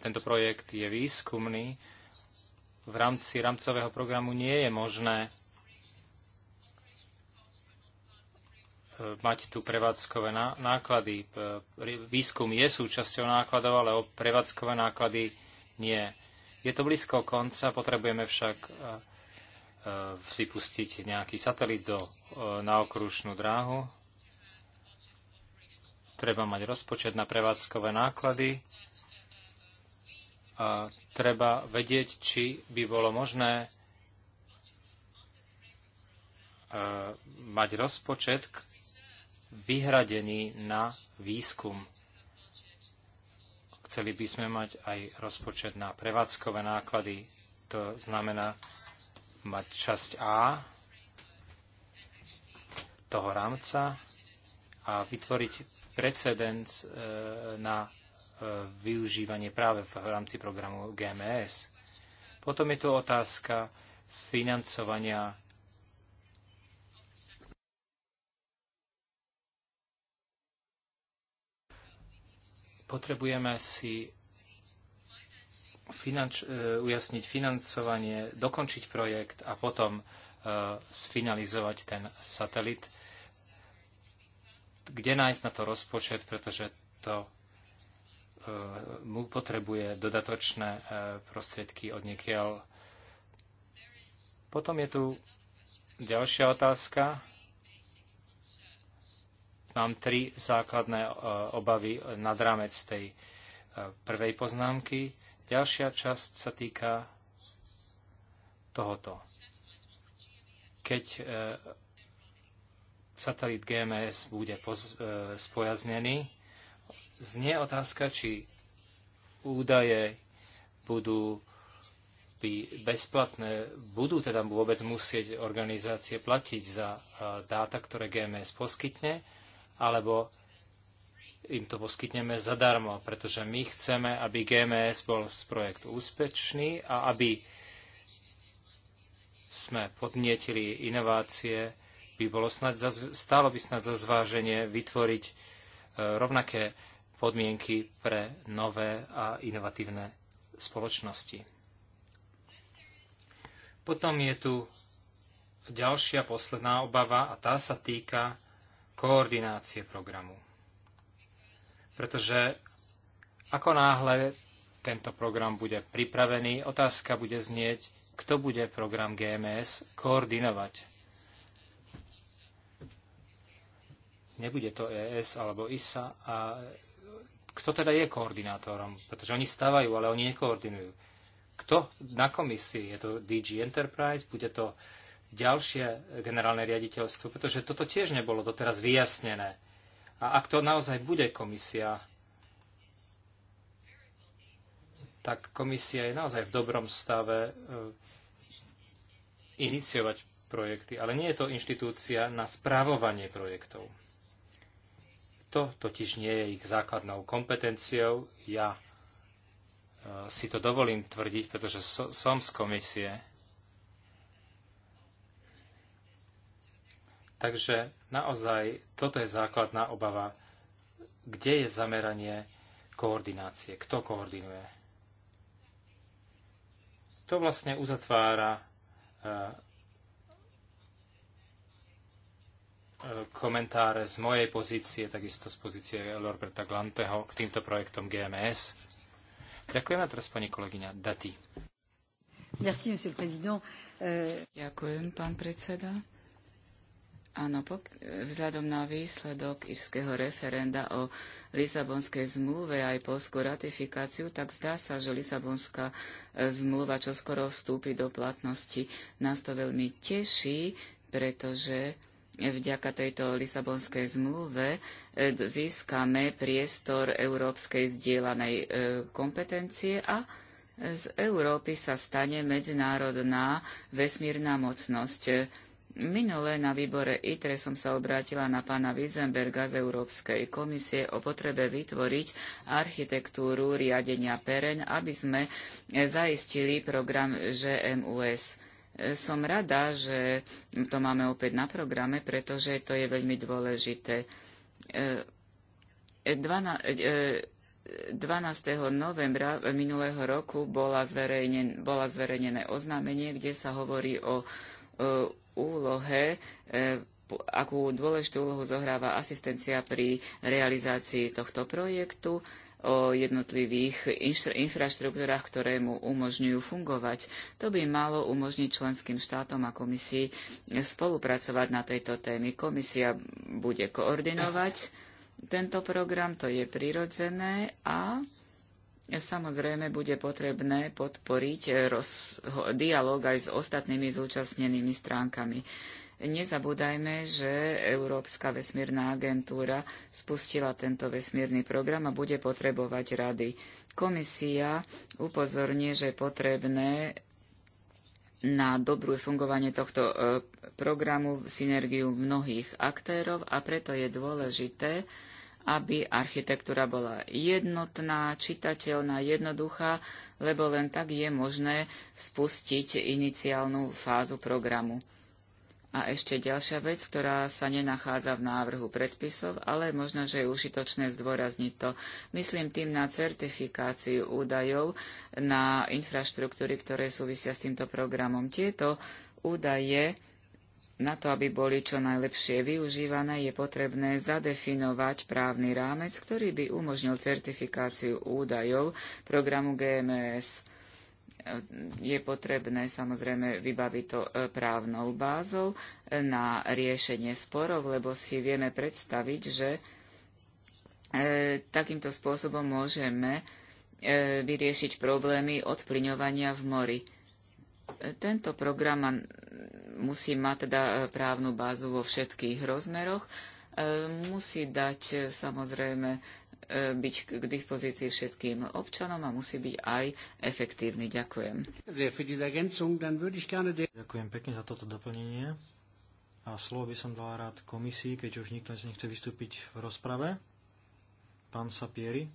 tento projekt je výskumný. V rámci rámcového programu nie je možné E, mať tu prevádzkové náklady. E, výskum je súčasťou nákladov, ale o prevádzkové náklady nie. Je to blízko konca, potrebujeme však e, vypustiť nejaký satelit do, na okrušnú dráhu. Treba mať rozpočet na prevádzkové náklady a treba vedieť, či by bolo možné mať rozpočet, vyhradený na výskum. Chceli by sme mať aj rozpočet na prevádzkové náklady. To znamená mať časť A toho rámca a vytvoriť precedens e, na e, využívanie práve v rámci programu GMS. Potom je tu otázka financovania Potrebujeme si finanč, e, ujasniť financovanie, dokončiť projekt a potom e, sfinalizovať ten satelit. Kde nájsť na to rozpočet, pretože to e, mu potrebuje dodatočné prostriedky od niekiaľ. Potom je tu ďalšia otázka. Mám tri základné e, obavy nad rámec tej e, prvej poznámky. Ďalšia časť sa týka tohoto. Keď e, satelit GMS bude spojaznený, znie otázka, či údaje budú by bezplatné, budú teda vôbec musieť organizácie platiť za dáta, ktoré GMS poskytne alebo im to poskytneme zadarmo, pretože my chceme, aby GMS bol z projektu úspešný a aby sme podnietili inovácie, by bolo snad stálo by snad za zváženie vytvoriť e, rovnaké podmienky pre nové a inovatívne spoločnosti. Potom je tu ďalšia posledná obava a tá sa týka koordinácie programu. Pretože ako náhle tento program bude pripravený, otázka bude znieť, kto bude program GMS koordinovať. Nebude to ES alebo ISA a kto teda je koordinátorom? Pretože oni stávajú, ale oni nekoordinujú. Kto na komisii? Je to DG Enterprise? Bude to ďalšie generálne riaditeľstvo, pretože toto tiež nebolo doteraz vyjasnené. A ak to naozaj bude komisia, tak komisia je naozaj v dobrom stave e, iniciovať projekty, ale nie je to inštitúcia na správovanie projektov. To totiž nie je ich základnou kompetenciou. Ja e, si to dovolím tvrdiť, pretože som z komisie Takže naozaj toto je základná obava. Kde je zameranie koordinácie? Kto koordinuje? To vlastne uzatvára e, e, komentáre z mojej pozície, takisto z pozície Lorberta Glanteho k týmto projektom GMS. Ďakujem a teraz pani kolegyňa Dati. Merci, monsieur le président. Ďakujem, pán predseda. Áno, vzhľadom na výsledok írskeho referenda o Lisabonskej zmluve aj polskú ratifikáciu, tak zdá sa, že Lisabonská e, zmluva čoskoro vstúpi do platnosti. Nás to veľmi teší, pretože vďaka tejto Lisabonskej zmluve e, získame priestor európskej zdieľanej e, kompetencie a z Európy sa stane medzinárodná vesmírna mocnosť. Minulé na výbore ITRE som sa obrátila na pána Wiesenberga z Európskej komisie o potrebe vytvoriť architektúru riadenia pereň, aby sme zaistili program GMUS. Som rada, že to máme opäť na programe, pretože to je veľmi dôležité. 12, e, e, e, novembra minulého roku bola bola zverejnené oznámenie, kde sa hovorí o úlohe, e, akú dôležitú úlohu zohráva asistencia pri realizácii tohto projektu o jednotlivých infraštruktúrach, ktoré mu umožňujú fungovať. To by malo umožniť členským štátom a komisii spolupracovať na tejto témy. Komisia bude koordinovať tento program, to je prirodzené a Samozrejme, bude potrebné podporiť eh, roz, dialog aj s ostatnými zúčastnenými stránkami. Nezabúdajme, že Európska vesmírna agentúra spustila tento vesmírny program a bude potrebovať rady. Komisia upozorní, že je potrebné na dobrú fungovanie tohto eh, programu synergiu mnohých aktérov a preto je dôležité, aby architektúra bola jednotná, čitateľná, jednoduchá, lebo len tak je možné spustiť iniciálnu fázu programu. A ešte ďalšia vec, ktorá sa nenachádza v návrhu predpisov, ale možno, že je užitočné zdôrazniť to. Myslím tým na certifikáciu údajov na infraštruktúry, ktoré súvisia s týmto programom. Tieto údaje na to, aby boli čo najlepšie využívané, je potrebné zadefinovať právny rámec, ktorý by umožnil certifikáciu údajov programu GMS. Je potrebné samozrejme vybaviť to e, právnou bázou e, na riešenie sporov, lebo si vieme predstaviť, že e, takýmto spôsobom môžeme vyriešiť problémy odplyňovania v mori. Tento program musí mať teda e, právnu bázu vo všetkých rozmeroch. E, musí dať e, samozrejme byť k dispozícii všetkým občanom a musí byť aj efektívny. Ďakujem. Ďakujem pekne za toto doplnenie. A slovo by som dal rád komisii, keďže už nikto nechce vystúpiť v rozprave. Pán Sapieri,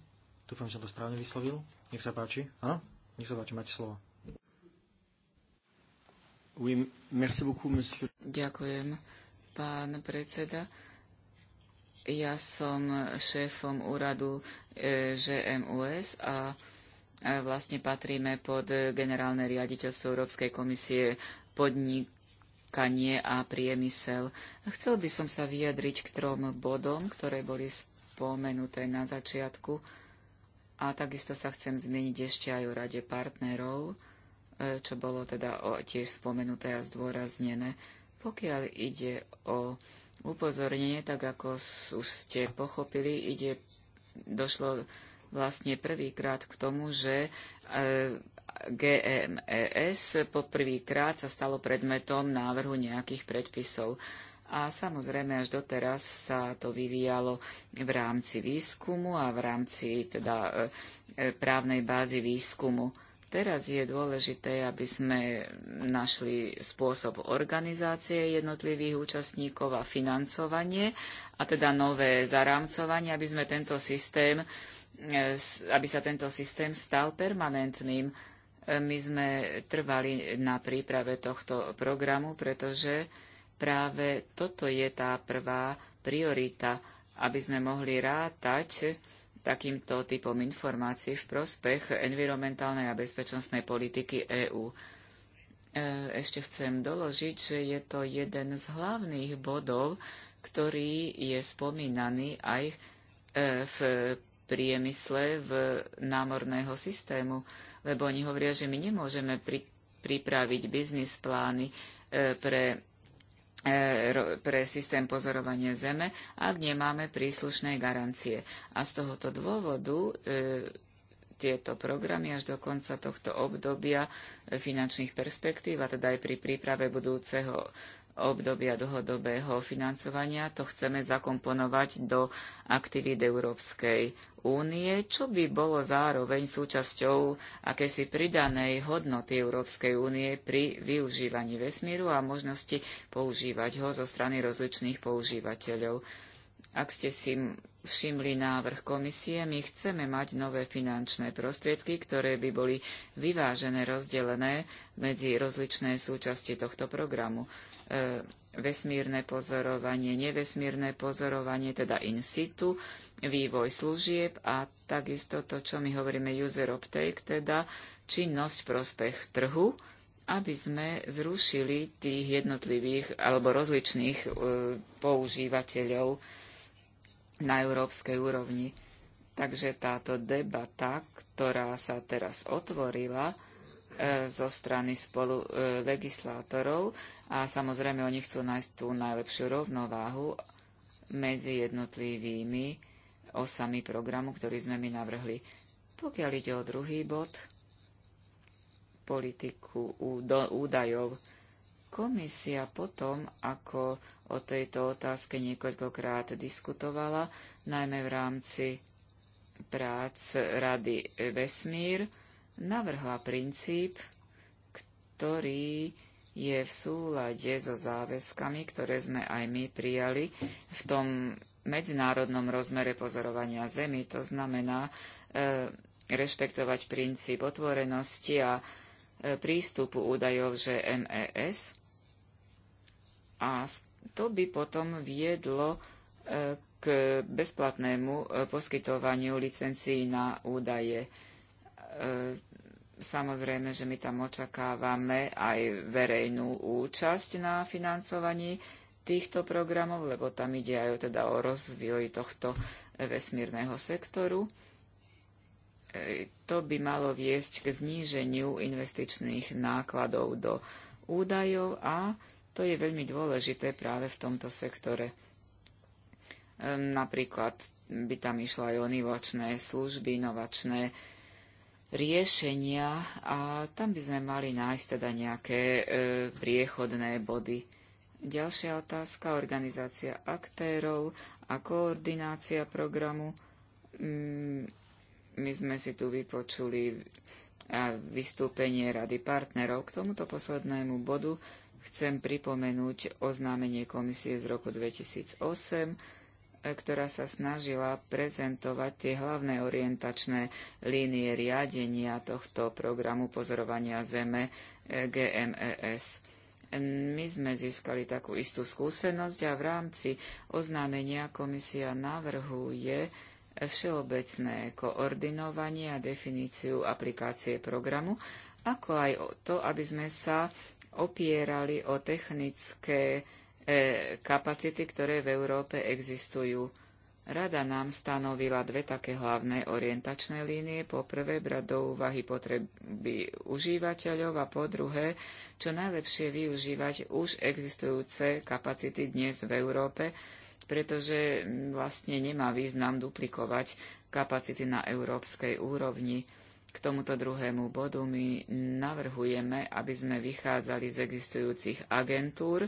dúfam, že som to správne vyslovil. Nech sa páči. Áno, nech sa páči, máte slovo. Ďakujem, pán predseda. Ja som šéfom úradu e, ŽMUS a vlastne patríme pod generálne riaditeľstvo Európskej komisie podnikanie a priemysel. Chcel by som sa vyjadriť k trom bodom, ktoré boli spomenuté na začiatku a takisto sa chcem zmieniť ešte aj o rade partnerov E, čo bolo teda tiež spomenuté a zdôraznené. Pokiaľ ide o upozornenie, tak ako už ste pochopili, ide, došlo vlastne prvýkrát k tomu, že e, GMES poprvýkrát sa stalo predmetom návrhu nejakých predpisov. A samozrejme až doteraz sa to vyvíjalo v rámci výskumu a v rámci teda e, právnej bázy výskumu. Teraz je dôležité, aby sme našli spôsob organizácie jednotlivých účastníkov a financovanie, a teda nové zarámcovanie, aby sme tento systém e, aby sa tento systém stal permanentným. E, my sme trvali na príprave tohto programu, pretože práve toto je tá prvá priorita, aby sme mohli rátať takýmto typom informácií v prospech environmentálnej a bezpečnostnej politiky EÚ. E, ešte chcem doložiť, že je to jeden z hlavných bodov, ktorý je spomínaný aj e, v priemysle v námorného systému, lebo oni hovoria, že my nemôžeme pri, pripraviť biznis plány e, pre E, pre systém pozorovania Zeme, ak nemáme príslušné garancie. A z tohoto dôvodu e, tieto programy až do konca tohto obdobia e, finančných perspektív, a teda aj pri príprave budúceho obdobia dlhodobého financovania. To chceme zakomponovať do aktivít Európskej únie, čo by bolo zároveň súčasťou akési pridanej hodnoty Európskej únie pri využívaní vesmíru a možnosti používať ho zo strany rozličných používateľov. Ak ste si všimli návrh komisie, my chceme mať nové finančné prostriedky, ktoré by boli vyvážené, rozdelené medzi rozličné súčasti tohto programu. E, vesmírne pozorovanie, nevesmírne pozorovanie, teda in situ, vývoj služieb a takisto to, čo my hovoríme user uptake, teda činnosť v prospech trhu, aby sme zrušili tých jednotlivých alebo rozličných e, používateľov na európskej úrovni. Takže táto debata, ktorá sa teraz otvorila, E, zo strany spolu e, legislátorov a samozrejme oni chcú nájsť tú najlepšiu rovnováhu medzi jednotlivými osami programu, ktorý sme my navrhli. Pokiaľ ide o druhý bod, politiku údajov, komisia potom, ako o tejto otázke niekoľkokrát diskutovala, najmä v rámci prác Rady Vesmír, navrhla princíp, ktorý je v súlade so záväzkami, ktoré sme aj my prijali v tom medzinárodnom rozmere pozorovania Zemi. To znamená e, rešpektovať princíp otvorenosti a e, prístupu údajov že MES A to by potom viedlo e, k bezplatnému e, poskytovaniu licencií na údaje. E, E, samozrejme, že my tam očakávame aj verejnú účasť na financovaní týchto programov, lebo tam ide aj teda o rozvoj tohto vesmírneho sektoru. E, to by malo viesť k zníženiu investičných nákladov do údajov a to je veľmi dôležité práve v tomto sektore. E, napríklad by tam išlo aj o inovačné služby, inovačné riešenia a tam by sme mali nájsť teda nejaké e, priechodné body. Ďalšia otázka, organizácia aktérov a koordinácia programu. Mm, my sme si tu vypočuli e, vystúpenie Rady partnerov. K tomuto poslednému bodu chcem pripomenúť oznámenie komisie z roku 2008, ktorá sa snažila prezentovať tie hlavné orientačné línie riadenia tohto programu pozorovania Zeme e, GMES. My sme získali takú istú skúsenosť a v rámci oznámenia komisia navrhuje všeobecné koordinovanie a definíciu aplikácie programu, ako aj to, aby sme sa opierali o technické E, kapacity, ktoré v Európe existujú. Rada nám stanovila dve také hlavné orientačné línie. Po prvé, brať do úvahy potreby užívateľov a po druhé, čo najlepšie využívať už existujúce kapacity dnes v Európe, pretože vlastne nemá význam duplikovať kapacity na európskej úrovni. K tomuto druhému bodu my navrhujeme, aby sme vychádzali z existujúcich agentúr,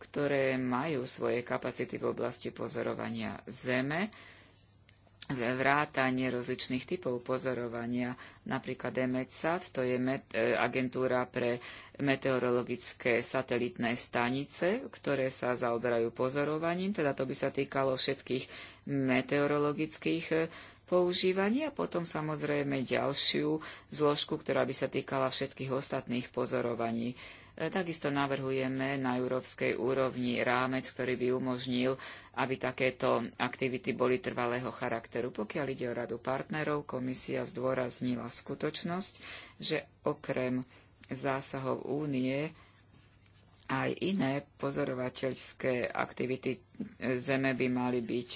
ktoré majú svoje kapacity v oblasti pozorovania Zeme, vrátanie rozličných typov pozorovania. Napríklad EMETSAT, to je e, agentúra pre meteorologické satelitné stanice, ktoré sa zaoberajú pozorovaním, teda to by sa týkalo všetkých meteorologických e, používaní a potom samozrejme ďalšiu zložku, ktorá by sa týkala všetkých ostatných pozorovaní. E, takisto navrhujeme na európskej úrovni rámec, ktorý by umožnil, aby takéto aktivity boli trvalého charakteru. Pokiaľ ide o radu partnerov, komisia zdôraznila skutočnosť, že okrem zásahov únie aj iné pozorovateľské aktivity zeme by mali byť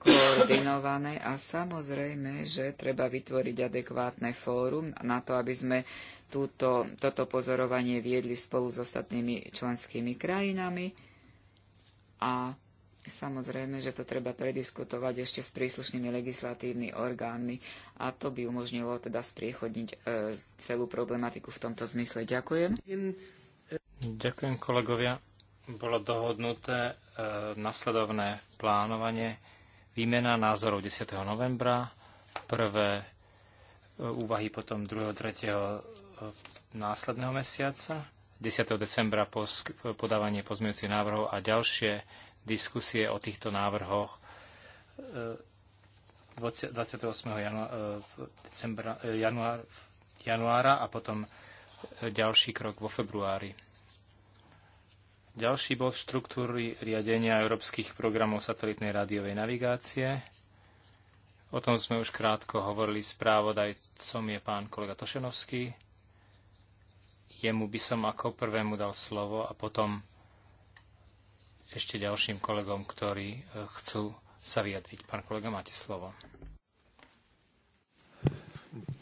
koordinované a samozrejme, že treba vytvoriť adekvátne fórum na to, aby sme túto, toto pozorovanie viedli spolu s ostatnými členskými krajinami a samozrejme, že to treba prediskutovať ešte s príslušnými legislatívnymi orgánmi a to by umožnilo teda spriechodniť e, celú problematiku v tomto zmysle. Ďakujem. Ďakujem kolegovia. Bolo dohodnuté e, nasledovné plánovanie výmena názorov 10. novembra, prvé e, úvahy potom 2. 3 následného mesiaca, 10. decembra podávanie pozmeňujúcich návrhov a ďalšie diskusie o týchto návrhoch 28. E, januára, e, decembra, e, január, januára a potom ďalší krok vo februári. Ďalší bod štruktúry riadenia európskych programov satelitnej rádiovej navigácie. O tom sme už krátko hovorili. Správodajcom je pán kolega Tošenovský. Jemu by som ako prvému dal slovo a potom ešte ďalším kolegom, ktorí e, chcú sa vyjadriť. Pán kolega, máte slovo.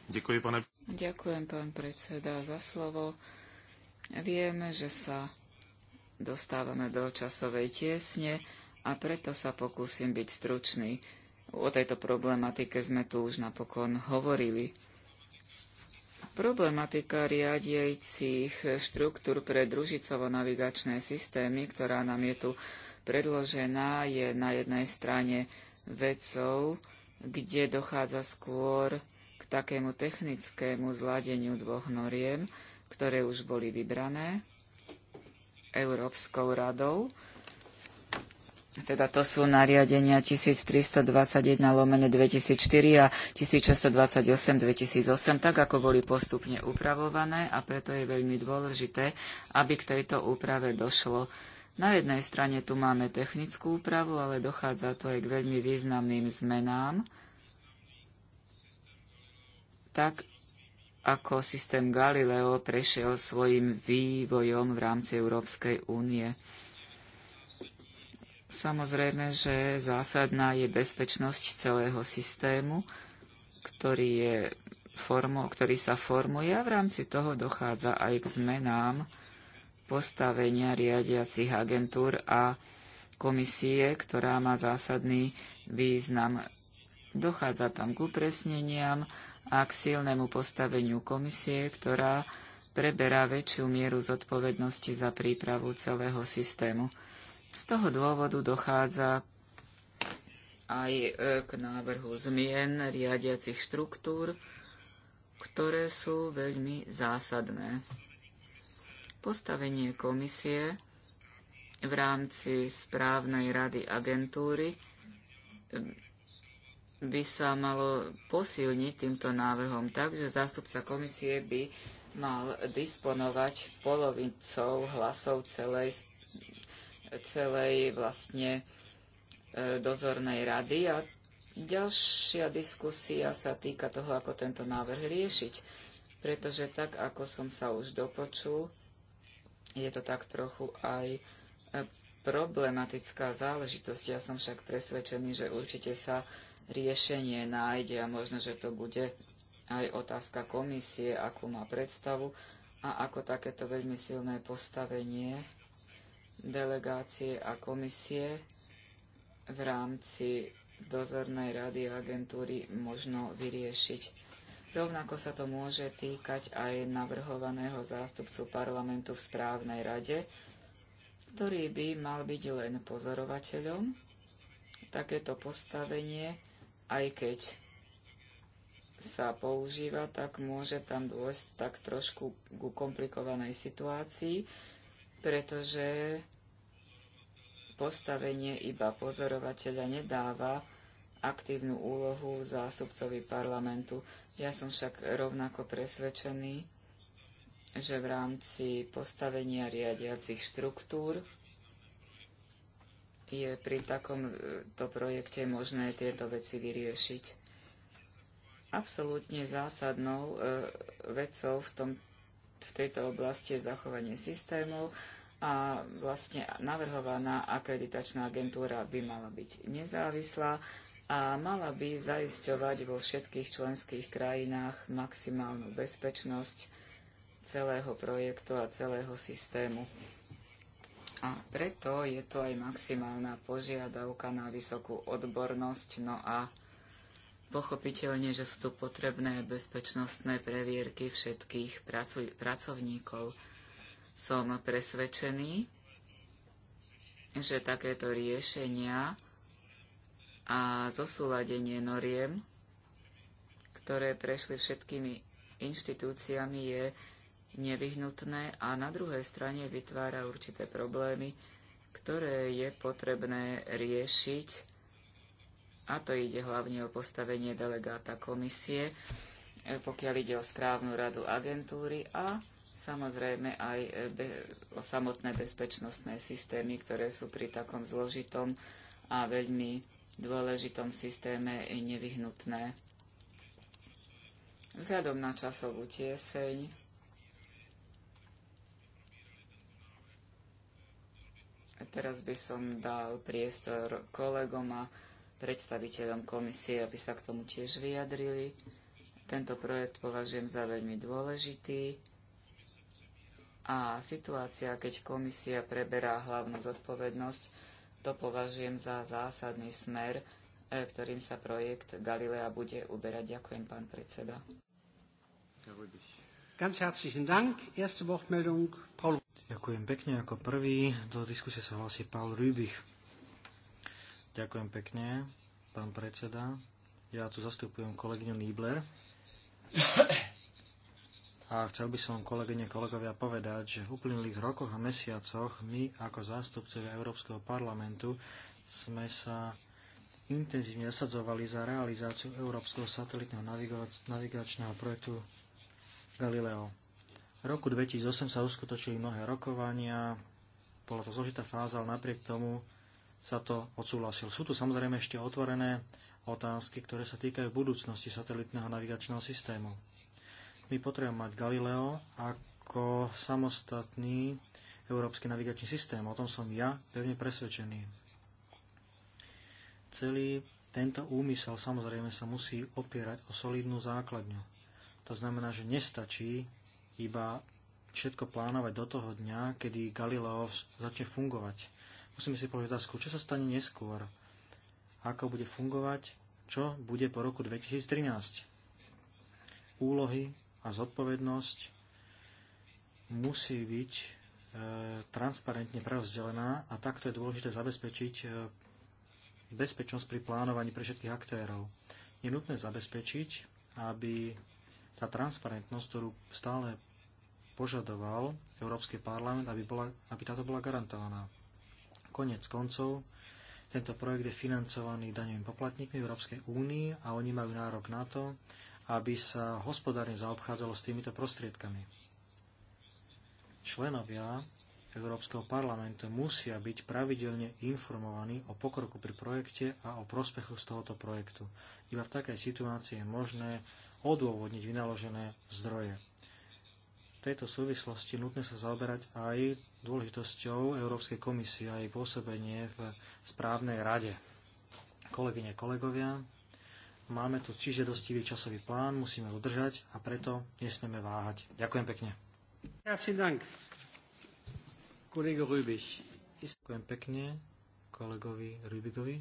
Ďakujem, pane... Ďakujem, pán predseda, za slovo. Vieme, že sa dostávame do časovej tiesne a preto sa pokúsim byť stručný. O tejto problematike sme tu už napokon hovorili. Problematika riadiecich štruktúr pre družicovo-navigačné systémy, ktorá nám je tu predložená, je na jednej strane vecou, kde dochádza skôr k takému technickému zladeniu dvoch noriem, ktoré už boli vybrané Európskou radou teda to sú nariadenia 1321 lomene 2004 a 1628 2008, tak ako boli postupne upravované a preto je veľmi dôležité, aby k tejto úprave došlo. Na jednej strane tu máme technickú úpravu, ale dochádza to aj k veľmi významným zmenám, tak ako systém Galileo prešiel svojim vývojom v rámci Európskej únie. Samozrejme, že zásadná je bezpečnosť celého systému, ktorý, je formu, ktorý sa formuje a v rámci toho dochádza aj k zmenám postavenia riadiacich agentúr a komisie, ktorá má zásadný význam. Dochádza tam k upresneniam a k silnému postaveniu komisie, ktorá preberá väčšiu mieru zodpovednosti za prípravu celého systému. Z toho dôvodu dochádza aj e, k návrhu zmien riadiacich štruktúr, ktoré sú veľmi zásadné. Postavenie komisie v rámci správnej rady agentúry e, by sa malo posilniť týmto návrhom tak, že zástupca komisie by mal disponovať polovicou hlasov celej celej vlastne e, dozornej rady a ďalšia diskusia sa týka toho, ako tento návrh riešiť, pretože tak, ako som sa už dopočul, je to tak trochu aj e, problematická záležitosť. Ja som však presvedčený, že určite sa riešenie nájde a možno, že to bude aj otázka komisie, akú má predstavu a ako takéto veľmi silné postavenie delegácie a komisie v rámci dozornej rady agentúry možno vyriešiť. Rovnako sa to môže týkať aj navrhovaného zástupcu parlamentu v správnej rade, ktorý by mal byť len pozorovateľom. Takéto postavenie, aj keď sa používa, tak môže tam dôjsť tak trošku ku komplikovanej situácii, pretože postavenie iba pozorovateľa nedáva aktívnu úlohu zástupcovi parlamentu. Ja som však rovnako presvedčený, že v rámci postavenia riadiacich štruktúr je pri takomto projekte možné tieto veci vyriešiť. Absolútne zásadnou e, vecou v, tom, v tejto oblasti je zachovanie systémov, a vlastne navrhovaná akreditačná agentúra by mala byť nezávislá a mala by zaisťovať vo všetkých členských krajinách maximálnu bezpečnosť celého projektu a celého systému. A preto je to aj maximálna požiadavka na vysokú odbornosť, no a pochopiteľne, že sú tu potrebné bezpečnostné previerky všetkých pracovníkov. Som presvedčený, že takéto riešenia a zosúladenie noriem, ktoré prešli všetkými inštitúciami, je nevyhnutné a na druhej strane vytvára určité problémy, ktoré je potrebné riešiť, a to ide hlavne o postavenie delegáta komisie, pokiaľ ide o správnu radu agentúry a samozrejme aj e, be- o samotné bezpečnostné systémy, ktoré sú pri takom zložitom a veľmi dôležitom systéme nevyhnutné. Vzhľadom na časovú tieseň teraz by som dal priestor kolegom a predstaviteľom komisie, aby sa k tomu tiež vyjadrili. Tento projekt považujem za veľmi dôležitý a situácia, keď komisia preberá hlavnú zodpovednosť, to považujem za zásadný smer, e, ktorým sa projekt Galilea bude uberať. Ďakujem, pán predseda. Ďakujem pekne. Ako prvý do diskusie sa hlási Paul Rübich. Ďakujem pekne, pán predseda. Ja tu zastupujem kolegyňu Niebler. A chcel by som kolegyne, kolegovia povedať, že v uplynulých rokoch a mesiacoch my ako zástupcovia Európskeho parlamentu sme sa intenzívne zasadzovali za realizáciu Európskeho satelitného navigačného projektu Galileo. V roku 2008 sa uskutočili mnohé rokovania, bola to zložitá fáza, ale napriek tomu sa to odsúhlasil. Sú tu samozrejme ešte otvorené otázky, ktoré sa týkajú budúcnosti satelitného navigačného systému. My potrebujeme mať Galileo ako samostatný európsky navigačný systém. O tom som ja pevne presvedčený. Celý tento úmysel samozrejme sa musí opierať o solidnú základňu. To znamená, že nestačí iba všetko plánovať do toho dňa, kedy Galileo začne fungovať. Musíme si položiť otázku, čo sa stane neskôr, ako bude fungovať, čo bude po roku 2013. Úlohy a zodpovednosť musí byť e, transparentne prerozdelená a takto je dôležité zabezpečiť e, bezpečnosť pri plánovaní pre všetkých aktérov. Je nutné zabezpečiť, aby tá transparentnosť, ktorú stále požadoval Európsky parlament, aby, bola, aby táto bola garantovaná. Konec koncov, tento projekt je financovaný daňovými poplatníkmi Európskej únii a oni majú nárok na to, aby sa hospodárne zaobchádzalo s týmito prostriedkami. Členovia Európskeho parlamentu musia byť pravidelne informovaní o pokroku pri projekte a o prospechu z tohoto projektu. Iba v takej situácii je možné odôvodniť vynaložené zdroje. V tejto súvislosti nutné sa zaoberať aj dôležitosťou Európskej komisie a jej pôsobenie v správnej rade. Kolegyne, kolegovia, Máme tu čižedostivý časový plán, musíme ho držať a preto nesmieme váhať. Ďakujem pekne. Ďakujem pekne kolegovi Rubigovi.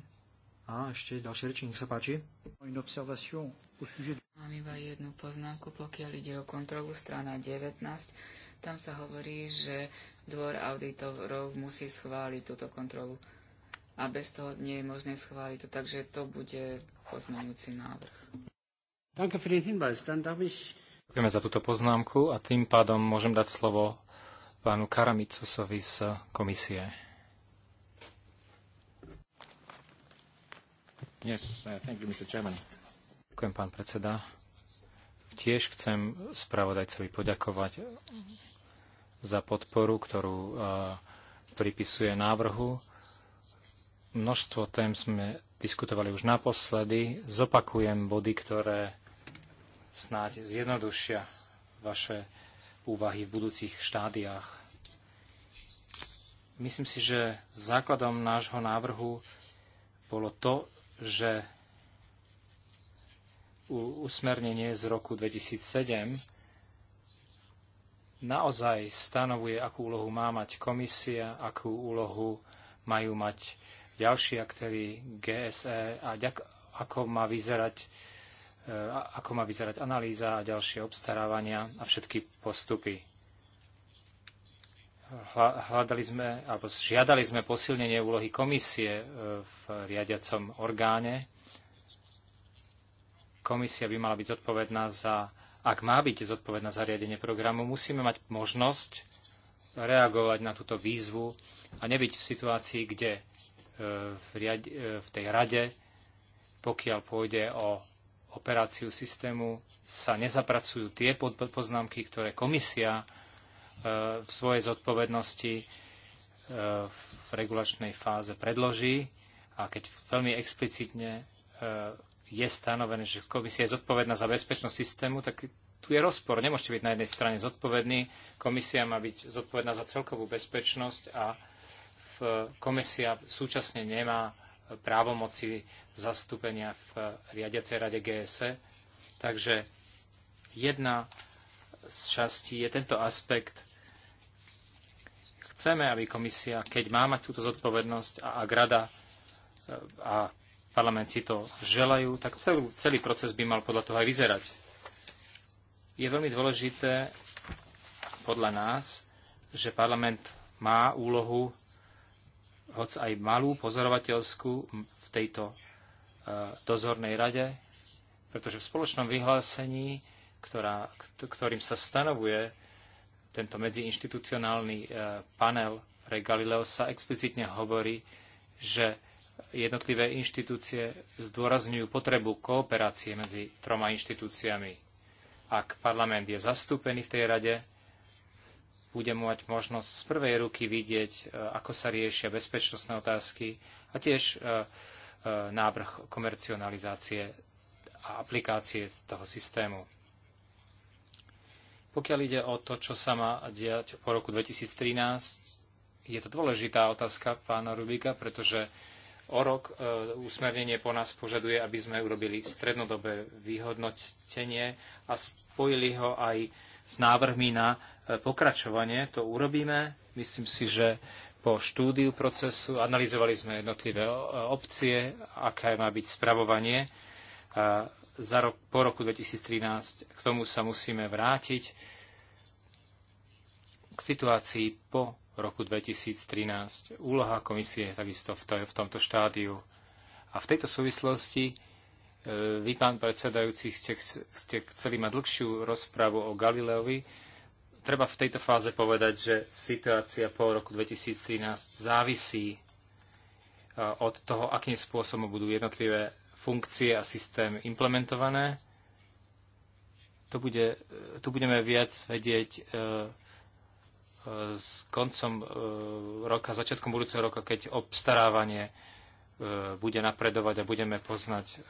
A ešte ďalšie reči, nech sa páči. Mám iba jednu poznámku, pokiaľ ide o kontrolu strana 19. Tam sa hovorí, že dvor auditorov musí schváliť túto kontrolu a bez toho nie je možné schváliť to. Takže to bude pozmenujúci návrh. Ďakujeme za túto poznámku a tým pádom môžem dať slovo pánu Karamicusovi z komisie. Yes, uh, thank you, Mr. Chairman. Ďakujem, pán predseda. Tiež chcem spravodajcovi poďakovať za podporu, ktorú uh, pripisuje návrhu Množstvo tém sme diskutovali už naposledy. Zopakujem body, ktoré snáď zjednodušia vaše úvahy v budúcich štádiách. Myslím si, že základom nášho návrhu bolo to, že usmernenie z roku 2007 naozaj stanovuje, akú úlohu má mať komisia, akú úlohu majú mať ďalší aktéry GSE a ako má vyzerať e, ako má vyzerať analýza a ďalšie obstarávania a všetky postupy. Hľadali sme, alebo žiadali sme posilnenie úlohy komisie e, v riadiacom orgáne. Komisia by mala byť zodpovedná za, ak má byť zodpovedná za riadenie programu, musíme mať možnosť reagovať na túto výzvu a nebyť v situácii, kde v, riad, e, v tej rade, pokiaľ pôjde o operáciu systému, sa nezapracujú tie poznámky, ktoré komisia e, v svojej zodpovednosti e, v regulačnej fáze predloží a keď veľmi explicitne je stanovené, že komisia je zodpovedná za bezpečnosť systému, tak tu je rozpor. Nemôžete byť na jednej strane zodpovedný, komisia má byť zodpovedná za celkovú bezpečnosť a komisia súčasne nemá právomoci zastúpenia v riadiacej rade GSE. Takže jedna z častí je tento aspekt. Chceme, aby komisia, keď má mať túto zodpovednosť a ak rada e, a parlament si to želajú, tak celý, celý proces by mal podľa toho aj vyzerať. Je veľmi dôležité podľa nás, že parlament má úlohu hoc aj malú pozorovateľskú v tejto e, dozornej rade, pretože v spoločnom vyhlásení, ktorá, ktorým sa stanovuje tento medziinštitucionálny e, panel pre Galileo, sa explicitne hovorí, že jednotlivé inštitúcie zdôrazňujú potrebu kooperácie medzi troma inštitúciami. Ak parlament je zastúpený v tej rade, budem mať možnosť z prvej ruky vidieť, e, ako sa riešia bezpečnostné otázky a tiež e, e, návrh komercionalizácie a aplikácie toho systému. Pokiaľ ide o to, čo sa má diať po roku 2013, je to dôležitá otázka pána Rubika, pretože o rok usmernenie po nás požaduje, aby sme urobili strednodobé vyhodnotenie a spojili ho aj s návrhmi na e, pokračovanie. To urobíme. Myslím si, že po štúdiu procesu analyzovali sme jednotlivé e, opcie, aké má byť spravovanie. A za rok, po roku 2013 k tomu sa musíme vrátiť k situácii po roku 2013. Úloha komisie je takisto v, to, v tomto štádiu. A v tejto súvislosti vy, pán predsedajúci, ste, ste chceli mať dlhšiu rozpravu o Galileovi. Treba v tejto fáze povedať, že situácia po roku 2013 závisí e, od toho, akým spôsobom budú jednotlivé funkcie a systémy implementované. bude, e, tu budeme viac vedieť e, s koncom roka, začiatkom budúceho roka, keď obstarávanie bude napredovať a budeme poznať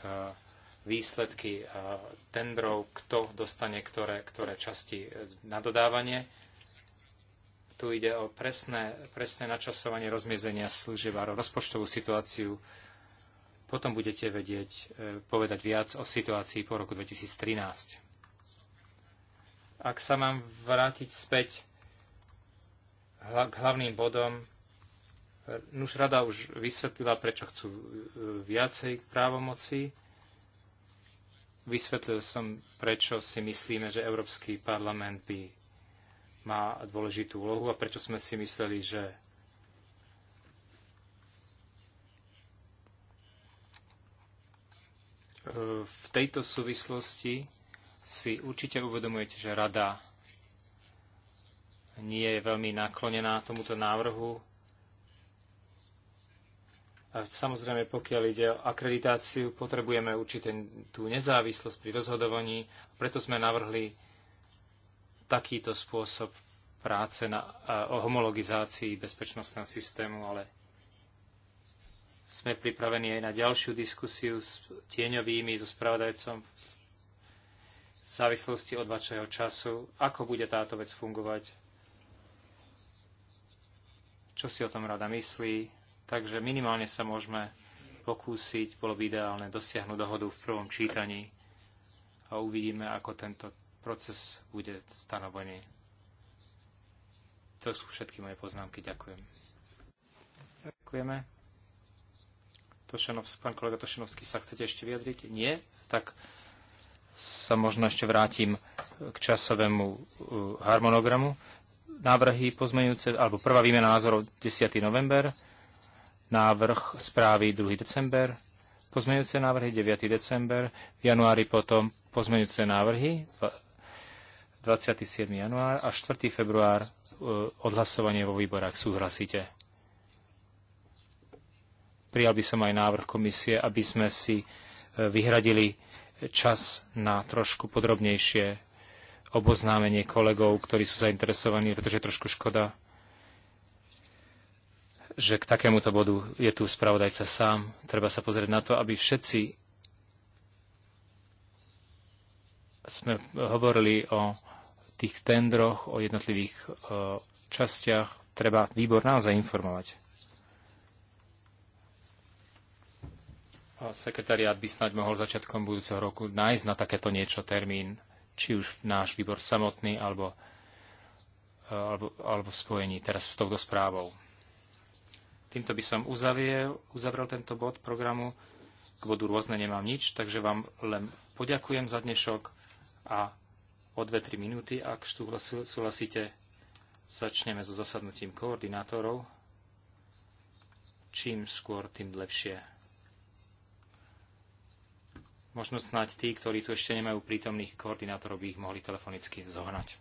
výsledky eh, tendrov, kto dostane ktoré, ktoré časti eh, na dodávanie. Tu ide o presné, presné načasovanie rozmiezenia služieb a rozpočtovú situáciu. Potom budete vedieť eh, povedať viac o situácii po roku 2013. Ak sa mám vrátiť späť k hlavným bodom, už rada už vysvetlila, prečo chcú viacej právomoci Vysvetlil som, prečo si myslíme, že Európsky parlament by má dôležitú úlohu a prečo sme si mysleli, že v tejto súvislosti si určite uvedomujete, že rada nie je veľmi naklonená tomuto návrhu. A samozrejme, pokiaľ ide o akreditáciu, potrebujeme určite tú nezávislosť pri rozhodovaní, preto sme navrhli takýto spôsob práce na o homologizácii bezpečnostného systému, ale sme pripravení aj na ďalšiu diskusiu s tieňovými, so spravodajcom v závislosti od vašeho času, ako bude táto vec fungovať, čo si o tom rada myslí, Takže minimálne sa môžeme pokúsiť, bolo by ideálne dosiahnuť dohodu v prvom čítaní a uvidíme, ako tento proces bude stanovený. To sú všetky moje poznámky. Ďakujem. Ďakujeme. Tošenovský, pán kolega Tošenovský, sa chcete ešte vyjadriť? Nie? Tak sa možno ešte vrátim k časovému uh, harmonogramu. Návrhy pozmenujúce alebo prvá výmena názorov 10. november, návrh správy 2. december, pozmeňujúce návrhy 9. december, v januári potom pozmeňujúce návrhy 27. január a 4. február e, odhlasovanie vo výborách. Súhlasíte? Prijal by som aj návrh komisie, aby sme si e, vyhradili čas na trošku podrobnejšie oboznámenie kolegov, ktorí sú zainteresovaní, pretože je trošku škoda, že k takémuto bodu je tu spravodajca sám. Treba sa pozrieť na to, aby všetci sme hovorili o tých tendroch, o jednotlivých e, častiach. Treba výbor naozaj informovať. Sekretariát by snáď mohol začiatkom budúceho roku nájsť na takéto niečo termín, či už náš výbor samotný, alebo, e, alebo, alebo v spojení teraz s touto správou. Týmto by som uzavrel, uzavrel tento bod programu. K bodu rôzne nemám nič, takže vám len poďakujem za dnešok a o 2-3 minúty, ak súhlasíte, začneme so zasadnutím koordinátorov. Čím skôr, tým lepšie. Možno snáď tí, ktorí tu ešte nemajú prítomných koordinátorov, by ich mohli telefonicky zohnať.